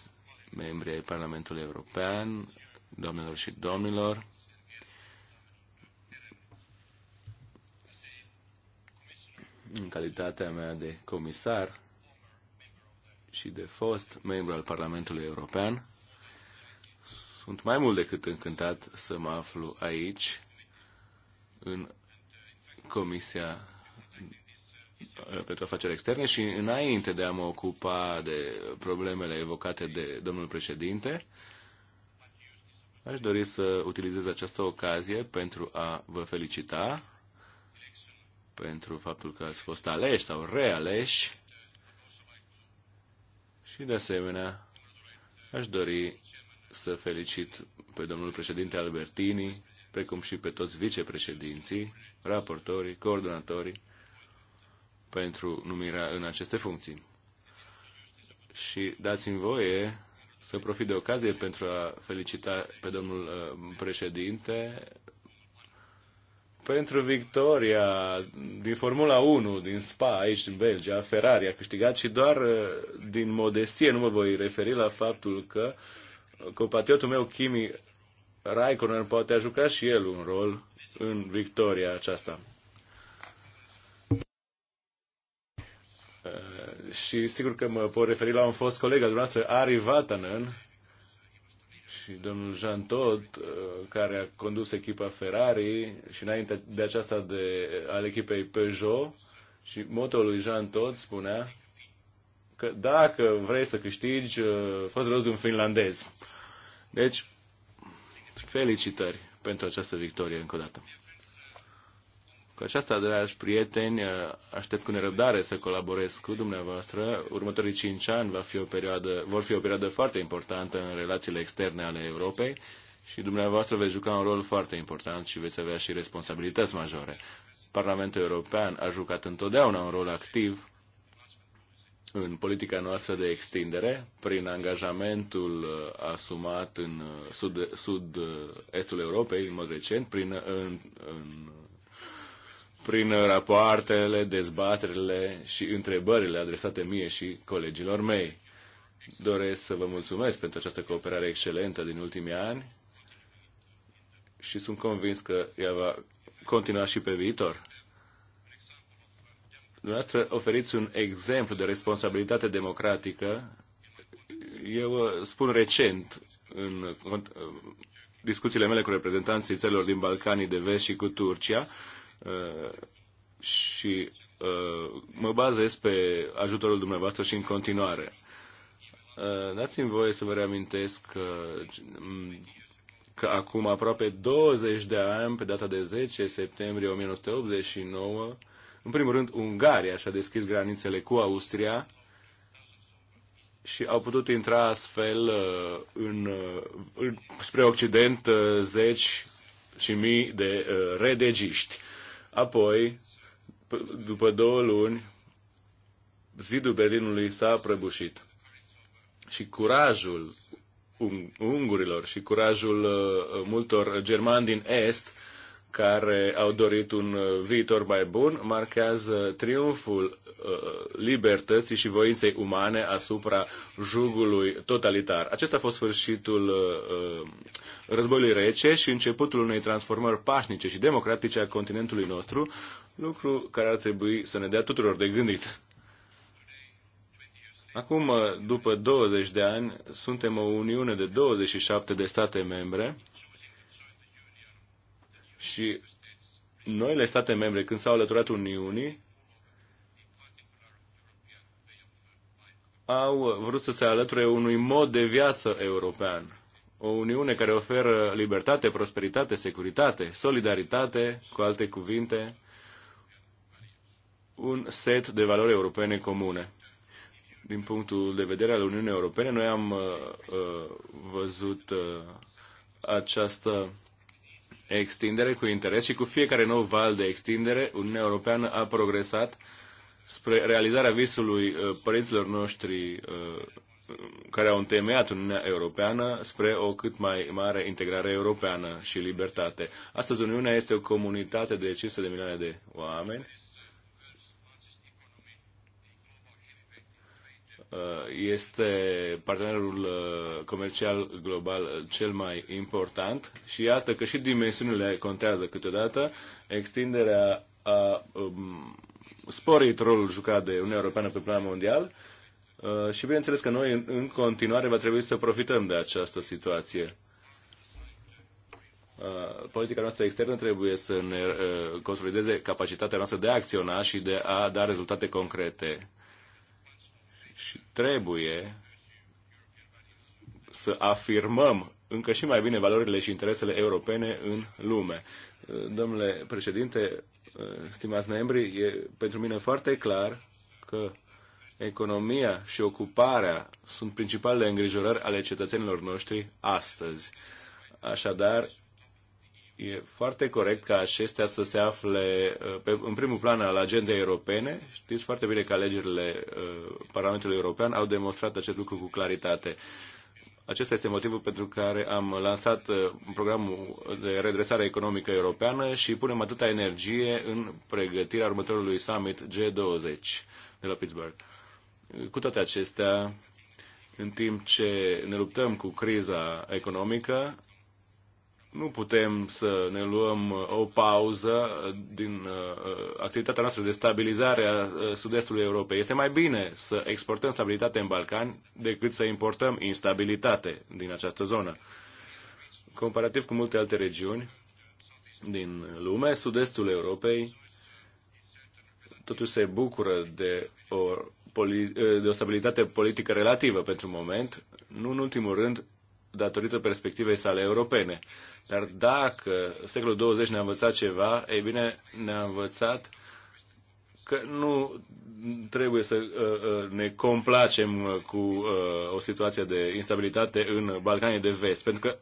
membri ai Parlamentului European, domnilor și domnilor. în calitatea mea de comisar și de fost membru al Parlamentului European, sunt mai mult decât încântat să mă aflu aici, în Comisia pentru afaceri externe și înainte de a mă ocupa de problemele evocate de domnul președinte, aș dori să utilizez această ocazie pentru a vă felicita pentru faptul că ați fost aleși sau realeși. Și de asemenea, aș dori să felicit pe domnul președinte Albertini, precum și pe toți vicepreședinții, raportorii, coordonatorii, pentru numirea în aceste funcții. Și dați-mi voie să profit de ocazie pentru a felicita pe domnul uh, președinte pentru victoria din Formula 1, din Spa, aici în Belgia, Ferrari a câștigat și doar uh, din modestie nu mă voi referi la faptul că compatriotul meu, Kimi Raikkonen, poate a jucat și el un rol în victoria aceasta. Uh, și sigur că mă pot referi la un fost coleg al dumneavoastră, Ari Vatanen, și domnul Jean Todt, uh, care a condus echipa Ferrari și înainte de aceasta de, al echipei Peugeot, și motoul lui Jean Todt spunea că dacă vrei să câștigi, uh, fost rost de un finlandez. Deci, felicitări pentru această victorie încă o dată. Cu aceasta, dragi prieteni, aștept cu nerăbdare să colaborez cu dumneavoastră. Următorii cinci ani va fi o perioadă, vor fi o perioadă foarte importantă în relațiile externe ale Europei și dumneavoastră veți juca un rol foarte important și veți avea și responsabilități majore. Parlamentul European a jucat întotdeauna un rol activ în politica noastră de extindere, prin angajamentul uh, asumat în uh, sud, sud-estul Europei, în mod recent, prin, uh, în, în prin rapoartele, dezbaterile și întrebările adresate mie și colegilor mei. Doresc să vă mulțumesc pentru această cooperare excelentă din ultimii ani și sunt convins că ea va continua și pe viitor. Dumneavoastră oferiți un exemplu de responsabilitate democratică. Eu uh, spun recent în uh, discuțiile mele cu reprezentanții țărilor din Balcanii de Vest și cu Turcia, Uh, și uh, mă bazez pe ajutorul dumneavoastră și în continuare. Uh, dați-mi voie să vă reamintesc că, mm, că acum aproape 20 de ani, pe data de 10 septembrie 1989, în primul rând Ungaria și-a deschis granițele cu Austria și au putut intra astfel în, în, spre Occident zeci și mii de redegiști. Apoi, după două luni, zidul Berlinului s-a prăbușit. Și curajul ungurilor și curajul uh, multor germani din Est care au dorit un uh, viitor mai bun, marchează triumful uh, libertății și voinței umane asupra jugului totalitar. Acesta a fost sfârșitul uh, războiului rece și începutul unei transformări pașnice și democratice a continentului nostru, lucru care ar trebui să ne dea tuturor de gândit. Acum, după 20 de ani, suntem o uniune de 27 de state membre și noile state membre, când s-au alăturat Uniunii, au vrut să se alăture unui mod de viață european. O Uniune care oferă libertate, prosperitate, securitate, solidaritate, cu alte cuvinte, un set de valori europene comune. Din punctul de vedere al Uniunii Europene, noi am uh, uh văzut uh, această extindere cu interes și cu fiecare nou val de extindere, Uniunea Europeană a progresat spre realizarea visului uh, părinților noștri uh, care au întemeiat Uniunea Europeană spre o cât mai mare integrare europeană și libertate. Astăzi Uniunea este o comunitate de 500 de milioane de oameni Uh, este partenerul uh, comercial global uh, cel mai important și iată că și dimensiunile contează câteodată. Extinderea a um, sporit rolul jucat de Uniunea Europeană pe plan mondial și bineînțeles că noi în continuare va trebui să profităm de această situație politica noastră externă trebuie să ne consolideze capacitatea noastră de a acționa și de a da rezultate concrete și trebuie să afirmăm încă și mai bine valorile și interesele europene în lume. Domnule președinte, stimați membri, e pentru mine foarte clar că economia și ocuparea sunt principalele îngrijorări ale cetățenilor noștri astăzi. Așadar, e foarte corect ca acestea să se afle uh, pe, în primul plan al agendei europene. Știți foarte bine că alegerile uh, Parlamentului European au demonstrat acest lucru cu claritate. Acesta este motivul pentru care am lansat uh, programul de redresare economică europeană și punem atâta energie în pregătirea următorului summit G20 de la Pittsburgh. Cu toate acestea, în timp ce ne luptăm cu criza economică, nu putem să ne luăm uh, o pauză uh, din uh, activitatea noastră de stabilizare a sud-estului Europei. Este mai bine să exportăm stabilitate în Balcani decât să importăm instabilitate din această zonă. Comparativ cu multe alte regiuni din lume, sud-estul Europei totuși se bucură de o, de o stabilitate politică relativă pentru moment, nu în ultimul rând datorită perspectivei sale europene. Dar dacă secolul 20 ne-a învățat ceva, ei bine, ne-a învățat că nu trebuie să uh, uh, ne complacem cu uh, o situație de instabilitate în Balcanii de Vest, pentru că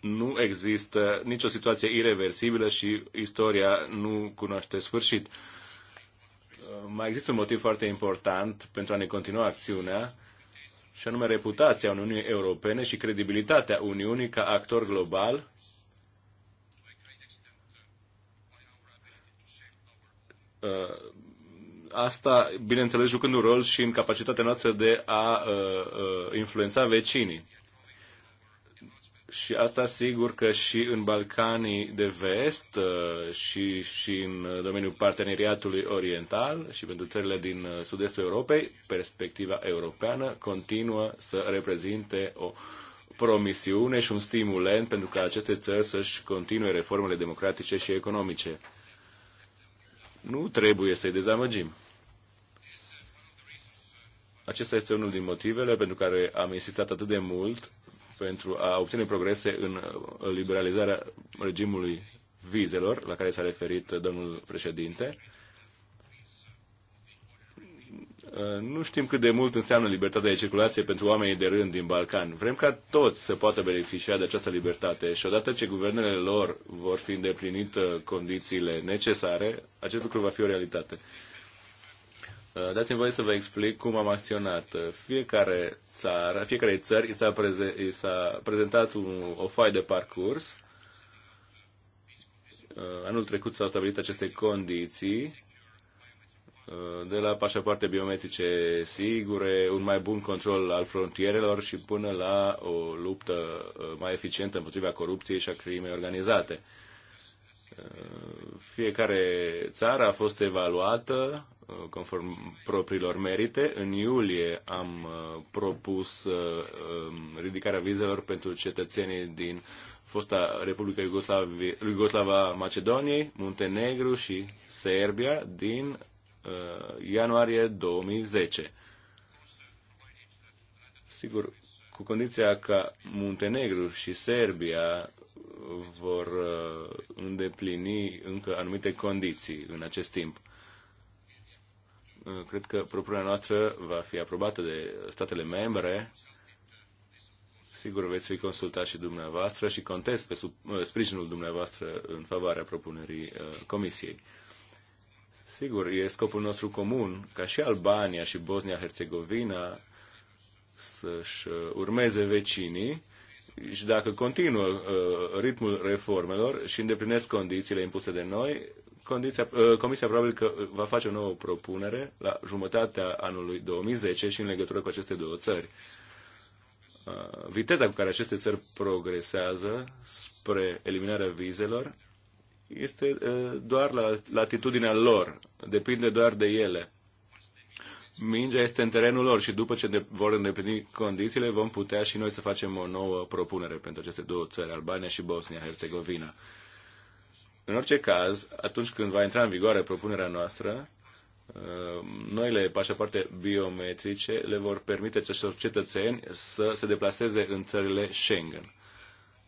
nu există nicio situație irreversibilă și istoria nu cunoaște sfârșit. Mai există un motiv foarte important pentru a ne continua acțiunea, și anume reputația Uniunii Europene și credibilitatea Uniunii ca actor global uh, asta, bineînțeles, jucând un rol și în capacitatea noastră de a uh, uh, influența vecinii și asta sigur că și în Balcanii de vest uh, și, și în domeniul parteneriatului oriental și pentru țările din uh, sud-estul Europei, perspectiva europeană continuă să reprezinte o promisiune și un stimulent pentru ca aceste țări să-și continue reformele democratice și economice. Nu trebuie să-i dezamăgim. Acesta este unul din motivele pentru care am insistat atât de mult pentru a obține progrese în uh, liberalizarea regimului vizelor, la care s-a referit uh, domnul președinte. Uh, nu știm cât de mult înseamnă libertatea de circulație pentru oamenii de rând din Balcan. Vrem ca toți să poată beneficia de această libertate și odată ce guvernele lor vor fi îndeplinit condițiile necesare, acest lucru va fi o realitate. Uh, dați-mi voie să vă explic cum am acționat. Uh, fiecare țară, fiecare țări i s-a, preze- i s-a prezentat un, o foaie de parcurs. Uh, anul trecut s-au stabilit aceste condiții de la pașapoarte biometrice sigure, un mai bun control al frontierelor și până la o luptă mai eficientă împotriva corupției și a crimei organizate. Fiecare țară a fost evaluată Uh, conform propriilor merite. În iulie am uh, propus uh, um, ridicarea vizelor pentru cetățenii din fosta Republica Iugoslava Macedoniei, Muntenegru și Serbia din ianuarie 2010. Sigur, cu condiția ca Muntenegru și Serbia vor îndeplini încă anumite condiții în acest timp. Uh, cred că propunerea noastră va fi aprobată de statele membre. Sigur, veți fi consultat și dumneavoastră și contez pe sub, uh, sprijinul dumneavoastră în favoarea propunerii uh, Comisiei. Sigur, e scopul nostru comun ca și Albania și Bosnia-Herzegovina să-și urmeze vecinii și dacă continuă ritmul reformelor și îndeplinesc condițiile impuse de noi, Condiția, uh, Comisia probabil că uh, va face o nouă propunere la jumătatea anului 2010 și în legătură cu aceste două țări. Uh, viteza cu care aceste țări progresează spre eliminarea vizelor este doar la latitudinea lor, depinde doar de ele. Mingea este în terenul lor și după ce vor îndeplini condițiile, vom putea și noi să facem o nouă propunere pentru aceste două țări, Albania și Bosnia-Herzegovina. În orice caz, atunci când va intra în vigoare propunerea noastră, uh, noile pașapoarte biometrice le vor permite acestor cetățeni să se deplaseze în țările Schengen.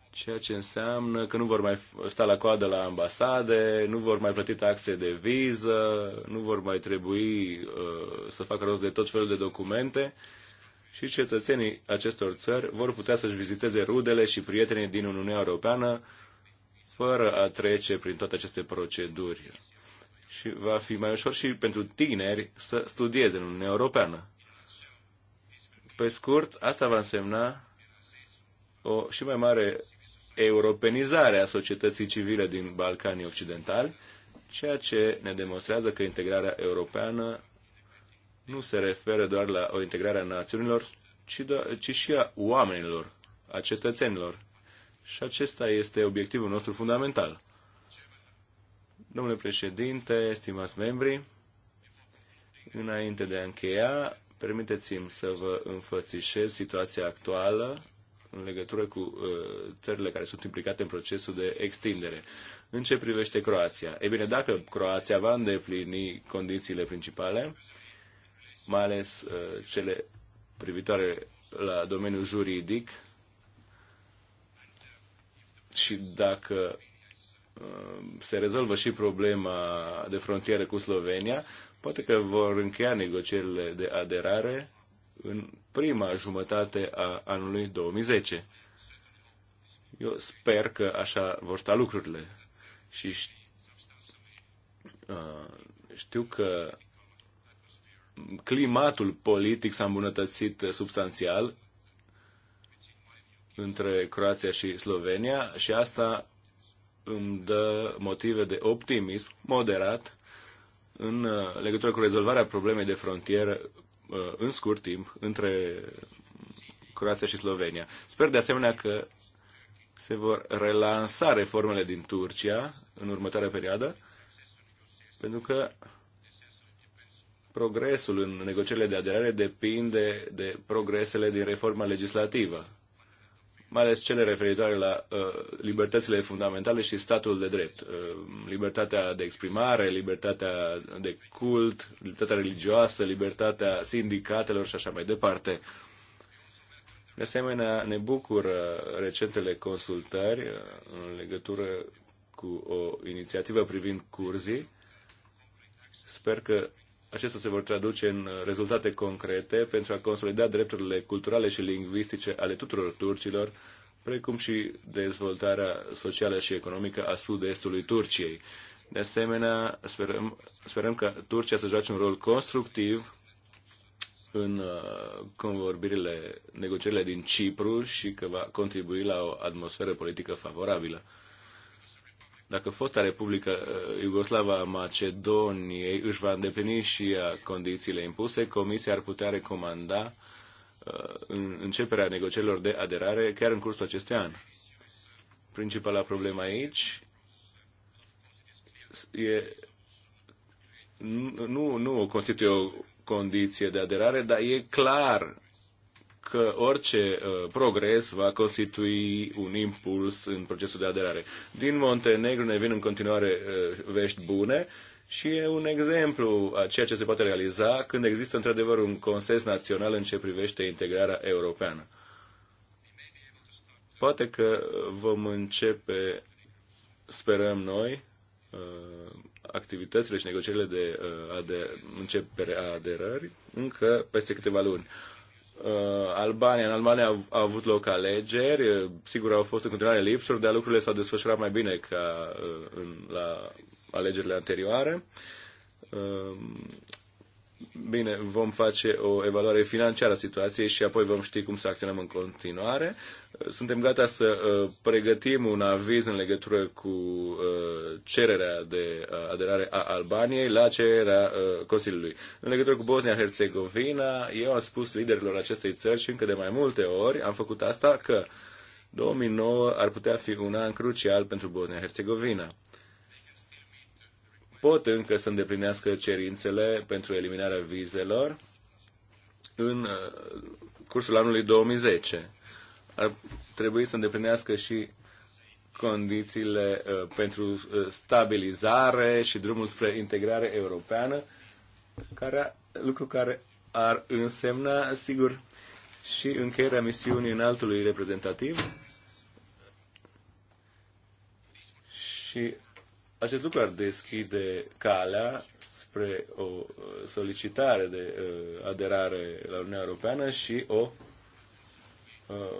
Ceea ce înseamnă că nu vor mai sta la coadă la ambasade, nu vor mai plăti taxe de viză, nu vor mai trebui uh, să facă rost de tot felul de documente și cetățenii acestor țări vor putea să-și viziteze rudele și prietenii din Uniunea Europeană fără a trece prin toate aceste proceduri. Și va fi mai ușor și pentru tineri să studieze în Uniunea Europeană. Pe scurt, asta va însemna o și mai mare europenizare a societății civile din Balcanii Occidentali, ceea ce ne demonstrează că integrarea europeană nu se referă doar la o integrare a națiunilor, ci, do- ci și a oamenilor, a cetățenilor. Și acesta este obiectivul nostru fundamental. Domnule președinte, stimați membri, înainte de a încheia, permiteți-mi să vă înfățișez situația actuală în legătură cu uh, țările care sunt implicate în procesul de extindere. În ce privește Croația? Ei bine, dacă Croația va îndeplini condițiile principale, mai ales uh, cele privitoare la domeniul juridic, și dacă uh, se rezolvă și problema de frontieră cu Slovenia, poate că vor încheia negocierile de aderare în prima jumătate a anului 2010. Eu sper că așa vor sta lucrurile. Și uh, știu că climatul politic s-a îmbunătățit substanțial între Croația și Slovenia și asta îmi dă motive de optimism moderat în uh, legătură cu rezolvarea problemei de frontieră uh, în scurt timp între Croația și Slovenia. Sper de asemenea că se vor relansa reformele din Turcia în următoarea perioadă, pentru că progresul în negocierile de aderare depinde de progresele din reforma legislativă mai ales cele referitoare la uh, libertățile fundamentale și statul de drept. Uh, libertatea de exprimare, libertatea de cult, libertatea religioasă, libertatea sindicatelor și așa mai departe. De asemenea, ne bucură recentele consultări uh, în legătură cu o inițiativă privind curzii. Sper că acestea se vor traduce în uh, rezultate concrete pentru a consolida drepturile culturale și lingvistice ale tuturor turcilor, precum și dezvoltarea socială și economică a sud-estului Turciei. De asemenea, sperăm, sperăm că Turcia să joace un rol constructiv în uh, convorbirile, negocierile din Cipru și că va contribui la o atmosferă politică favorabilă. Dacă fosta Republică uh, Iugoslava a Macedoniei își va îndeplini și condițiile impuse, Comisia ar putea recomanda uh, începerea negocierilor de aderare chiar în cursul acestui an. Principala problemă aici e, nu, nu constituie o condiție de aderare, dar e clar că orice uh, progres va constitui un impuls în procesul de aderare. Din Montenegru ne vin în continuare uh, vești bune și e un exemplu a ceea ce se poate realiza când există într-adevăr un consens național în ce privește integrarea europeană. Poate că vom începe, sperăm noi, uh, activitățile și negocierile de uh, ader- începere a aderării încă peste câteva luni. Uh, Albania. În Albania au, au avut loc alegeri, uh, sigur au fost în continuare lipsuri, dar lucrurile s-au desfășurat mai bine ca uh, în, la alegerile anterioare. Bine, vom face o evaluare financiară a situației și apoi vom ști cum să acționăm în continuare. Suntem gata să uh, pregătim un aviz în legătură cu uh, cererea de uh, aderare a Albaniei la cererea Consiliului. În legătură cu Bosnia-Herzegovina, eu am spus liderilor acestei țări și încă de mai multe ori am făcut asta că 2009 ar putea fi un an crucial pentru Bosnia-Herzegovina pot încă să îndeplinească cerințele pentru eliminarea vizelor în uh, cursul anului 2010. Ar trebui să îndeplinească și condițiile uh, pentru uh, stabilizare și drumul spre integrare europeană, care, lucru care ar însemna, sigur, și încheierea misiunii înaltului reprezentativ și acest lucru ar deschide calea spre o uh, solicitare de uh, aderare la Uniunea Europeană și o uh,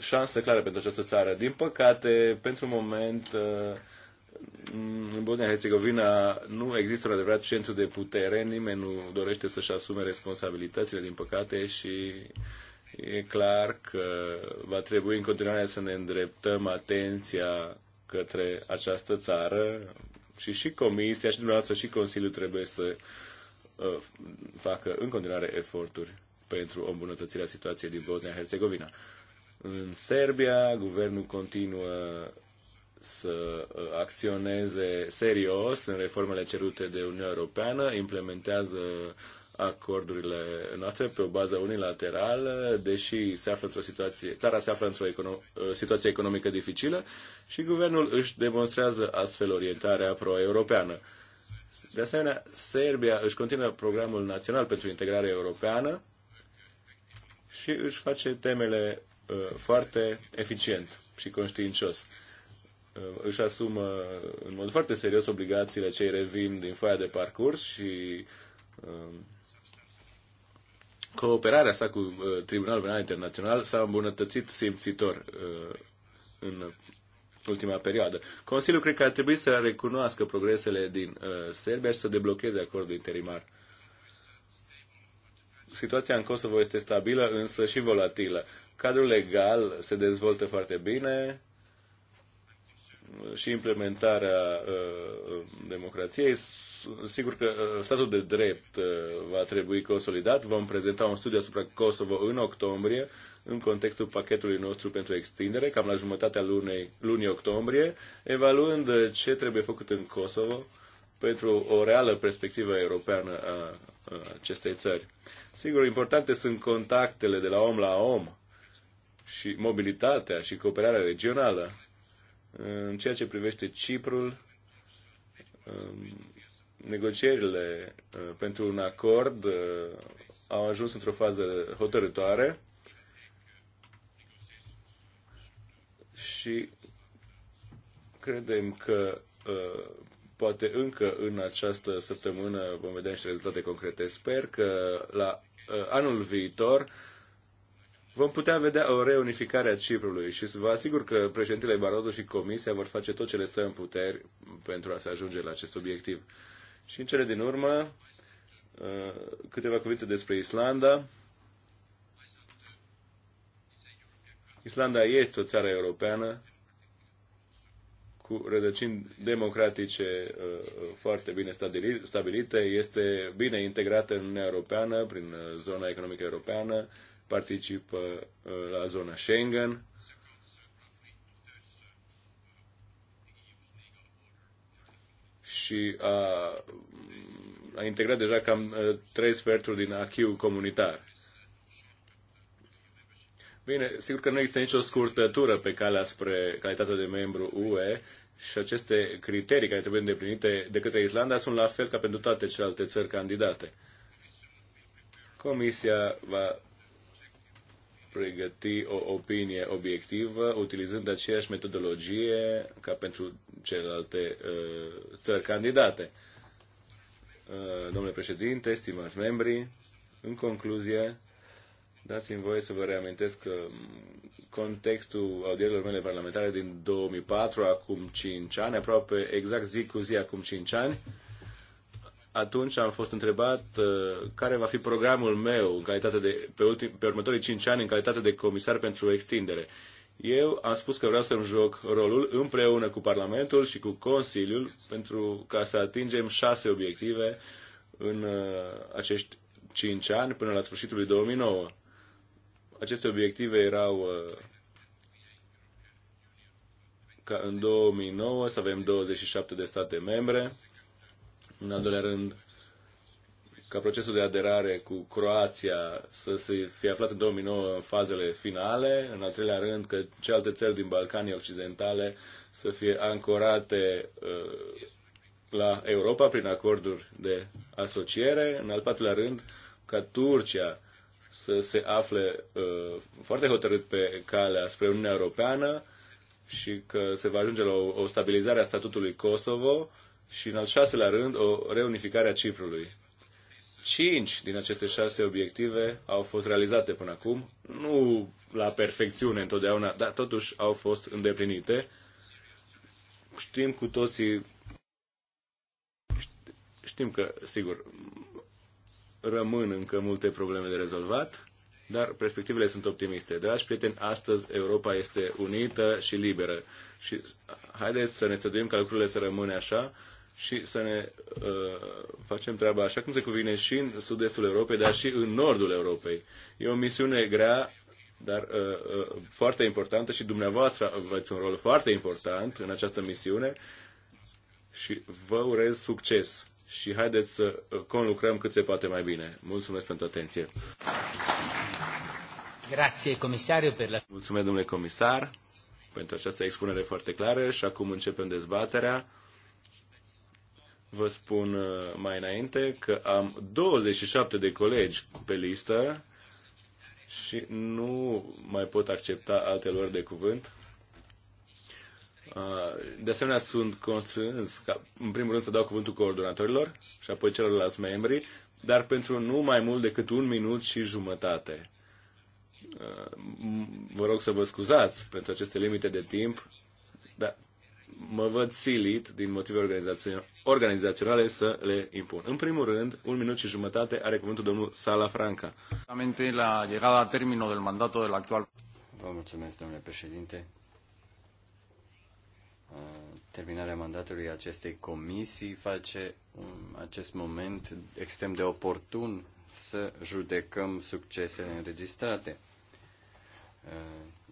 șansă clară pentru această țară. Din păcate, pentru moment, uh, în Bosnia-Herzegovina nu există un adevărat centru de putere, nimeni nu dorește să-și asume responsabilitățile, din păcate, și e clar că va trebui în continuare să ne îndreptăm atenția către această țară și și Comisia și dumneavoastră și Consiliul trebuie să uh, facă în continuare eforturi pentru o îmbunătățire a situației din Bosnia-Herzegovina. În Serbia, guvernul continuă să uh, acționeze serios în reformele cerute de Uniunea Europeană, implementează acordurile noastre pe o bază unilaterală, deși se află într-o situație, țara se află într-o econo- uh, situație economică dificilă și guvernul își demonstrează astfel orientarea pro-europeană. De asemenea, Serbia își continuă programul național pentru integrare europeană și își face temele uh, foarte eficient și conștiincios. Uh, își asumă în mod foarte serios obligațiile ce revin din foaia de parcurs și uh, Cooperarea sa cu uh, Tribunalul Penal Internațional s-a îmbunătățit simțitor uh, în ultima perioadă. Consiliul cred că ar trebui să recunoască progresele din uh, Serbia și să deblocheze acordul interimar. Situația în Kosovo este stabilă, însă și volatilă. Cadrul legal se dezvoltă foarte bine, și implementarea uh, uh, democrației. Sigur că uh, statul de drept va trebui consolidat. Vom prezenta un studiu asupra Kosovo în octombrie, în contextul pachetului nostru pentru extindere, cam la jumătatea lunei, lunii octombrie, evaluând ce trebuie făcut în Kosovo pentru o reală perspectivă europeană a acestei țări. Sigur, importante sunt contactele de la om la om și mobilitatea și cooperarea regională în ceea ce privește Ciprul, um, negocierile uh, pentru un acord uh, au ajuns într-o fază hotărătoare și credem că uh, poate încă în această săptămână vom vedea niște rezultate concrete. Sper că la anul viitor vom putea vedea o reunificare a Ciprului și vă asigur că președintele Barroso și Comisia vor face tot ce le stă în puteri pentru a se ajunge la acest obiectiv. Și în cele din urmă, uh, câteva cuvinte despre Islanda. Islanda este o țară europeană cu rădăcini democratice uh, foarte bine stabilite, este bine integrată în Uniunea Europeană, prin uh, zona economică europeană, participă uh, la zona Schengen. și a, a integrat deja cam uh, trei sferturi din acquis comunitar. Bine, sigur că nu există nicio scurtătură pe calea spre calitatea de membru UE și aceste criterii care trebuie îndeplinite de către Islanda sunt la fel ca pentru toate celelalte țări candidate. Comisia va pregăti o opinie obiectivă utilizând aceeași metodologie ca pentru celelalte uh, țări candidate. Uh, domnule președinte, stimați membri, în concluzie, dați-mi voie să vă reamintesc că contextul audierilor mele parlamentare din 2004, acum 5 ani, aproape exact zi cu zi acum 5 ani, uh, atunci am fost întrebat uh, care va fi programul meu în calitate de, pe, ultim, pe următorii 5 ani în calitate de comisar pentru extindere. Eu am spus că vreau să-mi joc rolul împreună cu Parlamentul și cu Consiliul pentru ca să atingem șase obiective în uh, acești 5 ani până la sfârșitul lui 2009. Aceste obiective erau uh, ca în 2009 să avem 27 de state membre, în al doilea rând, ca procesul de aderare cu Croația să se fie aflat în 2009 în fazele finale, în al treilea rând că celelalte țări din Balcanii Occidentale să fie ancorate uh, la Europa prin acorduri de asociere, în al patrulea rând ca Turcia să se afle uh, foarte hotărât pe calea spre Uniunea Europeană și că se va ajunge la o, o stabilizare a statutului Kosovo, și, în al șaselea rând, o reunificare a Ciprului. Cinci din aceste șase obiective au fost realizate până acum, nu la perfecțiune întotdeauna, dar totuși au fost îndeplinite. Știm cu toții, știm că, sigur, rămân încă multe probleme de rezolvat, dar perspectivele sunt optimiste. Dragi prieteni, astăzi Europa este unită și liberă. Și haideți să ne stăduim ca lucrurile să rămână așa, și să ne uh, facem treaba așa cum se cuvine și în sud-estul Europei, dar și în nordul Europei. E o misiune grea, dar uh, uh, foarte importantă și dumneavoastră aveți un rol foarte important în această misiune și vă urez succes și haideți să uh, conlucrăm cât se poate mai bine. Mulțumesc pentru atenție. Grazie, comisariu, per la... Mulțumesc, domnule comisar, pentru această expunere foarte clară și acum începem dezbaterea. Vă spun uh, mai înainte că am 27 de colegi pe listă și nu mai pot accepta alte lor de cuvânt. Uh, de asemenea, sunt constrâns ca, în primul rând, să dau cuvântul coordonatorilor și apoi celorlalți membri, dar pentru nu mai mult decât un minut și jumătate. Uh, vă rog să vă scuzați pentru aceste limite de timp, dar mă văd silit, din motive organizaționale, să le impun. În primul rând, un minut și jumătate are cuvântul domnul Sala Franca. la llegada termino del mandato del actual... Vă mulțumesc, domnule președinte. Terminarea mandatului acestei comisii face acest moment extrem de oportun să judecăm succesele înregistrate.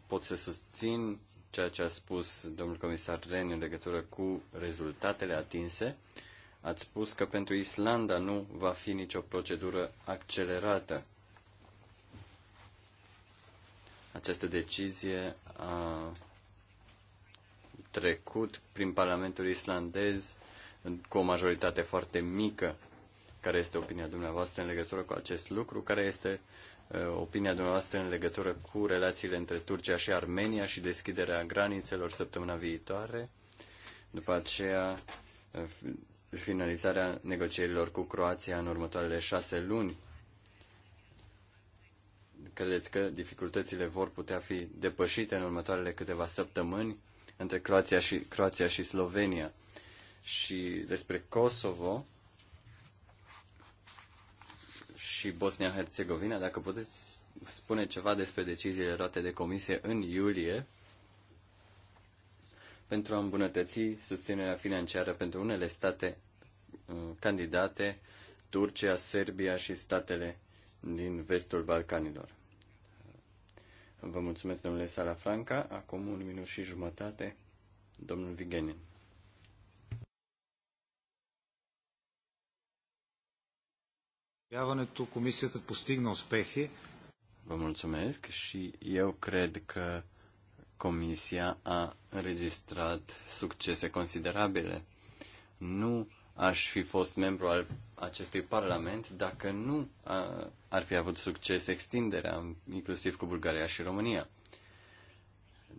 Pot să susțin ceea ce a spus domnul comisar Ren în legătură cu rezultatele atinse. Ați spus că pentru Islanda nu va fi nicio procedură accelerată. Această decizie a trecut prin Parlamentul islandez cu o majoritate foarte mică. Care este opinia dumneavoastră în legătură cu acest lucru? Care este uh, Uh, opinia dumneavoastră în legătură cu relațiile între Turcia și Armenia și deschiderea granițelor săptămâna viitoare. După aceea, uh, finalizarea negocierilor cu Croația în următoarele șase luni. Credeți că dificultățile vor putea fi depășite în următoarele câteva săptămâni între Croația și, Croația și Slovenia? Și despre Kosovo, și Bosnia-Herzegovina, dacă puteți spune ceva despre deciziile luate de comisie în iulie pentru a îmbunătăți susținerea financiară pentru unele state uh, candidate, Turcia, Serbia și statele din vestul Balcanilor. Vă mulțumesc, domnule Salafranca. Acum un minut și jumătate, domnul Vigenin. комисията постигна успехи. Vă mulțumesc și eu cred că comisia a înregistrat succese considerabile. Nu aș fi fost membru al acestui parlament dacă nu a, ar fi avut succes extinderea, inclusiv cu Bulgaria și România.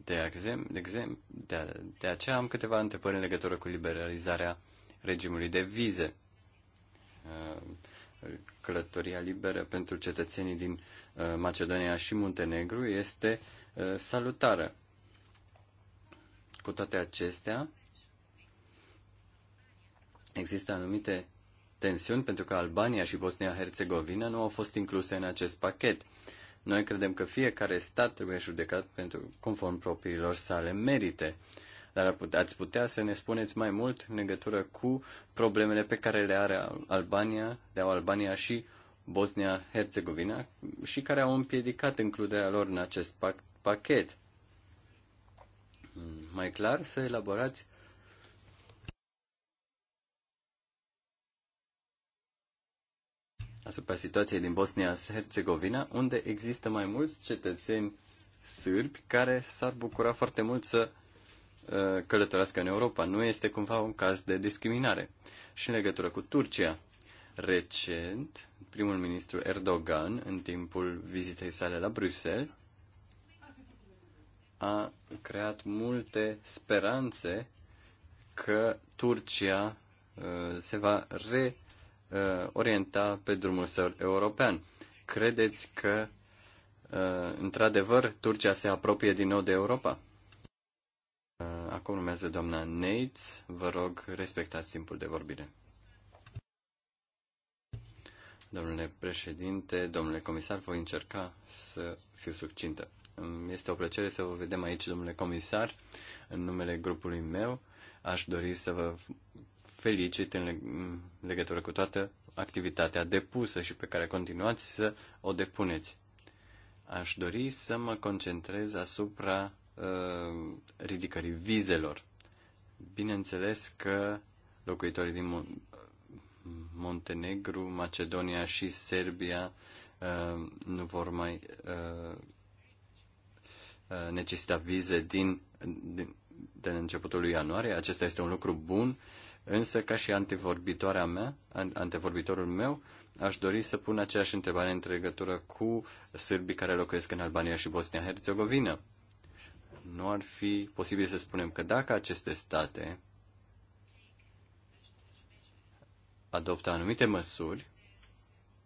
De, exem, de, exem, de, de aceea am câteva întrebări în legătură cu liberalizarea regimului de vize. Uh, călătoria liberă pentru cetățenii din uh, Macedonia și Muntenegru este uh, salutară. Cu toate acestea, există anumite tensiuni pentru că Albania și Bosnia-Herzegovina nu au fost incluse în acest pachet. Noi credem că fiecare stat trebuie judecat pentru conform propriilor sale merite. Uh, dar ați putea să ne spuneți mai mult în legătură cu problemele pe care le are Albania, de au Albania și Bosnia-Herzegovina și care au împiedicat includerea lor în acest pachet. Hmm, mai clar, să elaborați asupra situației din Bosnia-Herzegovina, unde există mai mulți cetățeni sârbi care s-ar bucura foarte mult să Uh, călătorească în Europa. Nu este cumva un caz de discriminare. Și în legătură cu Turcia, recent, primul ministru Erdogan, în timpul vizitei sale la Bruxelles, a creat multe speranțe că Turcia uh, se va reorienta uh, pe drumul său european. Credeți că, într-adevăr, Turcia se apropie din nou de Europa? Acum urmează doamna Neitz. Vă rog, respectați timpul de vorbire. Domnule președinte, domnule comisar, voi încerca să fiu succintă. Este o plăcere să vă vedem aici, domnule comisar, în numele grupului meu. Aș dori să vă felicit în legătură cu toată activitatea depusă și pe care continuați să o depuneți. Aș dori să mă concentrez asupra Uh, ridicării vizelor. Bineînțeles că locuitorii din Mon- Montenegru, Macedonia și Serbia uh, nu vor mai uh, necesita vize din, din, de începutul lui ianuarie. Acesta este un lucru bun, însă ca și antevorbitoarea mea, antevorbitorul meu, aș dori să pun aceeași întrebare în legătură cu sârbii care locuiesc în Albania și Bosnia-Herzegovina nu ar fi posibil să spunem că dacă aceste state adoptă anumite măsuri,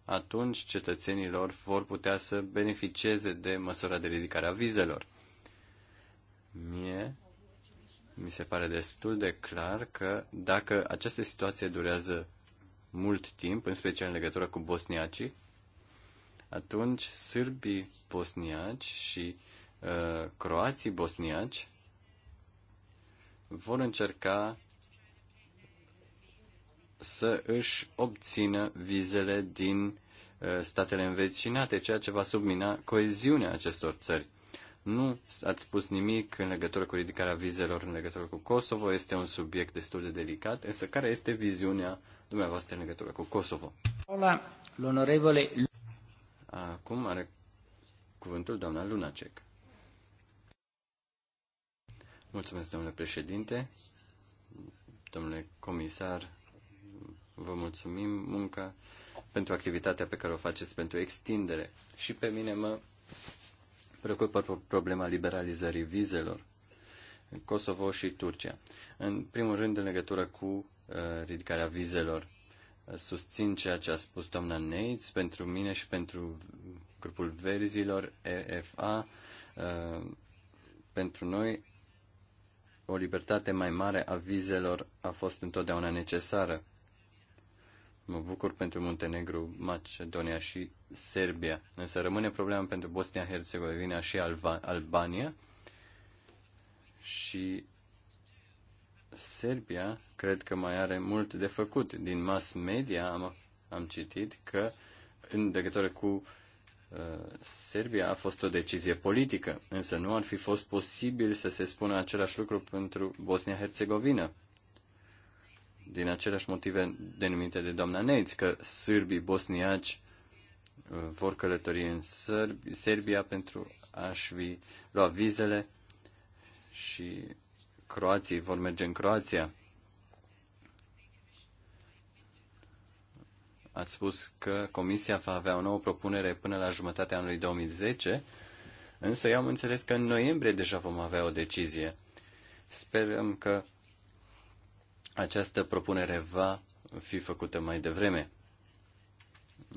atunci cetățenilor vor putea să beneficieze de măsura de ridicare a vizelor. Mie mi se pare destul de clar că dacă această situație durează mult timp, în special în legătură cu bosniacii, atunci sârbii bosniaci și uh, Uh, croații bosniaci vor încerca să își obțină vizele din uh, statele învecinate, ceea ce va submina coeziunea acestor țări. Nu ați spus nimic în legătură cu ridicarea vizelor în legătură cu Kosovo, este un subiect destul de delicat, însă care este viziunea dumneavoastră în legătură cu Kosovo? Hola, Acum are cuvântul doamna Lunacek. Mulțumesc, domnule președinte. Domnule comisar, vă mulțumim munca pentru activitatea pe care o faceți pentru extindere. Și pe mine mă preocupă problema liberalizării vizelor. în Kosovo și Turcia. În primul rând, în legătură cu uh, ridicarea vizelor, uh, susțin ceea ce a spus doamna Neitz pentru mine și pentru grupul verzilor EFA. Uh, pentru noi o libertate mai mare a vizelor a fost întotdeauna necesară. Mă bucur pentru Muntenegru, Macedonia și Serbia, însă rămâne problema pentru Bosnia-Herzegovina și Alba- Albania și Serbia cred că mai are mult de făcut. Din mass media am, am citit că în legătură cu Serbia a fost o decizie politică, însă nu ar fi fost posibil să se spună același lucru pentru Bosnia-Herzegovina. Din aceleași motive denumite de doamna Neitz, că sârbii bosniaci uh, vor călători în Serbia pentru a-și lua vizele și croații vor merge în Croația. Ați spus că Comisia va avea o nouă propunere până la jumătatea anului 2010, însă eu am înțeles că în noiembrie deja vom avea o decizie. Sperăm că această propunere va fi făcută mai devreme.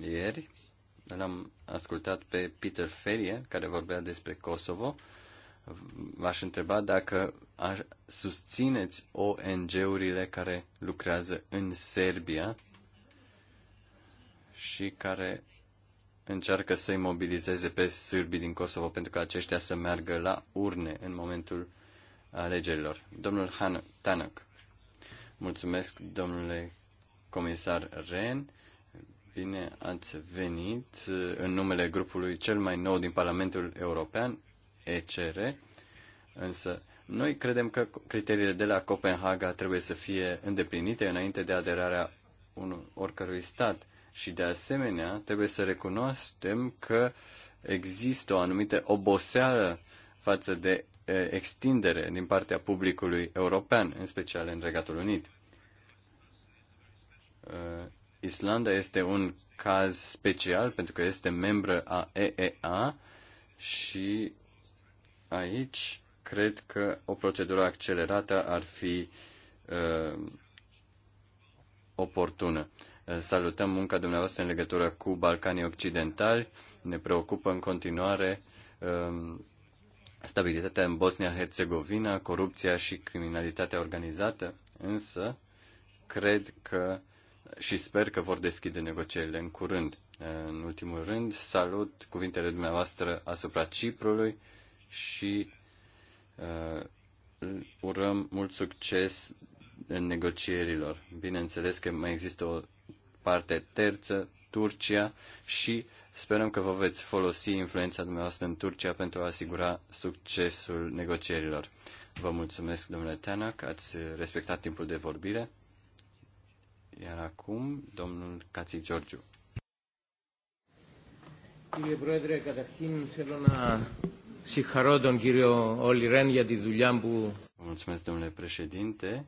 Ieri l-am ascultat pe Peter Ferie, care vorbea despre Kosovo. V-aș întreba dacă susțineți ONG-urile care lucrează în Serbia și care încearcă să-i mobilizeze pe sârbii din Kosovo pentru că aceștia să meargă la urne în momentul alegerilor. Domnul Han Tanăc, mulțumesc domnule comisar Ren, bine ați venit uh, în numele grupului cel mai nou din Parlamentul European, ECR, însă noi credem că criteriile de la Copenhaga trebuie să fie îndeplinite înainte de aderarea unui oricărui stat și de asemenea, trebuie să recunoaștem că există o anumită oboseală față de extindere din partea publicului european, în special în Regatul Unit. Islanda este un caz special pentru că este membră a EEA și aici cred că o procedură accelerată ar fi uh, oportună. Salutăm munca dumneavoastră în legătură cu Balcanii Occidentali. Ne preocupă în continuare um, stabilitatea în Bosnia-Herzegovina, corupția și criminalitatea organizată, însă cred că și sper că vor deschide negocierile în curând. În ultimul rând, salut cuvintele dumneavoastră asupra Ciprului și uh, urăm mult succes în negocierilor. Bineînțeles că mai există o parte terță, Turcia, și sperăm că vă veți folosi influența dumneavoastră în Turcia pentru a asigura succesul negocierilor. Vă mulțumesc, domnule că ați respectat timpul de vorbire. Iar acum, domnul Cații Georgiu. Κύριε Πρόεδρε, καταρχήν θέλω να συγχαρώ τον κύριο Όλιρεν για τη δουλειά που... Mulțumesc, domnule președinte.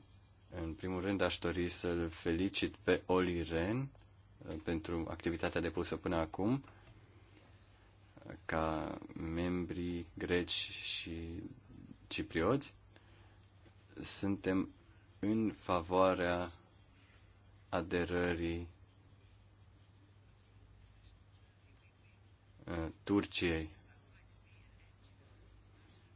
În primul rând aș dori să-l felicit pe Oli Ren uh, pentru activitatea depusă până acum ca membri greci și ciprioți. Suntem în favoarea aderării uh, Turciei.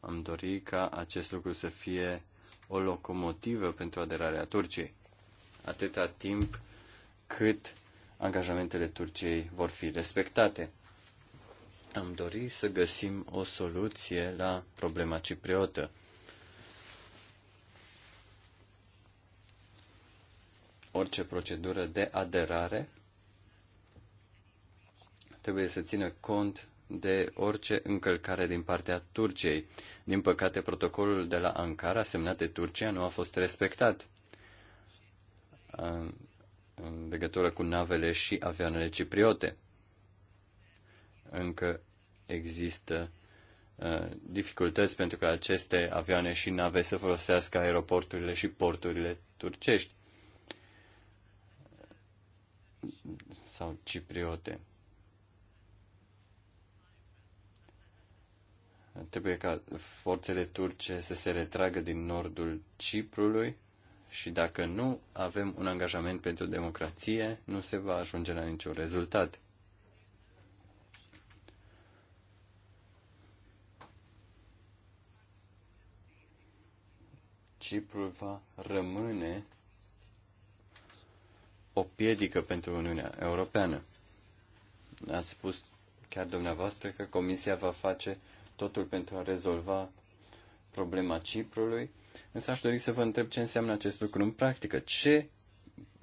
Am dorit ca acest lucru să fie o locomotivă pentru aderarea Turciei, atâta timp cât angajamentele Turciei vor fi respectate. Am dorit să găsim o soluție la problema cipriotă. Orice procedură de aderare trebuie să țină cont de orice încălcare din partea Turciei. Din păcate, protocolul de la Ankara, semnat de Turcia, nu a fost respectat în legătură cu navele și avioanele cipriote. Încă există uh, dificultăți pentru că aceste avioane și nave să folosească aeroporturile și porturile turcești sau cipriote. Trebuie ca forțele turce să se retragă din nordul Ciprului și dacă nu avem un angajament pentru democrație, nu se va ajunge la niciun rezultat. Ciprul va rămâne o piedică pentru Uniunea Europeană. Ați spus chiar dumneavoastră că Comisia va face uh, totul pentru a rezolva problema Ciprului, însă aș dori să vă întreb ce înseamnă acest lucru în practică. Ce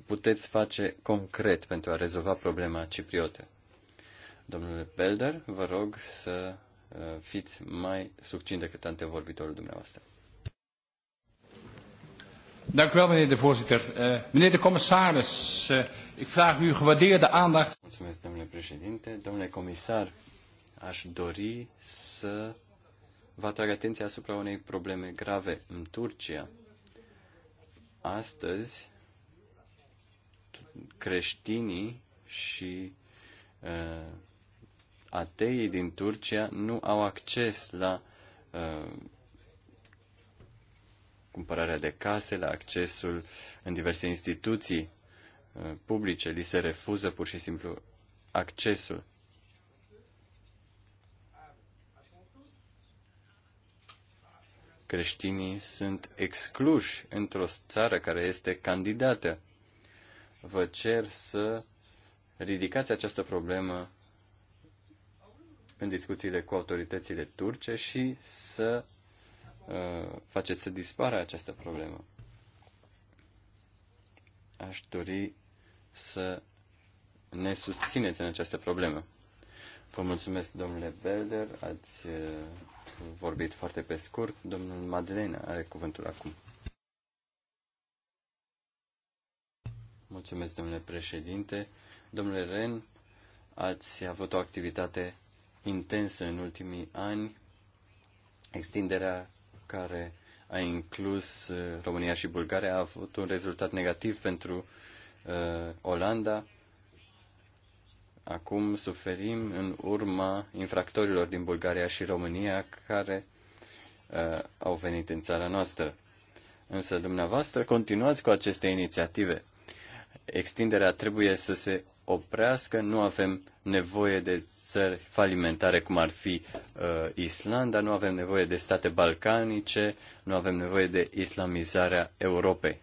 puteți face concret pentru a rezolva problema Cipriote? Domnule Belder, vă rog să uh, fiți mai succint decât antevorbitorul dumneavoastră. Dank u wel, meneer de voorzitter. Uh, meneer de commissaris, uh, ik vraag uw gewaardeerde aandacht. Mulțumesc, domnule președinte. Domnule comisar, aș dori să vă atrag atenția asupra unei probleme grave în Turcia. Astăzi, creștinii și uh, ateii din Turcia nu au acces la uh, cumpărarea de case, la accesul în diverse instituții uh, publice. Li se refuză pur și simplu accesul. creștinii sunt excluși într-o țară care este candidată. Vă cer să ridicați această problemă în discuțiile cu autoritățile turce și să uh, faceți să dispară această problemă. Aș dori să ne susțineți în această problemă. Vă mulțumesc, domnule Belder, ați uh, vorbit foarte pe scurt. Domnul Madeleine are cuvântul acum. Mulțumesc, domnule președinte. Domnule Ren, ați avut o activitate intensă în ultimii ani, extinderea care a inclus uh, România și Bulgaria a avut un rezultat negativ pentru uh, Olanda acum suferim în urma infractorilor din Bulgaria și România care uh, au venit în țara noastră. Însă dumneavoastră continuați cu aceste inițiative. Extinderea trebuie să se oprească, nu avem nevoie de țări falimentare cum ar fi uh, Islanda, nu avem nevoie de state balcanice, nu avem nevoie de islamizarea Europei.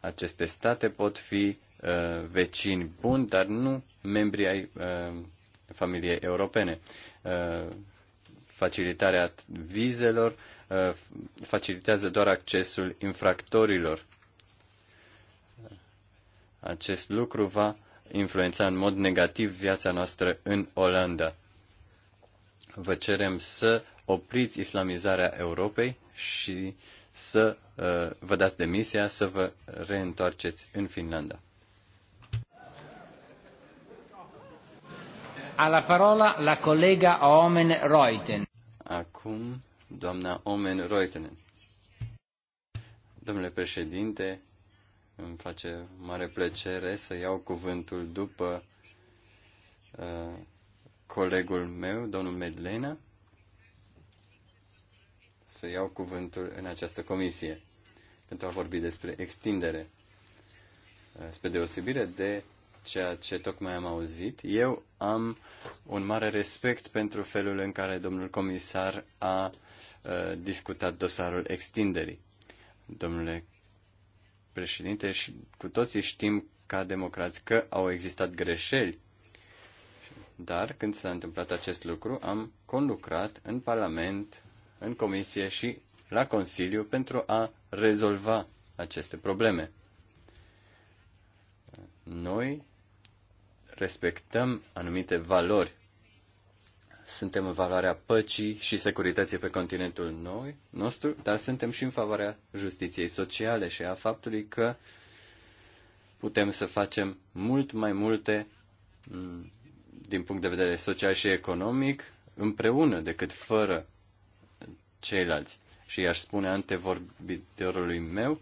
Aceste state pot fi Uh, vecini buni, dar nu membri ai uh, familiei europene. Uh, facilitarea vizelor facilitează doar accesul infractorilor. Acest lucru va influența în mod negativ viața noastră în Olanda. Vă cerem să opriți islamizarea Europei și să uh, vă dați demisia, să vă reîntoarceți în Finlanda. la parola la colega Omen Reuten. Acum, doamna Omen Reutenen. Domnule președinte, îmi face mare plăcere să iau cuvântul după uh, colegul meu, domnul Medlena, să iau cuvântul în această comisie pentru a vorbi despre extindere, uh, spre deosebire de ceea ce tocmai am auzit. Eu am un mare respect pentru felul în care domnul comisar a uh, discutat dosarul extinderii. Domnule președinte, și cu toții știm ca democrați că au existat greșeli, dar când s-a întâmplat acest lucru, am conlucrat în Parlament, în Comisie și la Consiliu pentru a rezolva aceste probleme. Noi respectăm anumite valori. Suntem în valoarea păcii și securității pe continentul noi, nostru, dar suntem și în favoarea justiției sociale și a faptului că putem să facem mult mai multe mm, din punct de vedere social și economic împreună decât fără ceilalți. Și i-aș spune antevorbitorului meu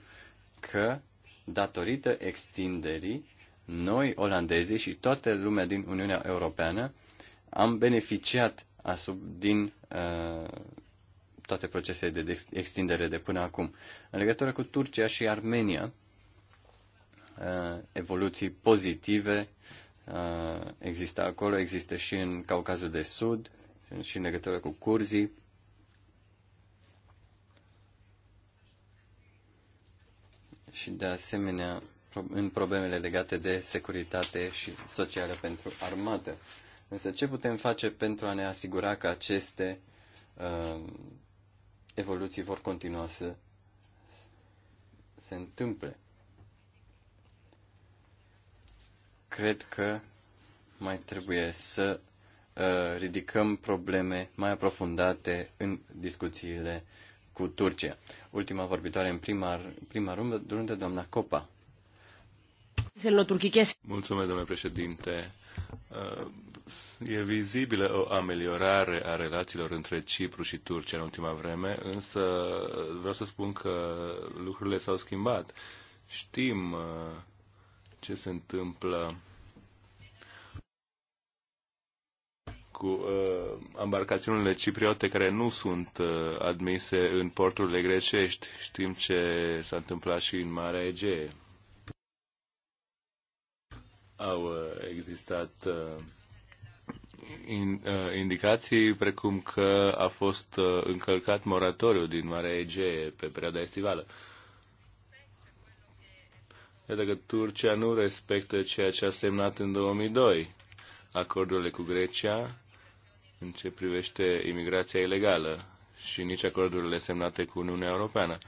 că, datorită extinderii, noi, olandezii și toată lumea din Uniunea Europeană, am beneficiat asub, din uh, toate procesele de extindere de până acum. În legătură cu Turcia și Armenia, uh, evoluții pozitive uh, există acolo, există și în Caucazul de Sud, și în legătură cu curzii. Și de asemenea, în problemele legate de securitate și socială pentru armată. Însă ce putem face pentru a ne asigura că aceste uh, evoluții vor continua să se întâmple? Cred că mai trebuie să uh, ridicăm probleme mai aprofundate în discuțiile cu Turcia. Ultima vorbitoare în prima, prima rundă, doamna Copa. Mulțumesc, domnule președinte. Uh, e vizibilă o ameliorare a relațiilor între Cipru și Turcia în ultima vreme, însă vreau să spun că lucrurile s-au schimbat. Știm uh, ce se întâmplă cu uh, embarcațiunile cipriote care nu sunt admise în porturile grecești. Știm ce s-a întâmplat și în Marea Egee au uh, existat uh, uh, indicații precum că a fost încălcat moratoriu din Marea Egee pe perioada estivală. Iată că Turcia nu respectă ceea ce a semnat în 2002, acordurile cu Grecia în ce privește imigrația ilegală și nici acordurile semnate cu Uniunea Europeană.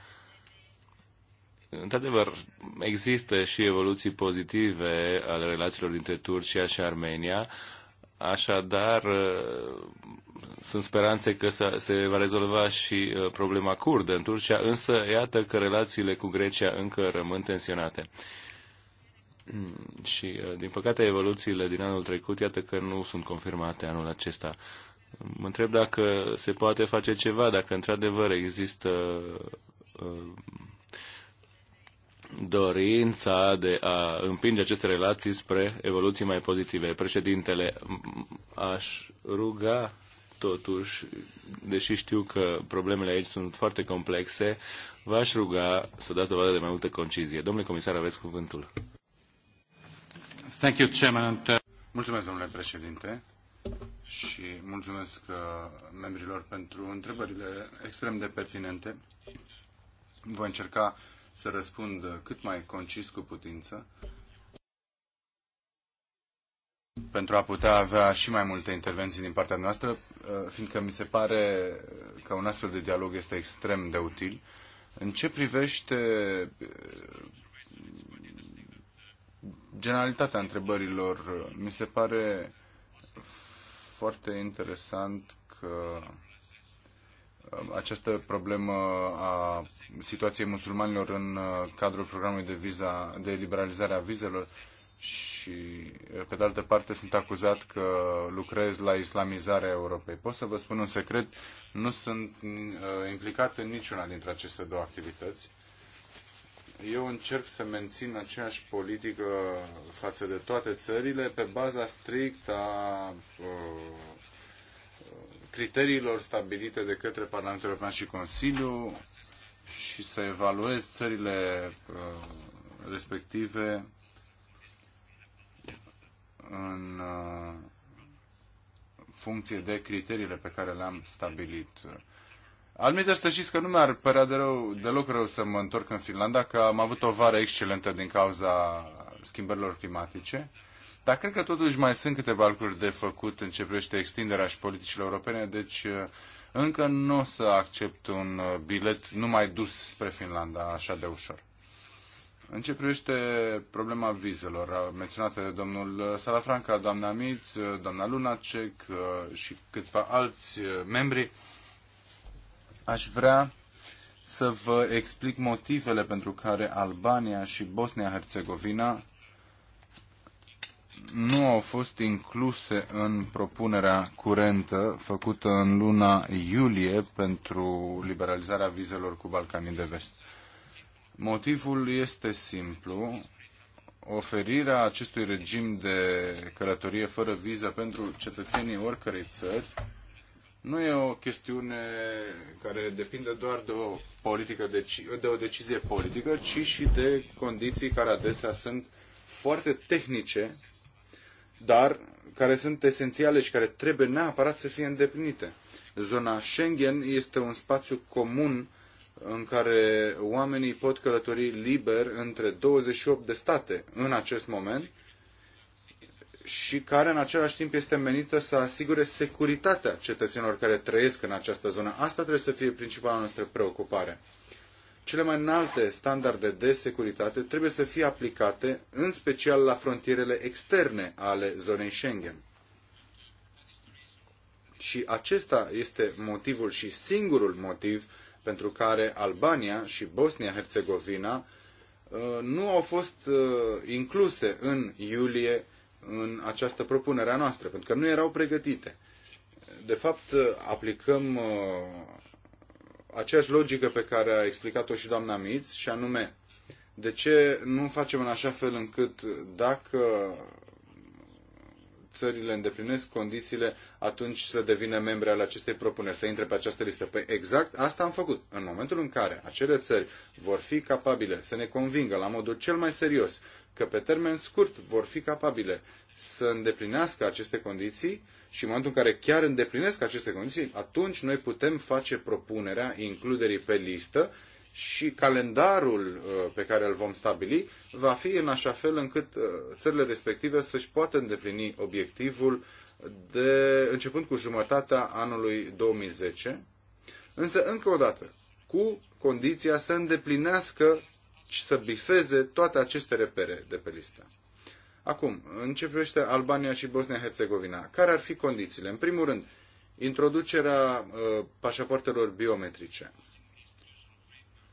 Într-adevăr, există și evoluții pozitive ale relațiilor dintre Turcia și Armenia, așadar uh, sunt speranțe că se va rezolva și uh, problema curdă în Turcia, însă iată că relațiile cu Grecia încă rămân tensionate. Și, uh, din păcate, evoluțiile din anul trecut, iată că nu sunt confirmate anul acesta. Mă întreb dacă se poate face ceva, dacă într-adevăr există dorința de a împinge aceste relații spre evoluții mai pozitive. Președintele, aș ruga totuși, deși știu că problemele aici sunt foarte complexe, v-aș ruga să dați dovadă de mai multă concizie. Domnule comisar, aveți cuvântul. Thank you, Chairman. Uh, mulțumesc, domnule președinte, și mulțumesc uh, membrilor pentru întrebările extrem de pertinente. Voi încerca să răspund cât mai concis cu putință pentru a putea avea și mai multe intervenții din partea noastră, uh, fiindcă mi se pare că un astfel de dialog este extrem de util. În ce privește uh, generalitatea întrebărilor, mi se pare foarte interesant că uh, această problemă a situației musulmanilor în uh, cadrul programului de, viza, de liberalizare a vizelor și, uh, pe de altă parte, sunt acuzat că lucrez la islamizarea Europei. Pot să vă spun un secret, nu sunt uh, implicat în niciuna dintre aceste două activități. Eu încerc să mențin aceeași politică față de toate țările pe baza strict a criteriilor stabilite de către Parlamentul European și Consiliu, și să evaluez țările uh, respective în uh, funcție de criteriile pe care le-am stabilit. Alminte, să știți că nu mi-ar părea de rău, deloc rău să mă întorc în Finlanda, că am avut o vară excelentă din cauza schimbărilor climatice, dar cred că totuși mai sunt câteva lucruri de făcut în ce privește extinderea și politicile europene, deci uh, încă nu o să accept un uh, bilet numai dus spre Finlanda așa de ușor. În ce privește problema vizelor uh, menționată de domnul uh, Salafranca, doamna Miț, doamna Lunacek și câțiva alți membri, aș vrea să vă explic motivele pentru care Albania și Bosnia-Herzegovina nu au fost incluse în propunerea curentă făcută în luna iulie pentru liberalizarea vizelor cu Balcanii de Vest. Motivul este simplu. Oferirea acestui regim de călătorie fără viză pentru cetățenii oricărei țări nu e o chestiune care depinde doar de o, politică, deci- de o decizie politică, ci și de condiții care adesea sunt foarte tehnice dar care sunt esențiale și care trebuie neapărat să fie îndeplinite. Zona Schengen este un spațiu comun în care oamenii pot călători liber între 28 de state în acest moment și care în același timp este menită să asigure securitatea cetățenilor care trăiesc în această zonă. Asta trebuie să fie principala noastră preocupare cele mai înalte standarde de securitate trebuie să fie aplicate în special la frontierele externe ale zonei Schengen. Și acesta este motivul și singurul motiv pentru care Albania și Bosnia-Herzegovina uh, nu au fost uh, incluse în iulie în această propunere a noastră, pentru că nu erau pregătite. De fapt, uh, aplicăm aceeași logică pe care a explicat-o și doamna Miț, și anume, de ce nu facem în așa fel încât dacă țările îndeplinesc condițiile, atunci să devină membre ale acestei propuneri, să intre pe această listă. Păi exact asta am făcut. În momentul în care acele țări vor fi capabile să ne convingă la modul cel mai serios că pe termen scurt vor fi capabile să îndeplinească aceste condiții, și în momentul în care chiar îndeplinesc aceste condiții, atunci noi putem face propunerea includerii pe listă și calendarul uh, pe care îl vom stabili va fi în așa fel încât uh, țările respective să-și poată îndeplini obiectivul de, începând cu jumătatea anului 2010, însă încă o dată, cu condiția să îndeplinească și să bifeze toate aceste repere de pe listă. Acum, în ce privește Albania și Bosnia-Herzegovina, care ar fi condițiile? În primul rând, introducerea uh, pașapoartelor biometrice,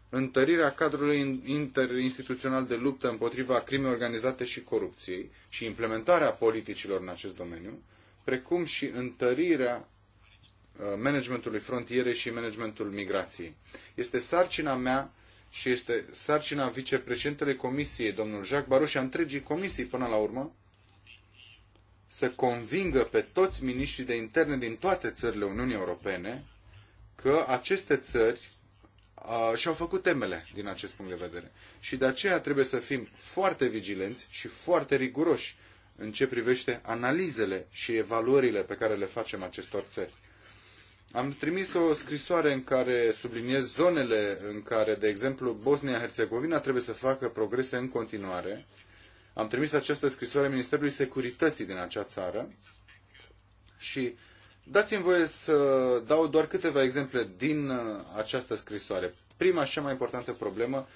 întărirea cadrului interinstituțional de luptă împotriva crimei organizate și corupției și implementarea politicilor în acest domeniu, precum și întărirea uh, managementului frontierei și managementul migrației. Este sarcina mea și este sarcina vicepreședintelui Comisiei, domnul Jacques Barrot și a întregii comisii până la urmă, să convingă pe toți miniștrii de interne din toate țările Uniunii Europene că aceste țări uh, și-au făcut temele din acest punct de vedere. Și de aceea trebuie să fim foarte vigilenți și foarte riguroși în ce privește analizele și evaluările pe care le facem acestor țări. Am trimis o scrisoare în care subliniez zonele în care, de exemplu, Bosnia-Herzegovina trebuie să facă progrese în continuare. Am trimis această scrisoare Ministerului Securității din acea țară și dați-mi voie să dau doar câteva exemple din uh, această scrisoare. Prima și cea mai importantă problemă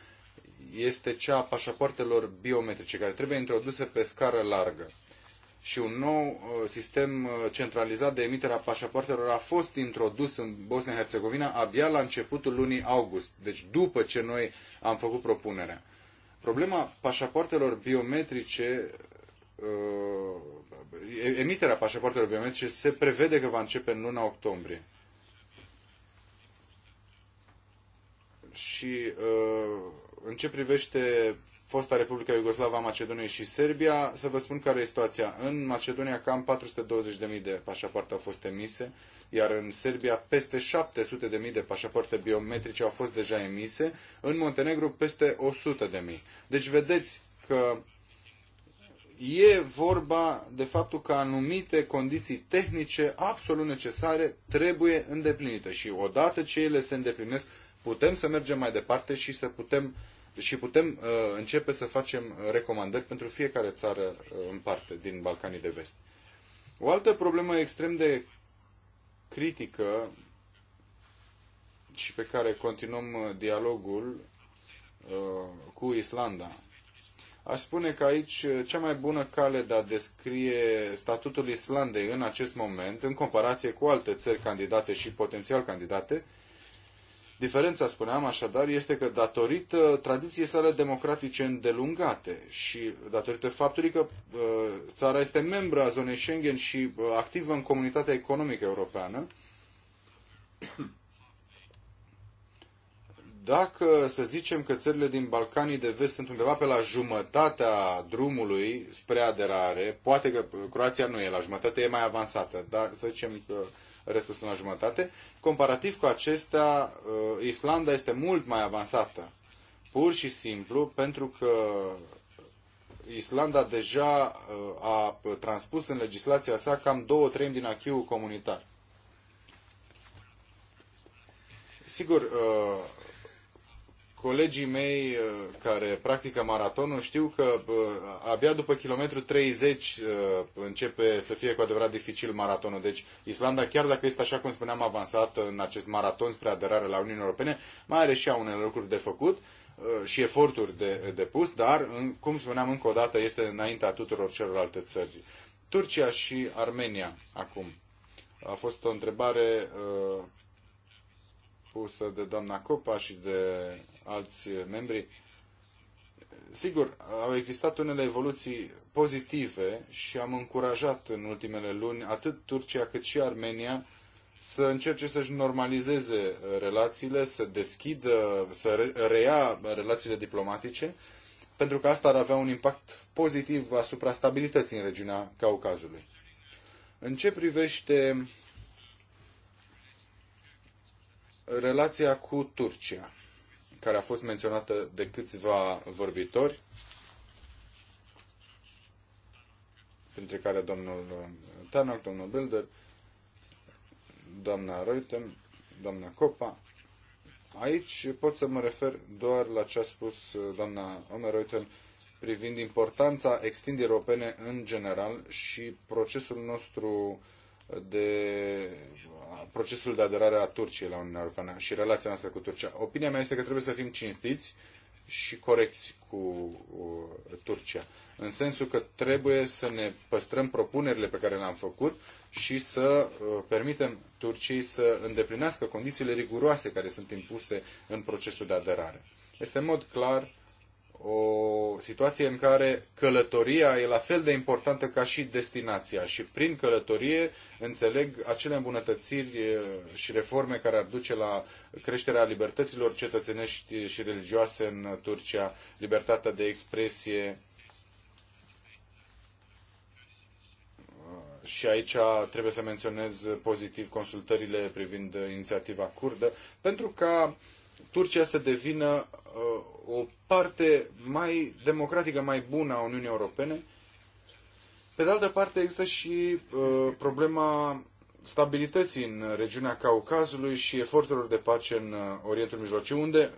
este cea a pașapoartelor biometrice, care trebuie introduse pe scară largă și un nou uh, sistem uh, centralizat de emitere a pașapoartelor a fost introdus în Bosnia-Herzegovina abia la începutul lunii august, deci după ce noi am făcut propunerea. Problema pașapoartelor biometrice, uh, emiterea pașapoartelor biometrice se prevede că va începe în luna octombrie. Și în ce privește fosta Republica Iugoslava a Macedoniei și Serbia. Să vă spun care e situația. În Macedonia cam 420.000 de pașapoarte au fost emise, iar în Serbia peste 700.000 de pașapoarte biometrice au fost deja emise, în Montenegru peste 100.000. Deci vedeți că e vorba de faptul că anumite condiții tehnice absolut necesare trebuie îndeplinite și odată ce ele se îndeplinesc, putem să mergem mai departe și să putem și putem uh, începe să facem uh, recomandări pentru fiecare țară uh, în parte din Balcanii de Vest. O altă problemă extrem de critică și pe care continuăm uh, dialogul uh, cu Islanda. Aș spune că aici uh, cea mai bună cale de a descrie statutul Islandei în acest moment, în comparație cu alte țări candidate și potențial candidate, uh, Diferența, spuneam așadar, este că datorită tradiției sale democratice îndelungate și datorită faptului că uh, țara este membră a zonei Schengen și uh, activă în comunitatea economică europeană, dacă să zicem că țările din Balcanii de Vest sunt undeva pe la jumătatea drumului spre aderare, poate că Croația nu e la jumătate, e mai avansată, dar să zicem că uh, sunt la jumătate. Comparativ cu acestea, uh, Islanda este mult mai avansată. Pur și simplu pentru că Islanda deja uh, a transpus în legislația sa cam două treimi din achiul comunitar. Sigur, uh, Colegii mei uh, care practică maratonul știu că uh, abia după kilometru 30 uh, începe să fie cu adevărat dificil maratonul. Deci Islanda, chiar dacă este, așa cum spuneam, avansată în acest maraton spre aderare la Uniunea Europene, mai are și ea unele lucruri de făcut și eforturi de depus, dar, cum spuneam încă o dată, este înaintea tuturor celorlalte țări. Turcia și Armenia acum. A fost o întrebare uh, pusă de doamna Copa și de alți membri. Sigur, au existat unele evoluții pozitive și am încurajat în ultimele luni atât Turcia cât și Armenia să încerce să-și normalizeze relațiile, să deschidă, să reia relațiile diplomatice, pentru că asta ar avea un impact pozitiv asupra stabilității în regiunea Caucazului. În ce privește relația cu Turcia, care a fost menționată de câțiva vorbitori, printre care domnul uh, Tanak, domnul Bilder, doamna Reutem, doamna Copa. Aici pot să mă refer doar la ce a spus uh, doamna Omer privind importanța extinderii europene în general și procesul nostru de procesul de aderare a Turciei la Uniunea Europeană și relația noastră cu Turcia. Opinia mea este că trebuie să fim cinstiți și corecți cu Turcia. În sensul că trebuie să ne păstrăm propunerile pe care le-am făcut și să uh, permitem Turciei să îndeplinească condițiile riguroase care sunt impuse în procesul de aderare. Este în mod clar o situație în care călătoria e la fel de importantă ca și destinația și prin călătorie înțeleg acele îmbunătățiri și reforme care ar duce la creșterea libertăților cetățenești și religioase în Turcia, libertatea de expresie. Și aici trebuie să menționez pozitiv consultările privind inițiativa kurdă, pentru ca Turcia să devină uh, o parte mai democratică, mai bună a Uniunii Europene. Pe de altă parte, există și uh, problema stabilității în regiunea Caucazului și eforturilor de pace în uh, Orientul Mijlociu, unde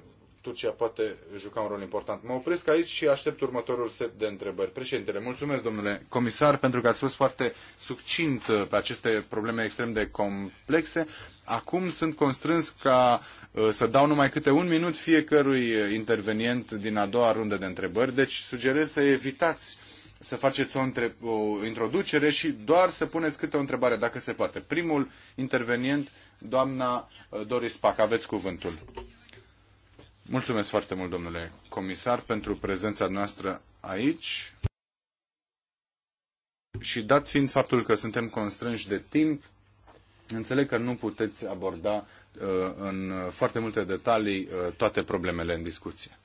Turcia poate juca un rol important. Mă opresc aici și aștept următorul set de întrebări. Președintele, mulțumesc, domnule comisar, pentru că ați fost foarte succint uh, pe aceste probleme extrem de complexe. Acum sunt constrâns ca uh, să dau numai câte un minut fiecărui uh, intervenient din a doua rundă de întrebări, deci sugerez să evitați să faceți o, între, o introducere și doar să puneți câte o întrebare, dacă se poate. Primul intervenient, doamna Doris Pac, aveți cuvântul. Mulțumesc foarte mult, domnule comisar, pentru prezența noastră aici. Și dat fiind faptul că suntem constrânși de timp, înțeleg că nu puteți aborda uh, în foarte multe detalii uh, toate problemele în discuție.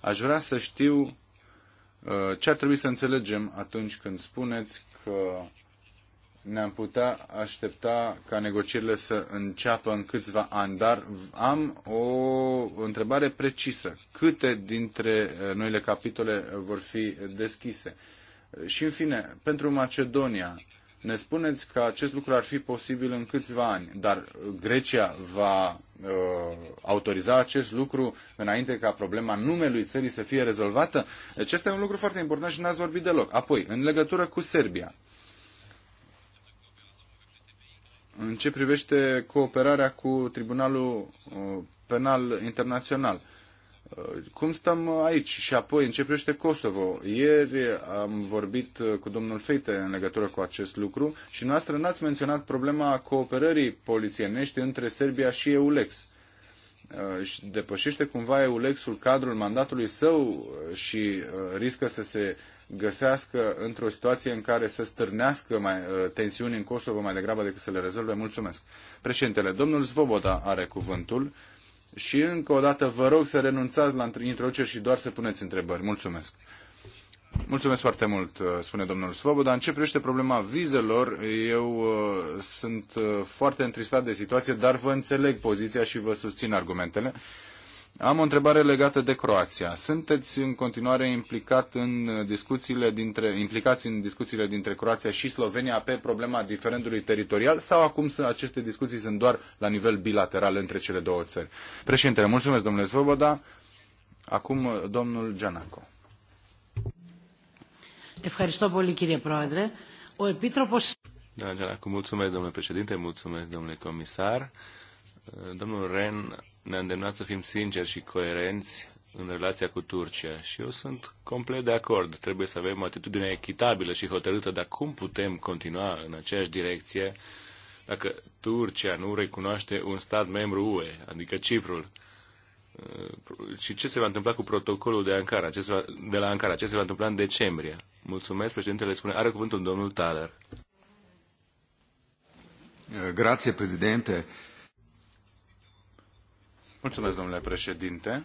Aș vrea să știu uh, ce ar trebui să înțelegem atunci când spuneți că ne-am putea aștepta ca negocierile să înceapă în câțiva ani, dar am o întrebare precisă. Câte dintre eh, noile capitole eh, vor fi deschise? Eh, și în fine, pentru Macedonia, ne spuneți că acest lucru ar fi posibil în câțiva ani, dar Grecia va uh, autoriza acest lucru înainte ca problema numelui țării să fie rezolvată? Deci este un lucru foarte important și n-ați vorbit deloc. Apoi, în legătură cu Serbia, în ce privește cooperarea cu Tribunalul uh, Penal Internațional. Uh, cum stăm aici și apoi în ce privește Kosovo? Ieri am vorbit uh, cu domnul Feite în legătură cu acest lucru și noastră n-ați menționat problema cooperării polițienești între Serbia și EULEX. Și depășește cumva EULEX-ul cadrul mandatului său și riscă să se găsească într-o situație în care să stârnească mai, uh, tensiuni în Kosovo mai degrabă decât să le rezolve. Mulțumesc. Președintele, domnul Svoboda are cuvântul și încă o dată vă rog să renunțați la introduceri și doar să puneți întrebări. Mulțumesc. Mulțumesc foarte mult, uh, spune domnul Svoboda. În ce privește problema vizelor, eu uh, sunt foarte întristat de situație, dar vă înțeleg poziția și vă susțin argumentele. Am o întrebare legată de Croația. Sunteți în continuare implicat în discuțiile dintre, implicați în discuțiile dintre Croația și Slovenia pe problema diferendului teritorial sau acum aceste discuții sunt doar la nivel bilateral între cele două țări? Președintele, mulțumesc domnule Svoboda. Acum domnul Gianaco. Ευχαριστώ πολύ κύριε Πρόεδρε. Ο Da, Gianaco, mulțumesc domnule președinte, mulțumesc domnule comisar. Domnul Ren ne-a îndemnat să fim sinceri și coerenți în relația cu Turcia și eu sunt complet de acord. Trebuie să avem o atitudine echitabilă și hotărâtă, dar cum putem continua în aceeași direcție dacă Turcia nu recunoaște un stat membru UE, adică Ciprul? Uh, și ce se va întâmpla cu protocolul de, Ankara, ce se va, de la Ankara? Ce se va întâmpla în decembrie? Mulțumesc, președintele spune. Are cuvântul domnul Thaler. Grație, președinte. Mulțumesc, domnule președinte.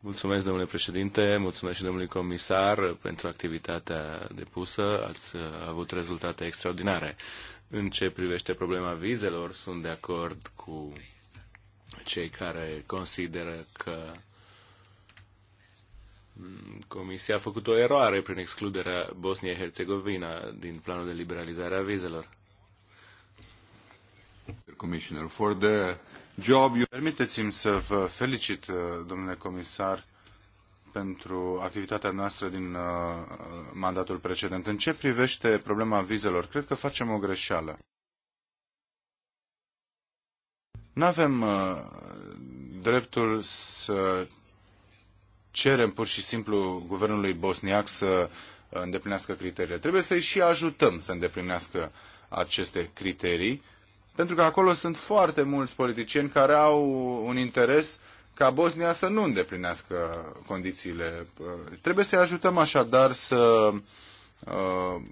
Mulțumesc, domnule președinte, mulțumesc și domnului comisar pentru activitatea depusă. Ați uh, avut rezultate extraordinare. În ce privește problema vizelor, sunt de acord cu cei care consideră că mm, Comisia a făcut o eroare prin excluderea Bosniei-Herzegovina din planul de liberalizare a vizelor. Commissioner, for the job. Permiteți-mi să vă felicit, uh, domnule comisar, pentru activitatea noastră din uh, uh, mandatul precedent. În ce privește problema vizelor, cred că facem o greșeală. Nu avem dreptul să cerem pur și simplu guvernului bosniac să îndeplinească criteriile. Trebuie să-i și ajutăm să îndeplinească aceste criterii pentru că acolo sunt foarte mulți politicieni care au un interes ca Bosnia să nu îndeplinească condițiile. Uh, trebuie să-i ajutăm așadar să uh,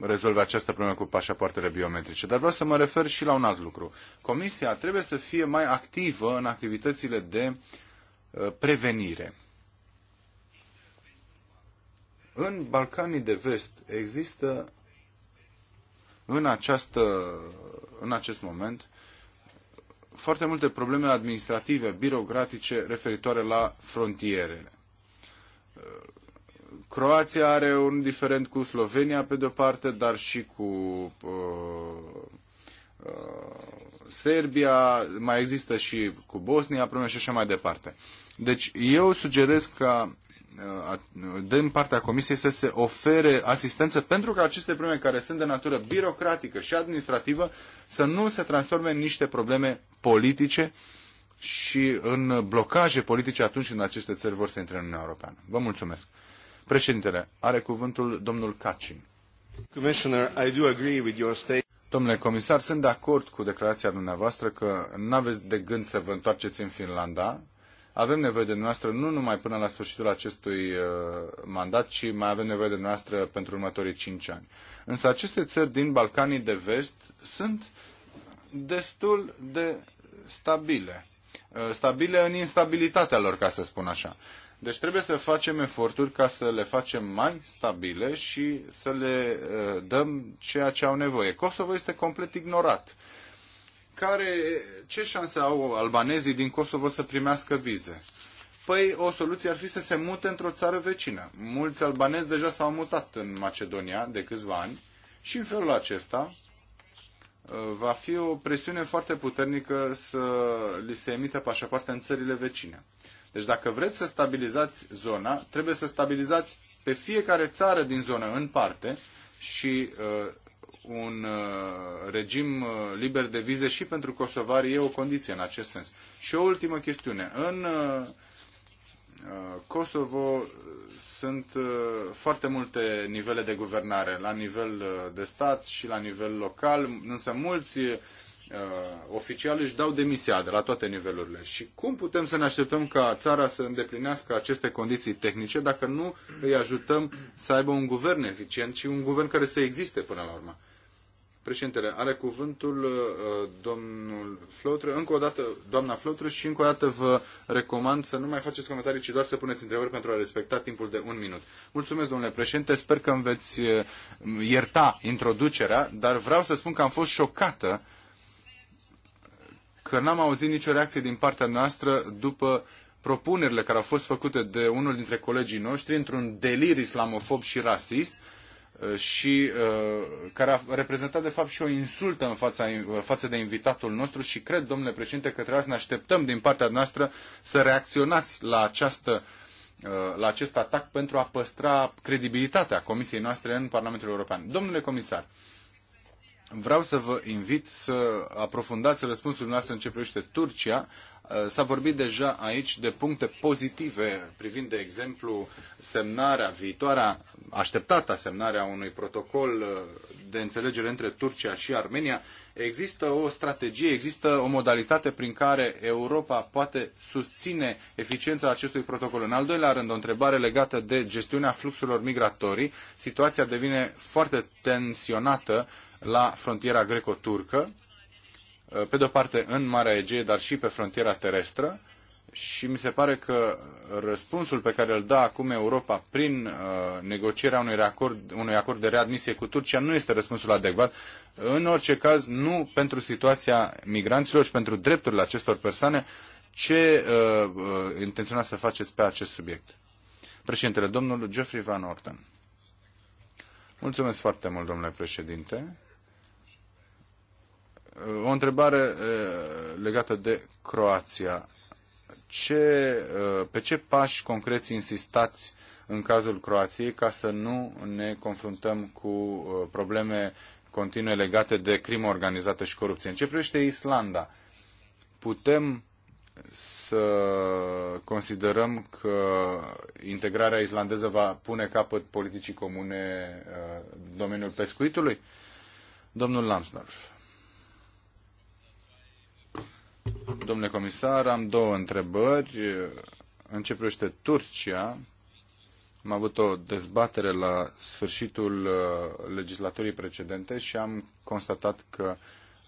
rezolve această problemă cu pașapoartele biometrice. Dar vreau să mă refer și la un alt lucru. Comisia trebuie să fie mai activă în activitățile de uh, prevenire. În Balcanii de Vest există în, această, în acest moment foarte multe probleme administrative, birocratice referitoare la frontierele. Croația are un diferent cu Slovenia pe de-o parte, dar și cu uh, uh, Serbia, mai există și cu Bosnia, probleme și așa mai departe. Deci eu sugerez ca din partea Comisiei să se ofere asistență pentru că aceste probleme care sunt de natură birocratică și administrativă să nu se transforme în niște probleme politice și în blocaje politice atunci când aceste țări vor să intre în Uniunea Europeană. Vă mulțumesc. Președintele, are cuvântul domnul Cacin. Domnule comisar, sunt de acord cu declarația dumneavoastră că nu aveți de gând să vă întoarceți în Finlanda, avem nevoie de noastră nu numai până la sfârșitul acestui uh, mandat, ci mai avem nevoie de noastră pentru următorii cinci ani. Însă aceste țări din Balcanii de vest sunt destul de stabile. Uh, stabile în instabilitatea lor, ca să spun așa. Deci trebuie să facem eforturi ca să le facem mai stabile și să le uh, dăm ceea ce au nevoie. Kosovo este complet ignorat care, ce șanse au albanezii din Kosovo să primească vize? Păi o soluție ar fi să se mute într-o țară vecină. Mulți albanezi deja s-au mutat în Macedonia de câțiva ani și în felul acesta uh, va fi o presiune foarte puternică să li se emită pașapoarte în țările vecine. Deci dacă vreți să stabilizați zona, trebuie să stabilizați pe fiecare țară din zonă în parte și uh, un uh, regim uh, liber de vize și pentru kosovari e o condiție în acest sens. Și o ultimă chestiune. În uh, Kosovo sunt foarte multe nivele de guvernare, la nivel de stat și la nivel local, însă mulți oficiali își dau demisia de la toate nivelurile. Și cum putem să ne așteptăm ca țara să îndeplinească aceste condiții tehnice dacă nu îi ajutăm să aibă un guvern eficient și un guvern care să existe până la urmă? Președintele, are cuvântul uh, domnul Flotru. Încă o dată, doamna Flotru, și încă o dată vă recomand să nu mai faceți comentarii, ci doar să puneți întrebări pentru a respecta timpul de un minut. Mulțumesc, domnule președinte, sper că îmi veți uh, ierta introducerea, dar vreau să spun că am fost șocată că n-am auzit nicio reacție din partea noastră după propunerile care au fost făcute de unul dintre colegii noștri într-un delir islamofob și rasist, și uh, care a reprezentat de fapt și o insultă în fața, uh, față de invitatul nostru și cred, domnule președinte, că trebuia să ne așteptăm din partea noastră să reacționați la, această, uh, la acest atac pentru a păstra credibilitatea Comisiei noastre în Parlamentul European. Domnule comisar, vreau să vă invit să aprofundați răspunsul noastră în ce privește Turcia, Uh, s-a vorbit deja aici de puncte pozitive privind, de exemplu, semnarea viitoarea, așteptata semnarea unui protocol uh, de înțelegere între Turcia și Armenia. Există o strategie, există o modalitate prin care Europa poate susține eficiența acestui protocol. În al doilea rând, o întrebare legată de gestiunea fluxurilor migratorii. Situația devine foarte tensionată la frontiera greco-turcă Uh, pe de o parte în Marea Egee, dar și pe frontiera terestră și mi se pare că răspunsul pe care îl dă acum Europa prin uh, negocierea unui acord, unui acord de readmisie cu Turcia nu este răspunsul adecvat. În orice caz, nu pentru situația migranților și pentru drepturile acestor persoane. Ce uh, uh intenționați să faceți pe acest subiect? Președintele, domnul Geoffrey Van Orten. Mulțumesc foarte mult, domnule președinte. O întrebare legată de Croația. Ce, pe ce pași concreți insistați în cazul Croației ca să nu ne confruntăm cu probleme continue legate de crimă organizată și corupție? În ce privește Islanda, putem să considerăm că integrarea islandeză va pune capăt politicii comune în domeniul pescuitului? Domnul Lansdorf. Domnule comisar, am două întrebări. În ce privește Turcia, am avut o dezbatere la sfârșitul uh, legislaturii precedente și am constatat că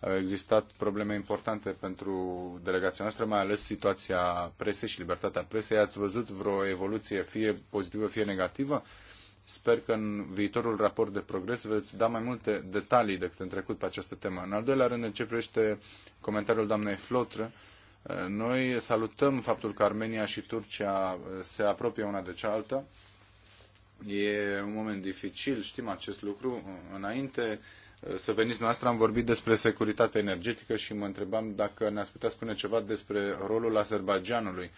au existat probleme importante pentru delegația noastră, mai ales situația presei și libertatea presei. Ați văzut vreo evoluție, fie pozitivă, fie negativă? Uh, Sper că în viitorul raport de progres veți da mai multe detalii decât în trecut pe această temă. În al doilea rând, în ce privește comentariul doamnei Flotră, noi salutăm faptul că Armenia și Turcia uh, se apropie una de cealaltă. E un moment dificil, știm acest lucru. Înainte uh, să veniți noastră am vorbit despre securitate energetică și mă întrebam dacă ne-ați putea spune ceva despre rolul Azerbaijanului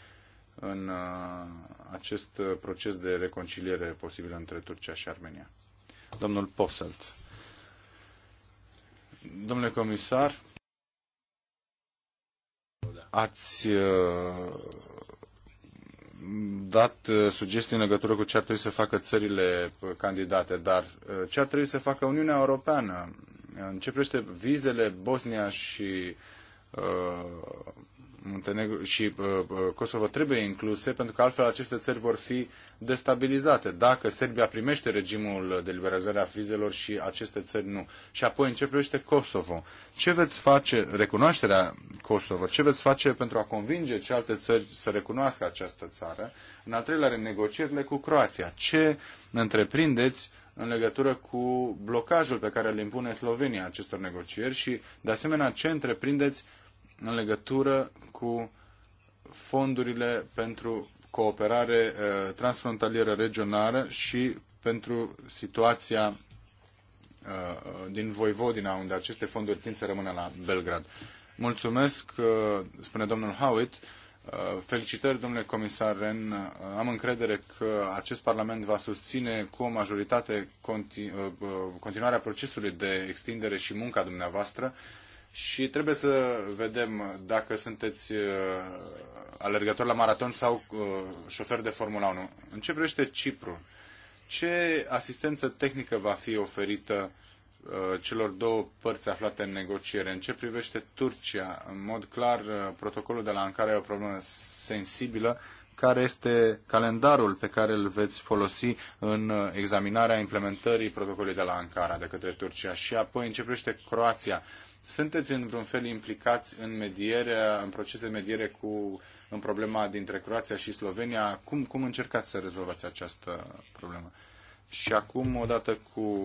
în uh, acest uh, proces de reconciliere posibilă între Turcia și Armenia. Domnul Poselt. Domnule comisar, ați uh, dat uh, sugestii în legătură cu ce ar trebui să facă țările candidate, dar ce ar trebui să facă Uniunea Europeană? În ce privește vizele Bosnia și uh, Muntenegru și uh, uh, Kosovo trebuie incluse, pentru că altfel aceste țări vor fi destabilizate. Dacă Serbia primește regimul de liberalizare a frizelor și aceste țări nu. Și apoi în ce Kosovo. Ce veți face, recunoașterea Kosovo, ce veți face pentru a convinge celelalte țări să recunoască această țară? În al treilea rând, negocierile cu Croația. Ce întreprindeți în legătură cu blocajul pe care îl impune Slovenia acestor negocieri și, de asemenea, ce întreprindeți în legătură cu fondurile pentru cooperare eh, transfrontalieră regională și pentru situația eh, din Voivodina, unde aceste fonduri tind să rămână la Belgrad. Mulțumesc, eh, spune domnul Howitt. Felicitări, domnule comisar Ren. Am încredere că acest Parlament va susține cu o majoritate continuarea procesului de extindere și munca dumneavoastră și trebuie să vedem dacă sunteți uh, alergător la maraton sau uh, șofer de Formula 1. În ce privește Cipru, ce asistență tehnică va fi oferită uh, celor două părți aflate în negociere. În ce privește Turcia, în mod clar, protocolul de la Ankara e o problemă sensibilă. Care este calendarul pe care îl veți folosi în examinarea implementării protocolului de la Ankara de către Turcia? Și apoi începește Croația. Sunteți în vreun fel implicați în mediere, în proces de mediere cu, în problema dintre Croația și Slovenia? Cum, cum încercați să rezolvați această problemă? Și acum, odată cu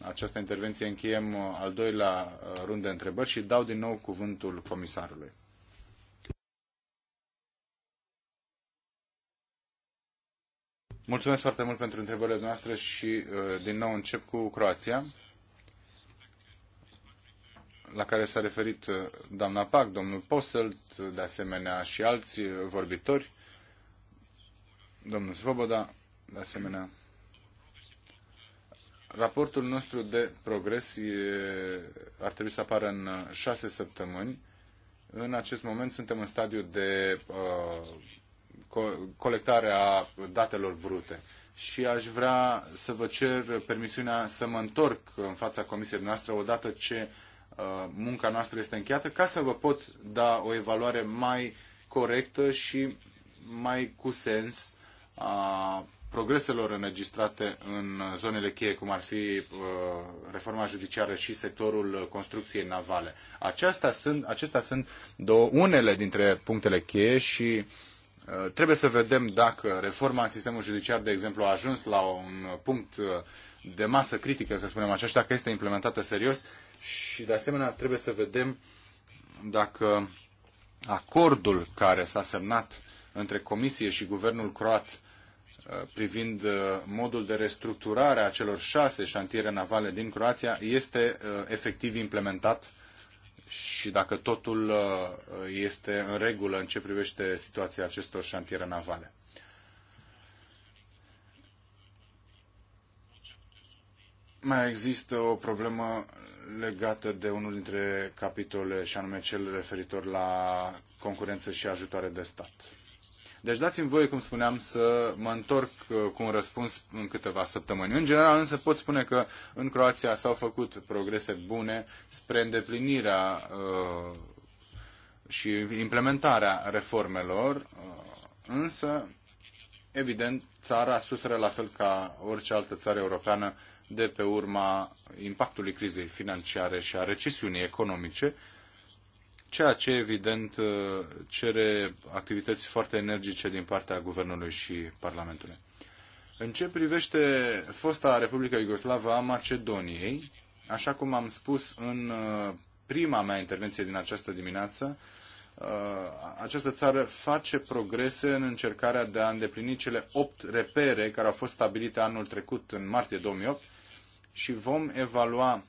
această intervenție, încheiem al doilea uh, rând de întrebări și dau din nou cuvântul comisarului. Mulțumesc foarte mult pentru întrebările noastre și uh, din nou încep cu Croația la care s-a referit uh, doamna Pac, domnul Poselt, uh, de asemenea și alți uh, vorbitori, domnul Svoboda, de asemenea. Raportul nostru de progres ar trebui să apară în șase săptămâni. În acest moment suntem în stadiu de uh, co- colectare a datelor brute și aș vrea să vă cer permisiunea să mă întorc în fața comisiei noastre odată ce uh, Uh, munca noastră este încheiată ca să vă pot da o evaluare mai corectă și mai cu sens a progreselor înregistrate în zonele cheie, cum ar fi uh, reforma judiciară și sectorul construcției navale. Acestea sunt, acestea sunt două, unele dintre punctele cheie și uh, trebuie să vedem dacă reforma în sistemul judiciar, de exemplu, a ajuns la un punct de masă critică, să spunem așa, și dacă este implementată serios și de asemenea trebuie să vedem dacă acordul care s-a semnat între Comisie și Guvernul Croat uh, privind uh, modul de restructurare a celor șase șantiere navale din Croația este uh, efectiv implementat și dacă totul este în regulă în ce privește situația acestor șantiere navale. Mai există o problemă legată de unul dintre capitole, și anume cel referitor la concurență și ajutoare de stat. Deci dați-mi voie, cum spuneam, să mă întorc uh, cu un răspuns în câteva săptămâni. În general, însă pot spune că în Croația s-au făcut progrese bune spre îndeplinirea uh, și implementarea reformelor, uh, însă, evident, țara suferă la fel ca orice altă țară europeană de pe urma impactului crizei financiare și a recesiunii economice, ceea ce evident uh, cere activități foarte energice din partea Guvernului și Parlamentului. În ce privește fosta Republica Iugoslavă a Macedoniei, așa cum am spus în uh, prima mea intervenție din această dimineață, uh, această țară face progrese în încercarea de a îndeplini cele opt repere care au fost stabilite anul trecut, în martie 2008, și vom evalua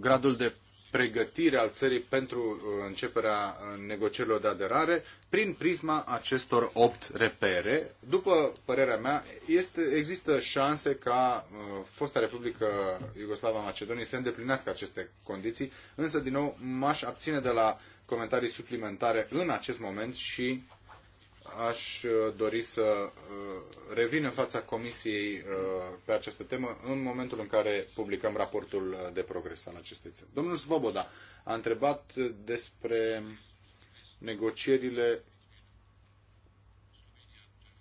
gradul de pregătire al țării pentru uh, începerea uh, negocierilor de aderare prin prisma acestor opt repere. După părerea mea, este, există șanse ca uh, fosta Republică Iugoslava Macedoniei să îndeplinească aceste condiții, însă, din nou, m-aș abține de la comentarii suplimentare în acest moment și aș uh, dori să uh, revin în fața Comisiei uh, pe această temă în momentul în care publicăm raportul de progres al acestei țări. Domnul Svoboda a întrebat despre negocierile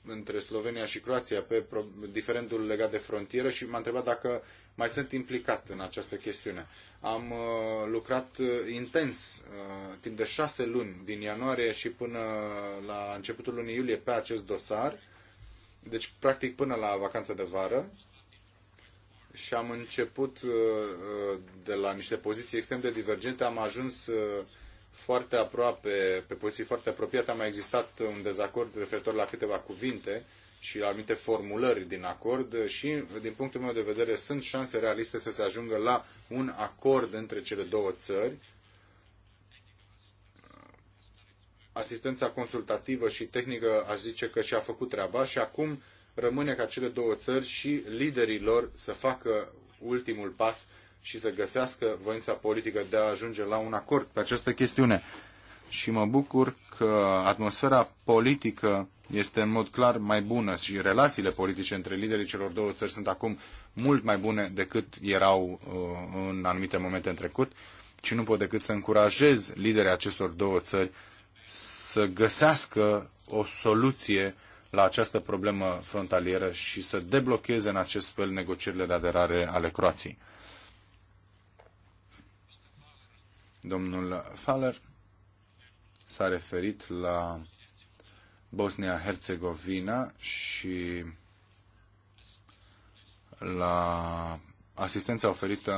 între Slovenia și Croația pe diferendul legat de frontieră și m-a întrebat dacă mai sunt implicat în această chestiune. Am uh, lucrat uh, intens uh, timp de șase luni, din ianuarie și până la începutul lunii iulie, pe acest dosar, deci practic până la vacanța de vară. Și am început de la niște poziții extrem de divergente, am ajuns foarte aproape, pe poziții foarte apropiate, a mai existat un dezacord referitor la câteva cuvinte, și la anumite formulări din acord și, din punctul meu de vedere, sunt șanse realiste să se ajungă la un acord între cele două țări. Asistența consultativă și tehnică aș zice că și-a făcut treaba și acum rămâne ca cele două țări și liderii lor să facă ultimul pas și să găsească voința politică de a ajunge la un acord pe această chestiune și mă bucur că atmosfera politică este în mod clar mai bună și relațiile politice între liderii celor două țări sunt acum mult mai bune decât erau uh, în anumite momente în trecut și nu pot decât să încurajez liderii acestor două țări să găsească o soluție la această problemă frontalieră și să deblocheze în acest fel negocierile de aderare ale Croației. Domnul Faller s-a referit la Bosnia-Herzegovina și la asistența oferită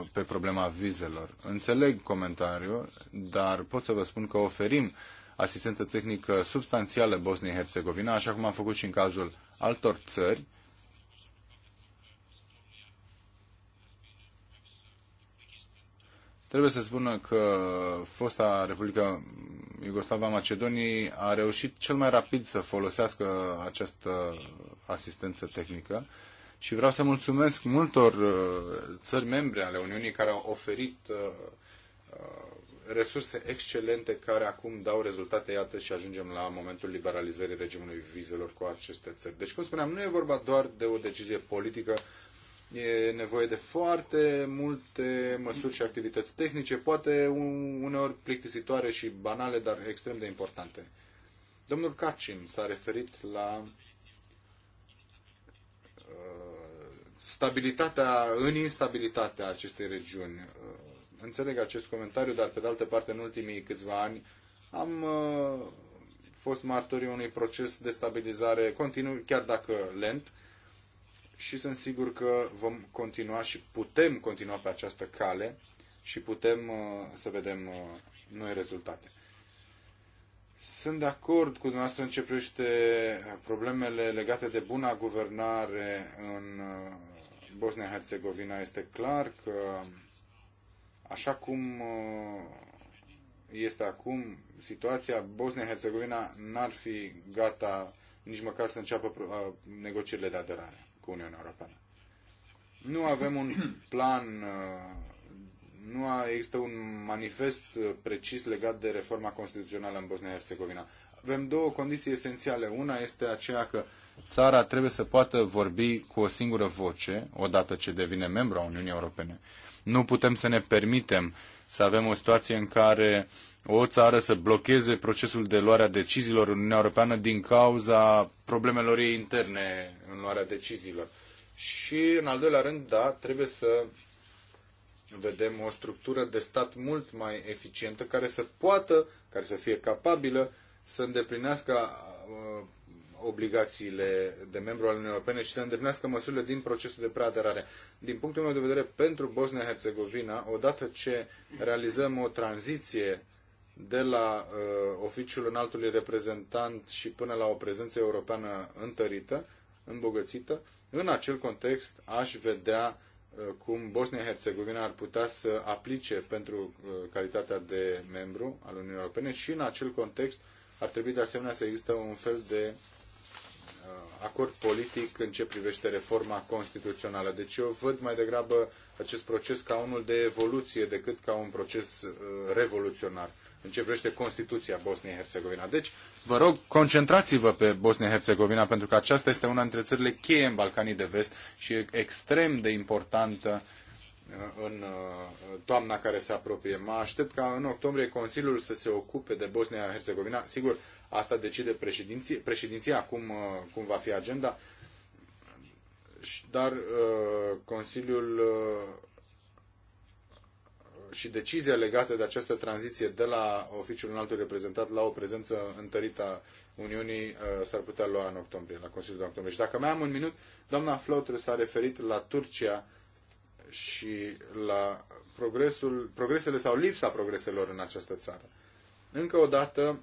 uh, pe problema vizelor. Înțeleg comentariul, dar pot să vă spun că oferim asistență tehnică substanțială bosnia herzegovina așa cum am făcut și în cazul altor țări. Trebuie să spună că fosta Republică Iugoslava Macedoniei a reușit cel mai rapid să folosească această asistență tehnică și vreau să mulțumesc multor uh, țări membre ale Uniunii care au oferit uh, uh, resurse excelente care acum dau rezultate, iată, și ajungem la momentul liberalizării regimului vizelor cu aceste țări. Deci, cum spuneam, nu e vorba doar de o decizie politică E nevoie de foarte multe măsuri și activități tehnice, poate uneori plictisitoare și banale, dar extrem de importante. Domnul Cacin s-a referit la uh, stabilitatea, în instabilitatea acestei regiuni. Uh, înțeleg acest comentariu, dar pe de altă parte în ultimii câțiva ani am uh, fost martorii unui proces de stabilizare continuu, chiar dacă lent, și sunt sigur că vom continua și putem continua pe această cale și putem uh, să vedem uh, noi rezultate. Sunt de acord cu dumneavoastră în ce privește problemele legate de buna guvernare în uh, Bosnia-Herzegovina. Este clar că așa cum este acum situația, Bosnia-Herzegovina n-ar fi gata nici măcar să înceapă negocierile de aderare cu Uniunea Europeană. Nu avem un plan, uh, nu există un manifest uh, precis legat de reforma constituțională în Bosnia-Herzegovina. Avem două condiții esențiale. Una este aceea că țara trebuie să poată vorbi cu o singură voce odată ce devine membru a Uniunii Europene. Nu putem să ne permitem să avem o situație în care o țară să blocheze procesul de luare a deciziilor în Uniunea Europeană din cauza problemelor ei interne în luarea deciziilor. Și, în al doilea rând, da, trebuie să vedem o structură de stat mult mai eficientă care să poată, care să fie capabilă să îndeplinească uh, obligațiile de membru al Uniunii Europene și să îndeplinească măsurile din procesul de preaderare. Din punctul meu de vedere, pentru Bosnia-Herzegovina, odată ce realizăm o tranziție de la uh, oficiul înaltului reprezentant și până la o prezență europeană întărită, îmbogățită, în acel context aș vedea uh, cum Bosnia-Herzegovina ar putea să aplice pentru uh, calitatea de membru al Uniunii Europene și în acel context ar trebui de asemenea să există un fel de uh, acord politic în ce privește reforma constituțională. Deci eu văd mai degrabă acest proces ca unul de evoluție decât ca un proces uh, revoluționar în ce privește Constituția Bosniei-Herzegovina. Deci, vă rog, concentrați-vă pe Bosnia-Herzegovina, pentru că aceasta este una dintre țările cheie în Balcanii de Vest și e extrem de importantă uh, în uh, toamna care se apropie. Mă aștept ca în octombrie Consiliul să se ocupe de Bosnia-Herzegovina. Sigur, Asta decide președinție, președinția cum, uh, cum va fi agenda. Dar uh, Consiliul uh, și decizia legată de această tranziție de la oficiul înaltului reprezentat la o prezență întărită a Uniunii s-ar putea lua în octombrie, la Consiliul de octombrie. Și dacă mai am un minut, doamna Flotre s-a referit la Turcia și la progresul, progresele sau lipsa progreselor în această țară. Încă o dată,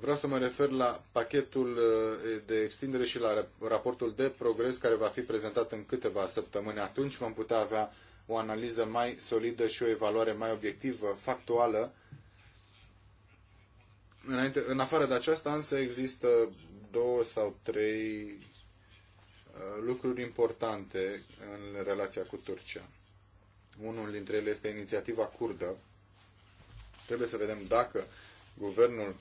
Vreau să mă refer la pachetul eh, de extindere și la raportul de progres care va fi prezentat în câteva săptămâni. Atunci vom putea avea o analiză mai solidă și o evaluare mai obiectivă, factuală. Înainte, în afară de aceasta, însă, există două sau trei eh, lucruri importante în relația cu Turcia. Unul dintre ele este inițiativa curdă. Trebuie să vedem dacă guvernul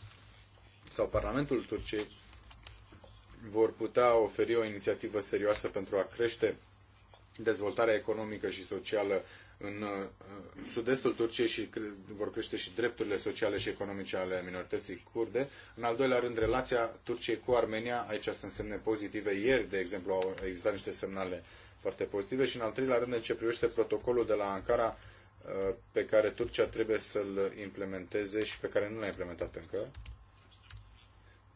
sau Parlamentul Turciei vor putea oferi o inițiativă serioasă pentru a crește dezvoltarea economică și socială în uh, sud-estul Turciei și vor crește și drepturile sociale și economice ale minorității kurde. În al doilea rând, relația Turciei cu Armenia, aici sunt semne pozitive. Ieri, de exemplu, au existat niște semnale foarte pozitive și în al treilea rând, în ce privește protocolul de la Ankara uh, pe care Turcia trebuie să-l implementeze și pe care nu l-a implementat încă.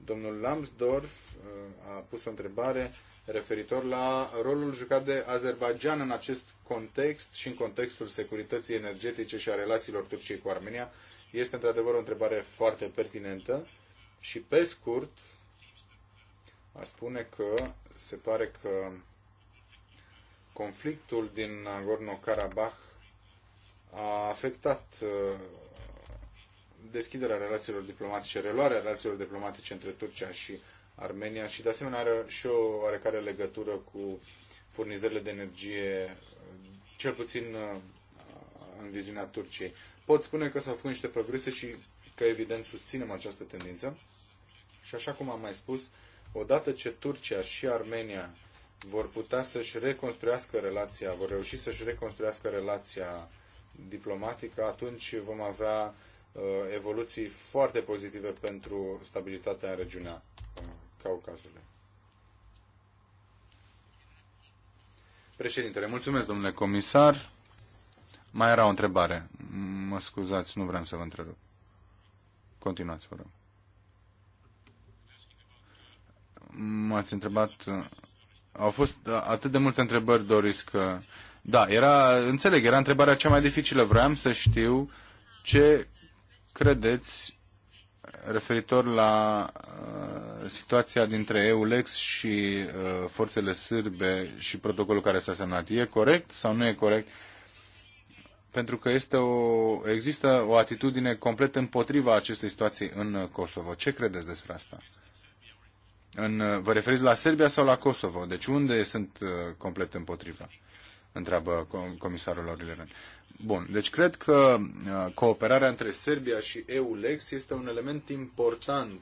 Domnul Lambsdorff uh, a pus o întrebare referitor la rolul jucat de Azerbaijan în acest context și în contextul securității energetice și a relațiilor Turciei cu Armenia. Este într-adevăr o întrebare foarte pertinentă și pe scurt a spune că se pare că conflictul din Nagorno-Karabakh a afectat uh, deschiderea relațiilor diplomatice, reluarea relațiilor diplomatice între Turcia și Armenia și de asemenea are și o oarecare legătură cu furnizările de energie, cel puțin uh, în viziunea Turciei. Pot spune că s-au făcut niște progrese și că evident susținem această tendință. Și așa cum am mai spus, odată ce Turcia și Armenia vor putea să-și reconstruiască relația, vor reuși să-și reconstruiască relația diplomatică, atunci vom avea Uh, evoluții foarte pozitive pentru stabilitatea în regiunea uh, Caucazului. Președintele, mulțumesc, domnule comisar. Mai era o întrebare. Mă scuzați, nu vreau să vă întrerup. Continuați, vă rog. M-ați întrebat... Uh, au fost atât de multe întrebări, Doris, că... Da, era, înțeleg, era întrebarea cea mai dificilă. Vreau să știu ce credeți referitor la uh, situația dintre EULEX și uh, forțele sârbe și protocolul care s-a semnat. E corect sau nu e corect? Pentru că este o, există o atitudine complet împotriva acestei situații în uh, Kosovo. Ce credeți despre asta? În, uh, vă referiți la Serbia sau la Kosovo? Deci unde sunt uh, complet împotriva? Întreabă com comisarul Aurelian. Bun, deci cred că uh, cooperarea între Serbia și EULEX este un element important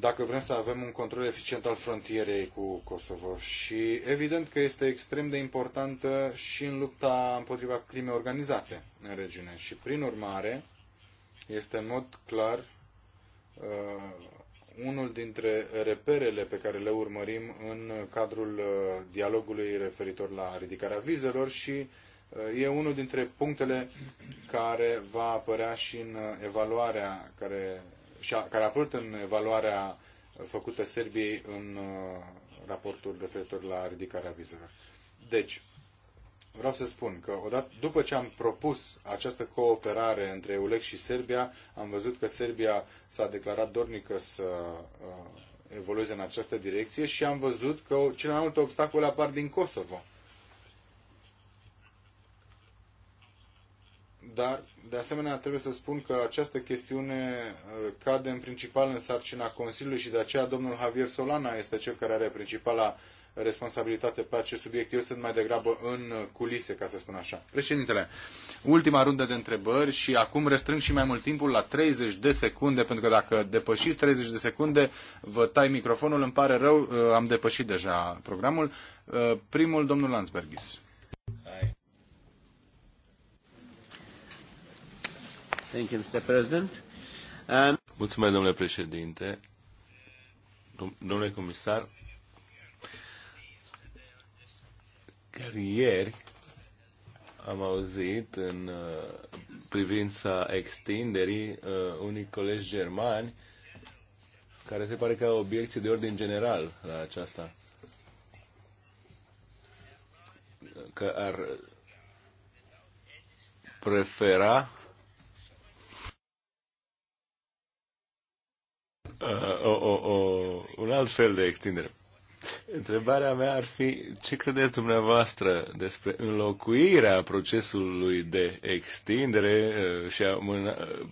dacă vrem să avem un control eficient al frontierei cu Kosovo. Și evident că este extrem de importantă și în lupta împotriva crimei organizate în regiune. Și prin urmare, este în mod clar uh, unul dintre reperele pe care le urmărim în cadrul uh, dialogului referitor la ridicarea vizelor și e unul dintre punctele care va apărea și în uh, evaluarea care, și a, care a apărut în evaluarea făcută Serbiei în uh, raportul referitor la ridicarea vizelor. Deci, vreau să spun că odată, după ce am propus această cooperare între EULEX și Serbia, am văzut că Serbia s-a declarat dornică să uh, evolueze în această direcție și am văzut că cele mai multe obstacole apar din Kosovo. Dar, de asemenea, trebuie să spun că această chestiune uh, cade în principal în sarcina Consiliului și de aceea domnul Javier Solana este cel care are principala responsabilitate pe acest subiect. Eu sunt mai degrabă în culise, ca să spun așa. Președintele, ultima rundă de întrebări și acum restrâng și mai mult timpul la 30 de secunde, pentru că dacă depășiți 30 de secunde, vă tai microfonul, îmi pare rău, uh, am depășit deja programul. Uh, primul, domnul Landsbergis. Thank you, Mr. President. Um... Mulțumesc, domnule președinte. Domnule comisar, chiar ieri am auzit în uh, privința extinderii uh, unui colegi germani care se pare că au obiecții de ordin general la aceasta. Că ar prefera Uh, o, o, o, un alt fel de extindere. Întrebarea mea ar fi ce credeți dumneavoastră despre înlocuirea procesului de extindere uh, și a,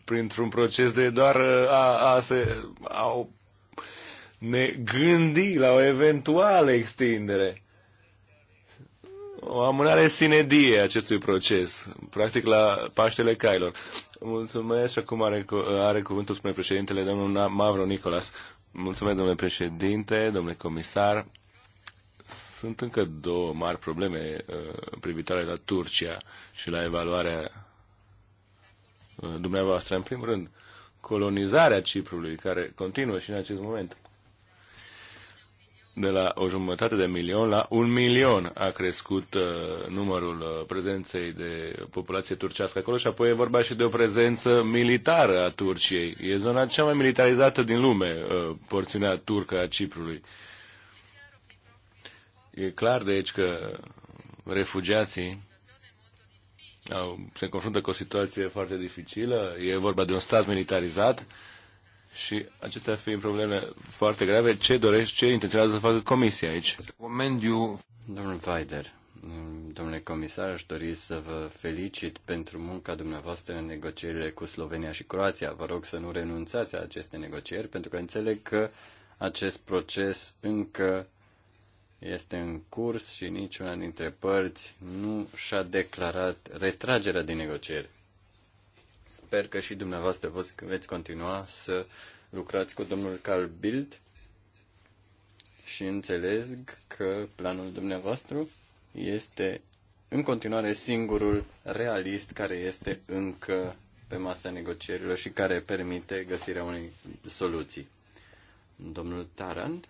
printr-un proces de doar uh, a, a, se, a ne gândi la o eventuală extindere o amânare sinedie a acestui proces, practic la Paștele Cailor. Mulțumesc și acum are, are cuvântul, spune președintele, domnul Mavro Nicolas. Mulțumesc, domnule președinte, domnule comisar. Sunt încă două mari probleme uh, privitoare la Turcia și la evaluarea uh, dumneavoastră. În primul rând, colonizarea Ciprului, care continuă și în acest moment de la o jumătate de milion la un milion a crescut uh, numărul uh, prezenței de populație turcească acolo și apoi e vorba și de o prezență militară a Turciei. E zona cea mai militarizată din lume, uh, porțiunea turcă a Ciprului. E clar de aici că refugiații au, se confruntă cu o situație foarte dificilă. E vorba de un stat militarizat și acestea fiind probleme foarte grave, ce dorești, ce intenționează să facă comisia aici? Comendiu. Domnul Weider, domnule comisar, aș dori să vă felicit pentru munca dumneavoastră în negocierile cu Slovenia și Croația. Vă rog să nu renunțați la aceste negocieri, pentru că înțeleg că acest proces încă este în curs și niciuna dintre părți nu și-a declarat retragerea din negocieri. Sper că și dumneavoastră veți continua să lucrați cu domnul Carl Bild și înțeleg că planul dumneavoastră este în continuare singurul realist care este încă pe masa negocierilor și care permite găsirea unei soluții. Domnul Tarand?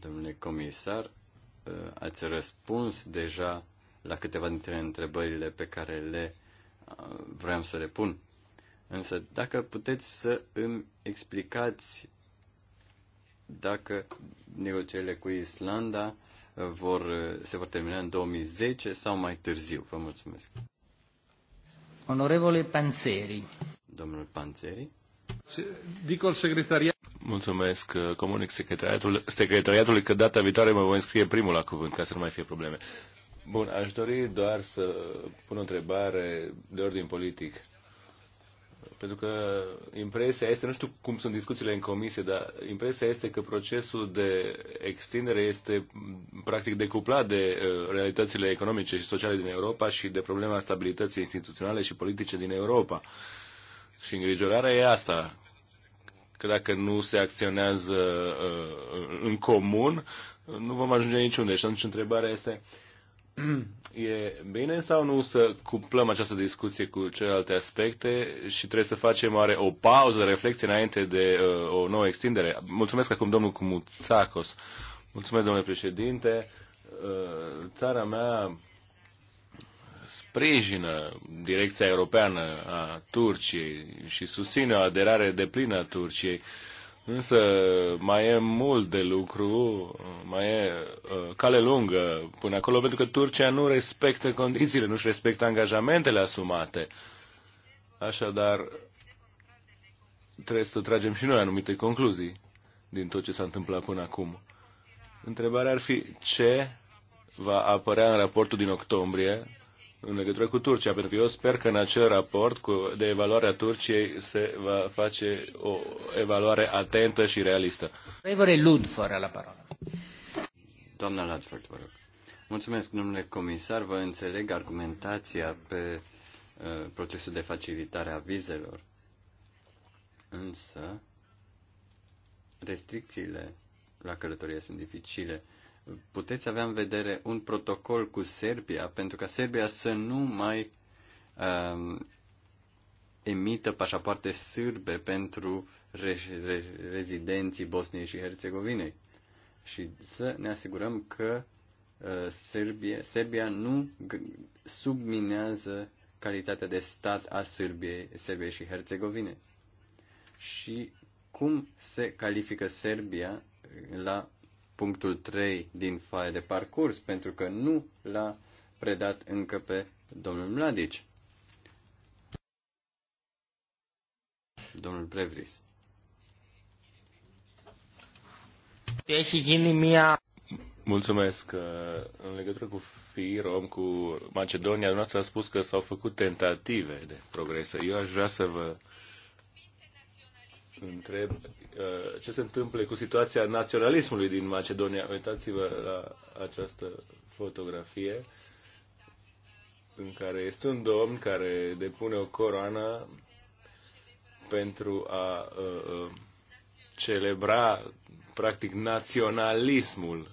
Domnule comisar, ați răspuns deja la câteva dintre întrebările pe care le uh, vreau să le pun. Însă, dacă puteți să îmi explicați dacă negocierile cu Islanda uh, vor, uh, se vor termina în 2010 sau mai târziu. Vă mulțumesc. Onorevole Panzeri. Domnul Panzeri. Dic secretariat. Mulțumesc. Comunic secretariatul, secretariatului că data viitoare mă voi înscrie primul la cuvânt, ca să nu mai fie probleme. Bun, aș dori doar să pun o întrebare de ordin politic. Pentru că impresia este, nu știu cum sunt discuțiile în comisie, dar impresia este că procesul de extindere este practic decuplat de uh, realitățile economice și sociale din Europa și de problema stabilității instituționale și politice din Europa. Și îngrijorarea e asta, că dacă nu se acționează uh, în comun, nu vom ajunge niciunde. Și atunci întrebarea este, uh, E bine sau nu să cuplăm această discuție cu celelalte aspecte și trebuie să facem oare o pauză, de reflexie înainte de uh, o nouă extindere? Mulțumesc acum domnul Cumuțacos. Mulțumesc, domnule președinte. Uh, țara mea sprijină direcția europeană a Turciei și susține o aderare deplină a Turciei. Uh, Însă mai e mult de lucru, mai e uh, cale lungă până acolo, pentru că Turcia nu respectă condițiile, nu-și respectă angajamentele asumate. Așadar, trebuie să tragem și noi anumite concluzii din tot ce s-a întâmplat până acum. Întrebarea ar fi ce va apărea în raportul din octombrie în legătură cu Turcia, pentru că eu sper că în acel raport cu, de evaluare a Turciei se va face o evaluare atentă și realistă. Revere Ludford fără la parola. Doamna Ladford, vă rog. Mulțumesc, domnule comisar, vă înțeleg argumentația pe uh, procesul de facilitare a vizelor. Însă, restricțiile la călătorie sunt dificile. Uh, puteți avea în vedere un protocol cu Serbia pentru ca Serbia să nu mai uh, emită pașapoarte sârbe pentru re- re- rezidenții Bosniei și Herțegovinei și să ne asigurăm că uh, Serbia, Serbia nu subminează calitatea de stat a Sârbiei, Serbiei și Herțegovine. Și cum se califică Serbia la punctul 3 din faia de parcurs, pentru că nu l-a predat încă pe domnul Mladici. Domnul Prevris. Mulțumesc. În legătură cu FIROM, cu Macedonia, noastră a spus că s-au făcut tentative de progres. Eu aș vrea să vă întreb Uh, ce se întâmplă cu situația naționalismului din Macedonia. Uitați-vă la această fotografie în care este un domn care depune o coroană pentru a uh, uh celebra, practic, naționalismul.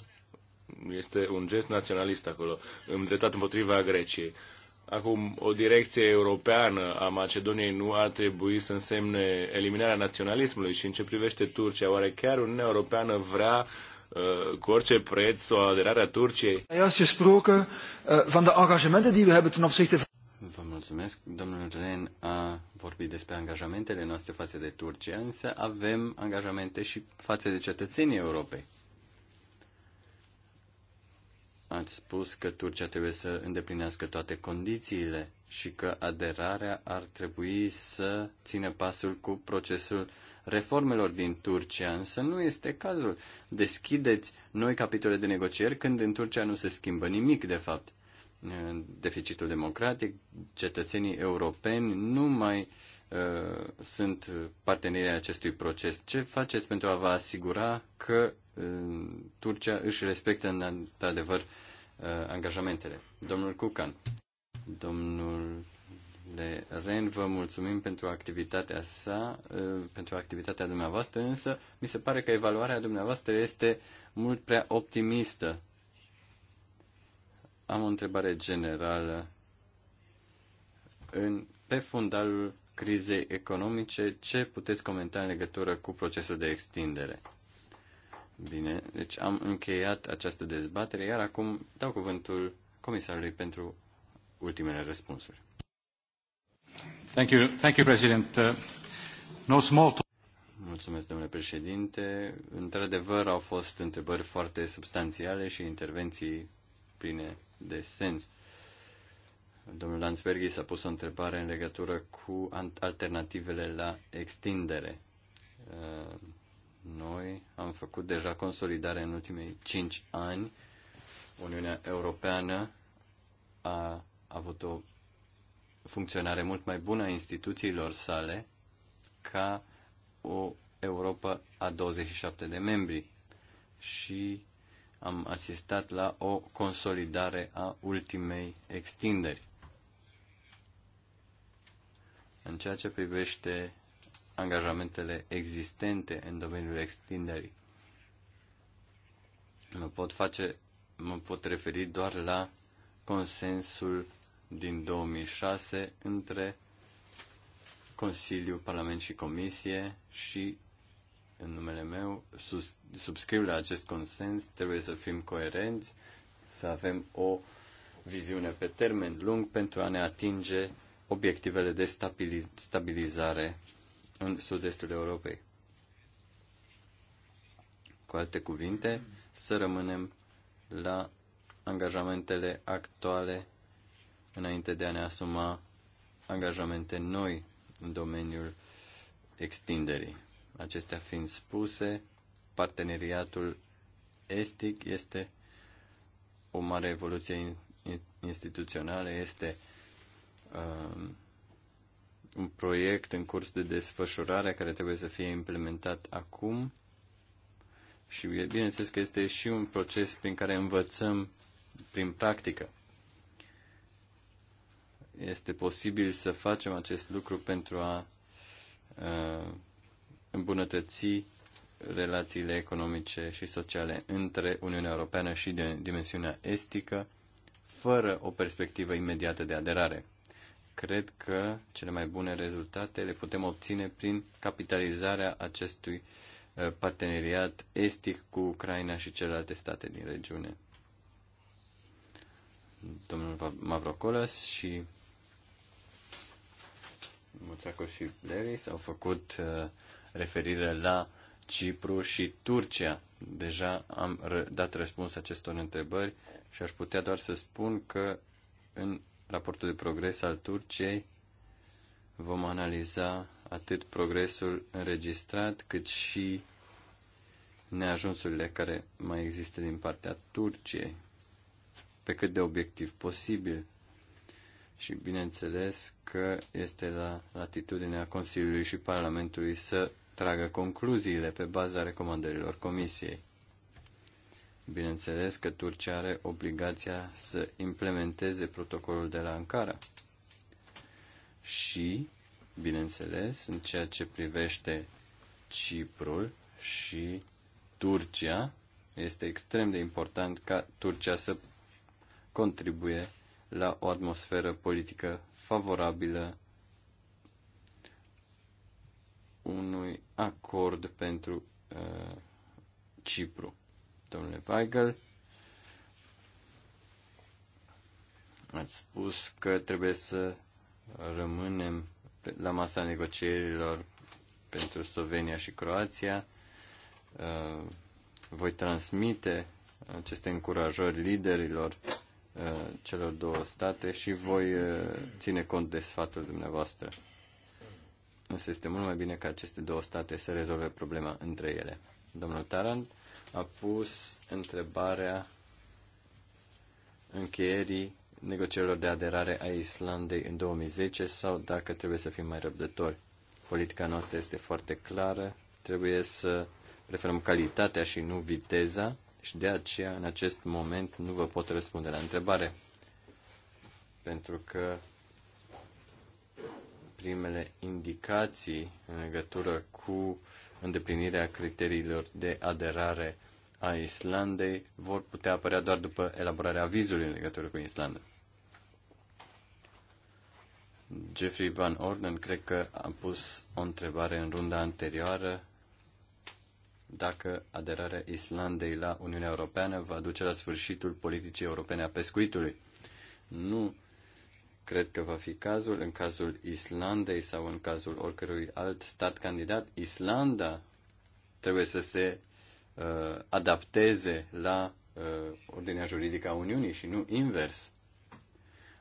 Este un gest naționalist acolo, îndreptat împotriva Greciei. Uh, Acum, o direcție europeană a Macedoniei nu ar trebui să însemne eliminarea naționalismului și în ce privește Turcia, oare chiar Uniunea Europeană vrea uh, cu orice preț o aderare a Turciei? Eh, Vă mulțumesc. Domnul Ren a vorbit despre angajamentele noastre față de Turcia, însă avem angajamente și față de cetățenii Europei. Ați spus că Turcia trebuie să îndeplinească toate condițiile și că aderarea ar trebui să țină pasul cu procesul reformelor din Turcia, însă nu este cazul. Deschideți noi capitole de negocieri când în Turcia nu se schimbă nimic, de fapt. Deficitul democratic, cetățenii europeni nu mai uh, Uh, sunt partenerii acestui proces. Ce faceți pentru a vă asigura că uh, Turcia își respectă într-adevăr uh, angajamentele? Domnul Cucan, domnul de Ren, vă mulțumim pentru activitatea sa, pentru activitatea dumneavoastră, însă mi se pare că evaluarea dumneavoastră este mult prea optimistă. Am o întrebare generală. În, pe fundalul crizei economice, ce puteți comenta în legătură cu procesul de extindere? Bine, deci am încheiat această dezbatere, iar acum dau cuvântul comisarului pentru ultimele răspunsuri. Thank you, thank you, President. Uh, no small Mulțumesc, domnule președinte. Într-adevăr, au fost întrebări foarte substanțiale și intervenții pline de sens. Domnul Landsbergi s-a pus o întrebare în legătură cu alternativele la extindere. Uh, noi am făcut deja consolidare în ultimii cinci ani. Uniunea Europeană a avut o funcționare mult mai bună a instituțiilor sale ca o Europa a 27 de membri și am asistat la o consolidare a ultimei extinderi în ceea ce privește angajamentele existente în domeniul extinderii. Mă pot face, mă pot referi doar la consensul din 2006 între Consiliu, Parlament și Comisie și în numele meu sus, subscriu la acest consens, trebuie să fim coerenți, să avem o viziune pe termen lung pentru a ne atinge obiectivele de stabilizare în sud-estul Europei. Cu alte cuvinte, să rămânem la angajamentele actuale înainte de a ne asuma angajamente noi în domeniul extinderii. Acestea fiind spuse, parteneriatul estic este o mare evoluție instituțională, este Um, un proiect în curs de desfășurare care trebuie să fie implementat acum și bineînțeles că este și un proces prin care învățăm prin practică. Este posibil să facem acest lucru pentru a uh, îmbunătăți relațiile economice și sociale între Uniunea Europeană și de dimensiunea estică, fără o perspectivă imediată de aderare cred că cele mai bune rezultate le putem obține prin capitalizarea acestui uh, parteneriat estic cu Ucraina și celelalte state din regiune. Domnul Mavrocolas și Muțaco și Leris au făcut uh, referire la Cipru și Turcia. Deja am dat răspuns acestor întrebări și aș putea doar să spun că în raportul de progres al Turciei vom analiza atât progresul înregistrat, cât și neajunsurile care mai există din partea Turciei, pe cât de obiectiv posibil. Și bineînțeles că este la latitudinea Consiliului și Parlamentului să tragă concluziile pe baza recomandărilor Comisiei. Bineînțeles că Turcia are obligația să implementeze protocolul de la Ankara. Și, bineînțeles, în ceea ce privește Ciprul și Turcia, este extrem de important ca Turcia să contribuie la o atmosferă politică favorabilă unui acord pentru uh, Cipru domnule Weigel. Ați spus că trebuie să rămânem la masa negocierilor pentru Slovenia și Croația. Uh, voi transmite aceste încurajări liderilor uh, celor două state și voi uh, ține cont de sfatul dumneavoastră. Însă este mult mai bine ca aceste două state să rezolve problema între ele. Domnul Tarand, a pus întrebarea încheierii negocierilor de aderare a Islandei în 2010 sau dacă trebuie să fim mai răbdători. Politica noastră este foarte clară, trebuie să preferăm calitatea și nu viteza și de aceea în acest moment nu vă pot răspunde la întrebare. Pentru că primele indicații în legătură cu uh, îndeplinirea criteriilor de aderare a Islandei vor putea apărea doar după elaborarea vizului în legătură cu Islanda. Jeffrey Van Orden cred că a pus o întrebare în runda anterioară dacă aderarea Islandei la Uniunea Europeană va duce la sfârșitul politicii europene a pescuitului. Nu Cred că va fi cazul în cazul Islandei sau în cazul oricărui alt stat candidat. Islanda trebuie să se uh, adapteze la uh, ordinea juridică a Uniunii și nu invers.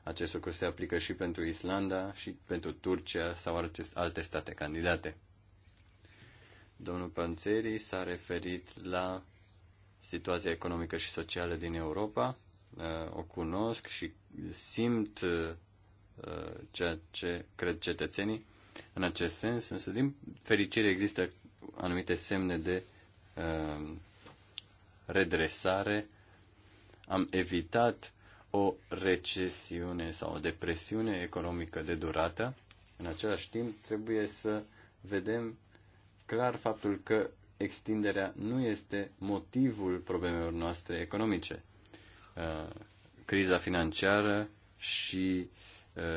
Acest lucru se aplică și pentru Islanda și pentru Turcia sau alte state candidate. Domnul Panțeri s-a referit la situația economică și socială din Europa. Uh, o cunosc și simt uh, Uh, ceea ce cred cetățenii în acest sens, însă din fericire există anumite semne de uh, redresare. Am evitat o recesiune sau o depresiune economică de durată. În același timp, trebuie să vedem clar faptul că extinderea nu este motivul problemelor noastre economice. Uh, criza financiară și uh,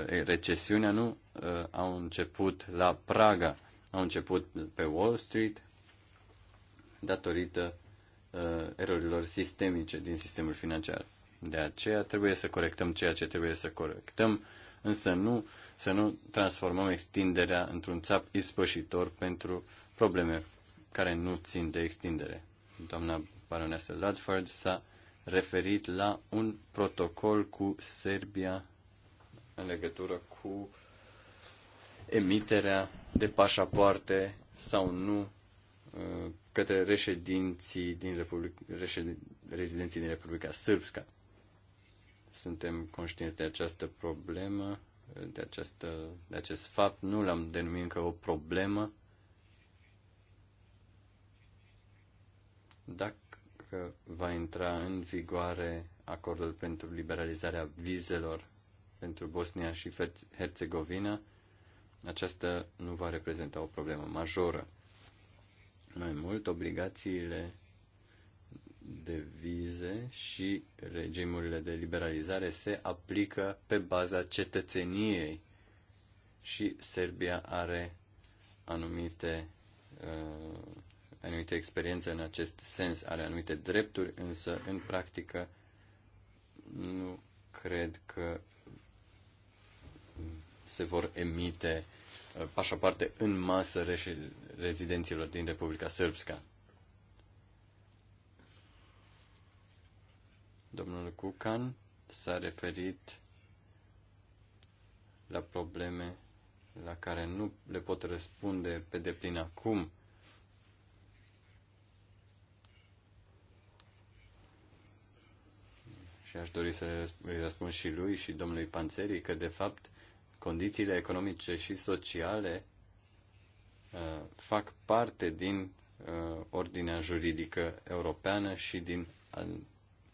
Eh, recesiunea nu eh, au început la Praga, au început pe Wall Street datorită eh, erorilor sistemice din sistemul financiar. De aceea trebuie să corectăm ceea ce trebuie să corectăm, însă nu să nu transformăm extinderea într-un țap ispășitor pentru probleme care nu țin de extindere. Doamna baroneasă Ludford s-a referit la un protocol cu Serbia în legătură cu emiterea de pașapoarte sau nu uh, către reședinții din Republica, reședin, rezidenții din Republica Sârbska. Suntem conștienți de această problemă, de, această, de acest fapt. Nu l-am denumit încă o problemă. Dacă va intra în vigoare acordul pentru liberalizarea vizelor pentru Bosnia și Herțegovina, aceasta nu va reprezenta o problemă majoră. Mai mult, obligațiile de vize și regimurile de liberalizare se aplică pe baza cetățeniei și Serbia are anumite, uh, anumite experiențe în acest sens, are anumite drepturi, însă în practică nu cred că se vor emite uh, pașapoarte în masă rezidenților din Republica Sârbska. Domnul Cucan s-a referit la probleme la care nu le pot răspunde pe deplin acum. Și aș dori să îi răspund și lui și domnului Panțerii că, de fapt, condițiile economice și sociale uh, fac parte din uh, ordinea juridică europeană și din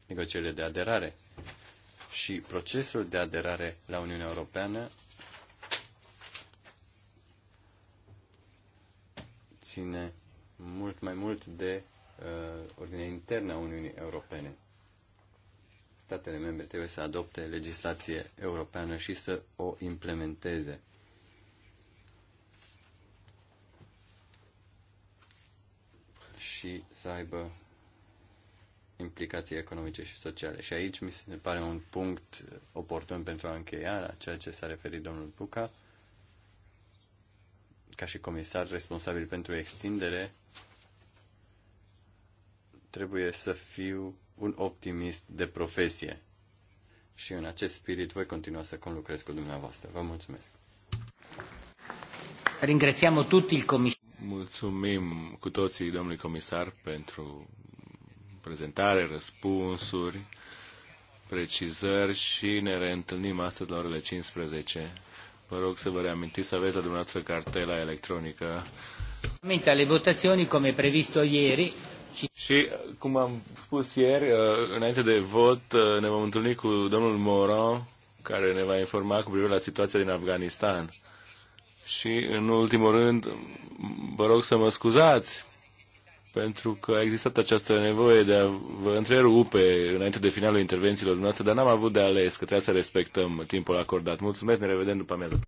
negocierile de aderare. Și procesul de aderare la Uniunea Europeană ține mult mai mult de uh, ordinea internă a Uniunii Europene statele membre trebuie să adopte legislație europeană și să o implementeze. Și să aibă implicații economice și sociale. Și aici mi se pare un punct oportun pentru a încheia la ceea ce s-a referit domnul Puca. Ca și comisar responsabil pentru extindere, trebuie să fiu un optimist de profesie. Și în acest spirit voi continua să conlucrez cu dumneavoastră. Vă mulțumesc. Ringrațiamo tutti il comisar. Mulțumim cu toții domnului comisar pentru prezentare, răspunsuri, precizări și ne reîntâlnim astăzi la orele 15. Vă rog să vă reamintiți să aveți la dumneavoastră cartela electronică. Minte alle cum come previsto ieri și, cum am spus ieri, uh, înainte de vot, uh, ne vom întâlni cu domnul Moran, care ne va informa cu privire la situația din Afganistan. Și, în ultimul rând, vă rog să mă scuzați pentru că a existat această nevoie de a vă întrerupe înainte de finalul intervențiilor noastre, dar n-am avut de ales, că trebuie să respectăm timpul acordat. Mulțumesc, ne revedem după amiază.